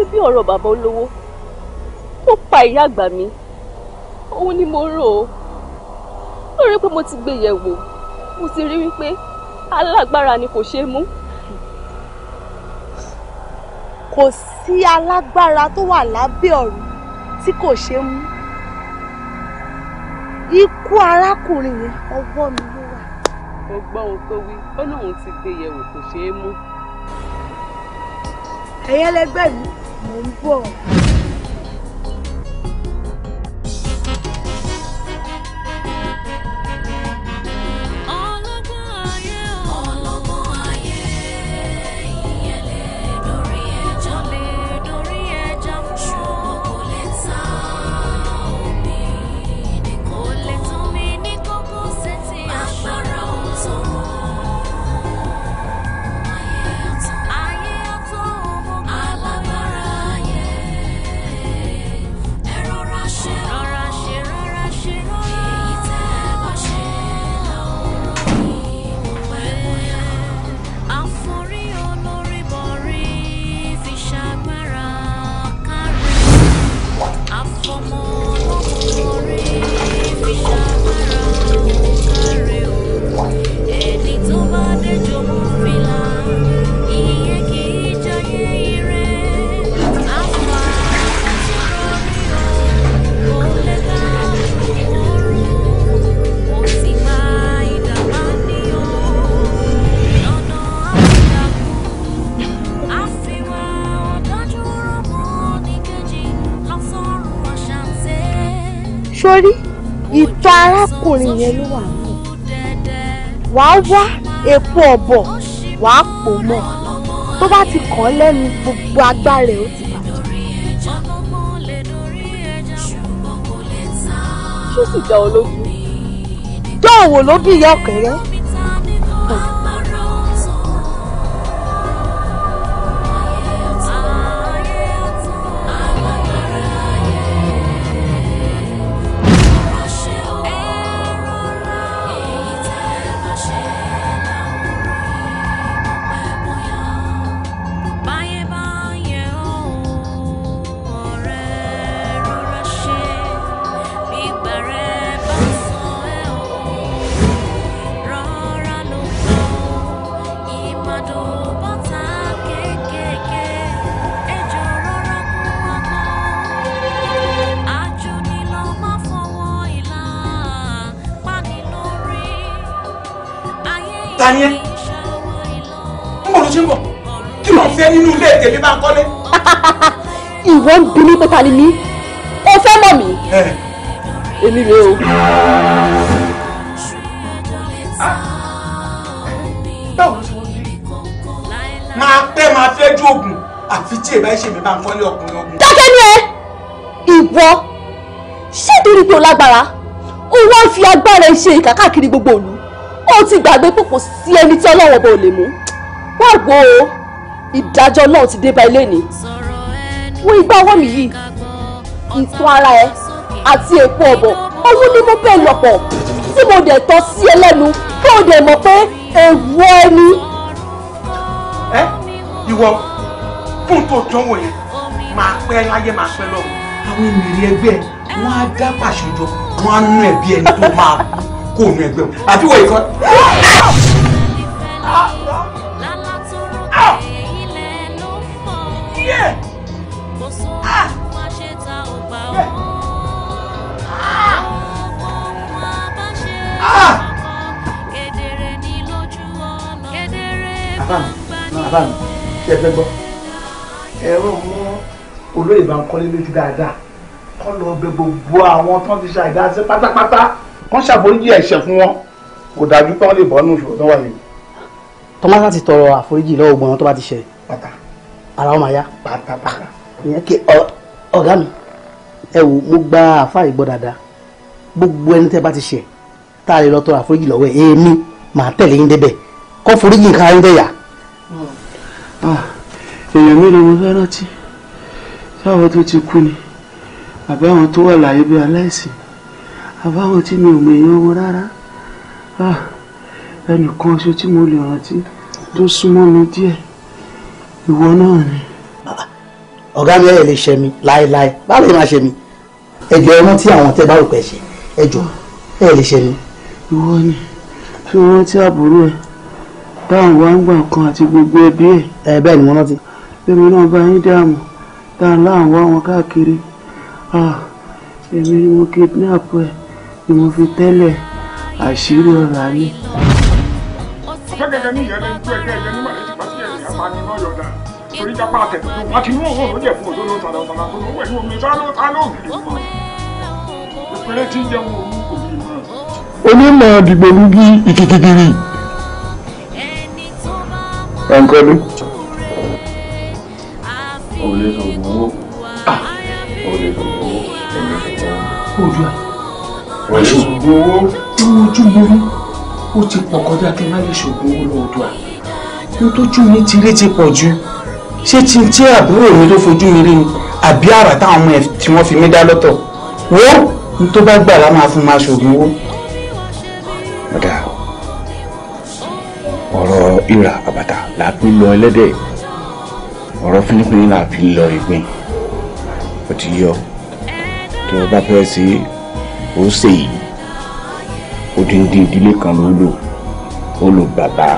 pé bí ọ̀rọ̀ bàbá olówó tó pa ìyá àgbà mi òun ni mo rò ó lórí pé mo ti gbé yẹ̀ wò mo ti rí wípé alágbára ni kò ṣeé mú. kò sí alágbára tó wà lábẹ́ ọ̀run tí kò ṣeé mú ikú arákùnrin yẹn ọwọ́ mi ló wà. ó gbọ́ ohun tó wí ó lóun ti gbé yẹ̀ wò kò ṣeé mú. ẹ̀yin ẹlẹgbẹ́ 没过。ọkùnrin yẹn ló wà nù wàá wá epo ọ̀bọ̀ wàá pò mọ́ tó bá ti kàn án lẹ́nu gbogbo agbára ẹ̀ ó ti bàjẹ́. ṣó sì jẹ́ ológun jọ́ òwò ló bí ìyá ọ̀kẹ́rẹ́. tèmi bá ń kọ́lé. ìwọ ń bi mí pé ta ni mí o fẹ́ mọ̀ mí èmi rèé o. báwo ló ṣe wọ́n lé máa pẹ́ máa fẹ́ ju oògùn àfi tí èèbá ṣe mi bá ń kọ́lé ọkùnrin ọkùnrin. dákẹ́ ni ẹ ìwọ ṣé torí pé o lágbára o wá fi agbára ẹ ṣe ìkà gbogbo ìlú o ti gbàgbé pé kò sí ẹni tí ọlọ́wọ́ bọ̀ ò lè mú wá gbọ́ ìdájọ́ náà ti dé bá ilé ni wo igbá ọwọ́ mi yìí ìtàn ara ẹ àti èpo ọ̀bọ̀ owó ni mo bẹ́ẹ̀ lọ́pọ̀ tí mo dẹ̀ tọ́ sí ẹ lẹ́nu kí o dẹ̀ mọ̀ pé èèwọ̀ ẹni. ẹ ìwọ fún tó dánwò yẹn máa pẹ́ láyé máa pẹ́ lọ́wọ́ àwọn ènìyàn ẹgbẹ́ wọn á dá pàṣẹ jọ wọn á nú ẹbí ẹni tó máa kó nu ẹgbẹ́ wọn àbí wọ ìkọ́. bàbá mi ṣe fẹ́ gbọ́ ẹ̀rọ mú olóyè bá ń kọ́lé lójú dáadáa kọ́ lọ bẹ gbogbo àwọn tó ń ti ṣe àìdáṣe pátápátá kán ṣàforíjì ẹ̀ṣẹ̀ fún wọn kò dájú pé wọ́n lè bọ́ nù ìṣòro tó wà yìí. tọ́másá ti tọrọ àforíjì lọ́wọ́ gbọ́n tó bá ti ṣe ara wọn máa yá pátápátá ìyẹn kí ọ̀gá mi ẹ wò mo gba àfa ìgbọ́ dáadáa gbogbo ẹni tẹ́ bá ti ṣe tá a lè lọ tọrọ àforíjì lọ́wọ́ èmi màá tẹ̀lé yín débẹ̀ kọ́ foríjì nǹkan ayé bẹ́ẹ̀ yà Ah, èèyàn mélòó mo fẹ́ rántí sáwọn tó ti kú ni àbí àwọn tó wà láyé bí aláìsàn àbáwọn tí mi ò mọ èèyàn wọn rárá ah, ẹnìkan ṣo tí mo lè rántí tó súnmọ́ mi díẹ̀ ìwọ náà ni. Ah, ọ̀gá mi ẹ̀ lè ṣe mi láéláé báwo lè máa ṣe mi ẹ̀jọ̀ ẹ rántí àwọn tẹ́ bá rò pẹ́ ṣe ẹ̀jọ̀ ẹ̀ lè ṣe mi. ìwọ ni fi rántí àbúrò ẹ̀ táwọn wá ń gbà kan àti gbogbo ẹbí ẹ̀. ẹ bẹ́ẹ̀ ni mo rántí. èmi náà bá yín dààmú tá a láwọn wá wọn káàkiri èmi ni mo kidnap ẹ ni mo fi tẹ́lẹ̀ àṣírí ọ̀rọ̀ ayé. ọ̀kẹ́kẹ̀kẹ́ ní ìyẹn ní gbé ẹgbẹ́ ẹ̀yẹ nígbà tí pàṣẹ ẹ̀yìn apanilọ́ yọ̀dà torí jápá àtẹ̀tùtù wọn ti mú òun ló jẹ̀ fún òdodo tàdà tàdà tó lówó ẹ̀yìn omi sáló sáló ògiri mọ́ ń jẹun I'm o lè sọ gbogbo o lè sọ gbogbo o lè sọ gbogbo. ojú à o lè sọ gbogbo. ojú burú ó ti pọ̀ kọjá kí n má lè ṣògùn owó lọ́dọ̀ à nítòjú mi ti rí ti pọ̀ jù ṣé tí n tí àbúrò mi ló fojú mi rí ni àbí àrà táwọn ọmọ ẹ̀ tí wọ́n fi mí dá lọ́tọ̀ wo n tó bá gbà lá máa owó. ọ̀dà ọ̀rọ̀ ìrà àbàtà là á fi lọ ẹlẹ́dẹ̀ ọ̀rọ̀ fínnífínní là á fi lọ ìgbín ó ti yọ tó o bá fẹ́ ṣe ó ṣe yìí odindi ìdílé kan ló lò ó lò bàbá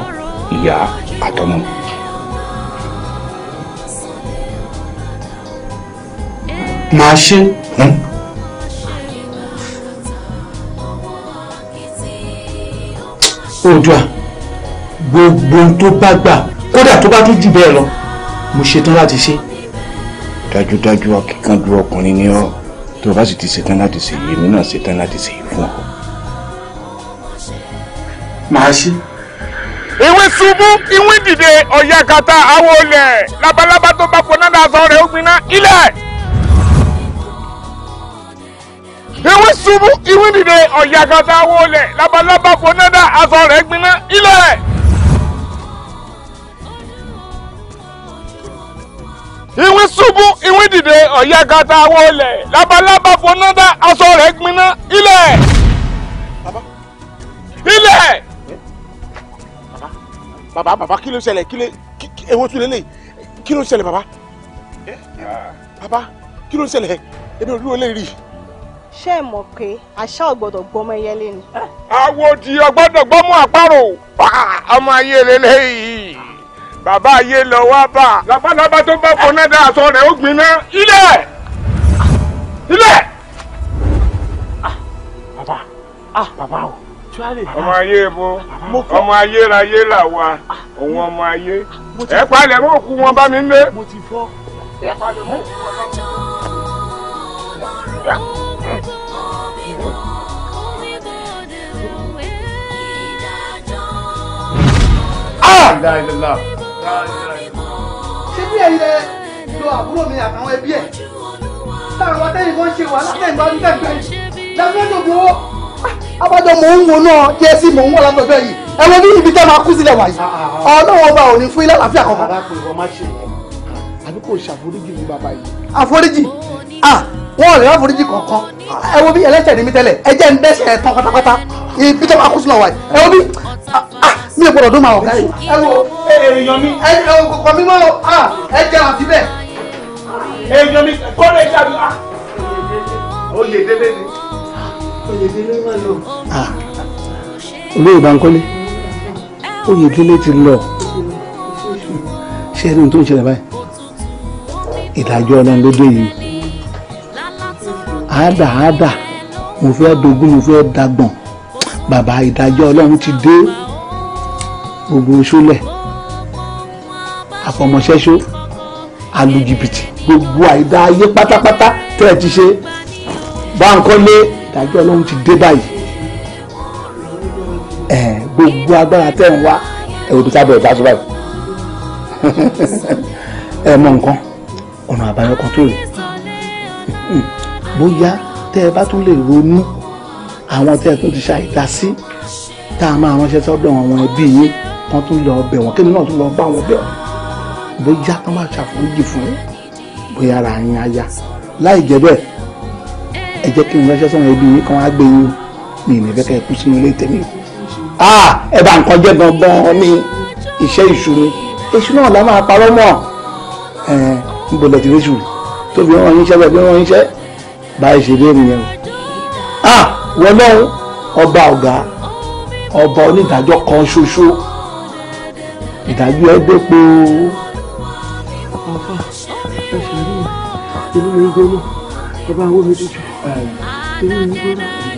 ìyá àtọmọ. màá ṣe. Hm? oòdùà. Hmm? gbogbo ohun tó bá gbà kódà tó bá tún jù bẹ́ẹ̀ lọ mo ṣetán láti ṣe. dájúdájú akíkanjú ọkùnrin ni ọ tó o bá sì ti ṣetán láti ṣe èyí èmi náà ṣetán láti ṣe èyí fún ọ. màá ṣe. ìwé ṣubú ìwé dìde ọ̀yà kata àwọn olè labalábá tó bá fọ náà aṣọ rẹ̀ ó gbiná ilẹ̀. ìwé ṣubú ìwé dìde ọ̀yà kata àwọn olè labalábá fọ náà aṣọ rẹ̀ gbiná ilẹ̀. ìwé ṣubú ìwé dìde ọ̀yá gata wọlé labalábá fonada aṣọ rẹ̀ gbiná ilẹ̀ ilẹ̀. bàbá bàbá kí ló ṣẹlẹ̀ kí ló ewo tún lélẹ̀ kí ló ṣẹlẹ̀ bàbá eh? bàbá kí ló ṣẹlẹ̀ ebi olúwo lè rí. ṣé ẹ mọ̀ pé àṣà ọ̀gbọ́dọ̀ gbọ́mọ ẹyẹlé ni. àwòdì ọ̀gbọ́dọ̀ gbọ́mọ àparò ọmọ ayé lélẹ́yìí bàbá ayé lọ wá bà. labalábá tó bá fọná dá aṣọ rẹ̀ ó gbiná. ilẹ̀ ilẹ̀. bàbá bàbá o ọmọ ayé bo ọmọ ayé ra ayé là wa ah. òun ọmọ ayé ẹ palẹ̀ mọ́ òkú wọn bá mi lé. mo ti fọ́ ẹ palẹ̀ mọ́ òkú wọn bá mi lé. Ah! la ilaha illallah ṣé bí ẹ̀yin lẹ lo àbúrò mi àtàwọn ẹbí ẹ̀ táwọn ọmọ tẹ́yìn kan ṣe wàhálà tẹ́yìn bá ń tẹ̀gbẹ́ lẹ́gbẹ́ dògbò abájọ mò ń wo náà jẹ́ sí mò ń wà látọ̀gbẹ́ yìí ẹ wo bí ibi tẹ́ máa kú sílẹ̀ wáyé ah, ah, ah. ọlọ́wọ́ ọba ò ní fún ilé àlàáfíà kankan. àbí kò ṣàforíjì ní bàbá yìí. àforíjì wọn ò lè wá foríjì kankan ẹ wo bí ẹlẹ́ṣẹ̀ ní mi tẹ́lẹ̀ ẹ jẹ́ ń dẹ́ṣẹ̀ tán pátápátá ibi tẹ́ máa kú sílẹ̀ wáyé ẹ wo bí mi ò gbọ́dọ̀ dún máa ọ̀gá yìí. ẹ wo èèyàn mi ẹ ẹ kọ mi mọ ẹ jẹ àti bẹ́ẹ̀. èèyàn mi kọ́lé ìjà mi wá. délé ni. oyè délé máa lọ. olóyè Bankole oyè délé ti lọ ṣé ẹni tó ń ṣẹlẹ̀ báyìí ìdájọ́ ọlọ́run ló dé yìí àádà àádà mo fẹ́ dogun mo fẹ́ dagbọ̀n bàbá ìdájọ́ ọlọ́run ti dé gbogbo sólẹ̀ àfọmọṣẹ́ṣó alùjìbìtì gbogbo àìdá ayé pátápátá tẹ́ ẹ ti ṣe Báńkọ́lé ìdájọ́ ọlọ́run ti dé báyìí ẹ̀ gbogbo agbára tẹ́ ń wá ẹ̀ òbí sábẹ̀ ọ̀dà tó báyìí ẹ mọ nǹkan ọ̀nà àbáyọ kan tó rè bóyá tẹ́ ẹ bá tún lè ronú àwọn tẹ́ ẹ tún ti ṣàìdásí tá a máa ránṣẹ́ sọ́dọ̀ àwọn ẹbí yín kan tún lọ bẹ̀ wọ́n kémi náà tún lọ bá wọn bẹ̀ wọ́n bóyá kán má ṣàforíjì fún bóyá ara yín á yá láì jẹ́ bẹ́ẹ̀ ẹ jẹ́ kí n ránṣẹ́ sọ̀rọ̀ ibi yìí kan á gbé yín ní ìmọ̀ ìfẹ́ kẹ́ ẹ kú sínú ilé tẹ̀mí o ẹ bá nǹkan jẹ́ gangan ní iṣẹ́ ìṣúni èṣù náà la máa parọ́ mọ́ ẹ ń bolẹ̀ tí lóṣù tóbi wọn yín iṣẹ́ bẹ́ẹ̀ bí wọn yín iṣẹ́ báyìí ṣe dé nìyẹn o wọlé ọba ọ̀gá ọba onídàájọ́ kan ṣoṣo ìdájọ́ ẹ dépò. àfa ẹ sàárè inú mi ń gbóná ẹ bá mi dúdú inú mi ń gbóná.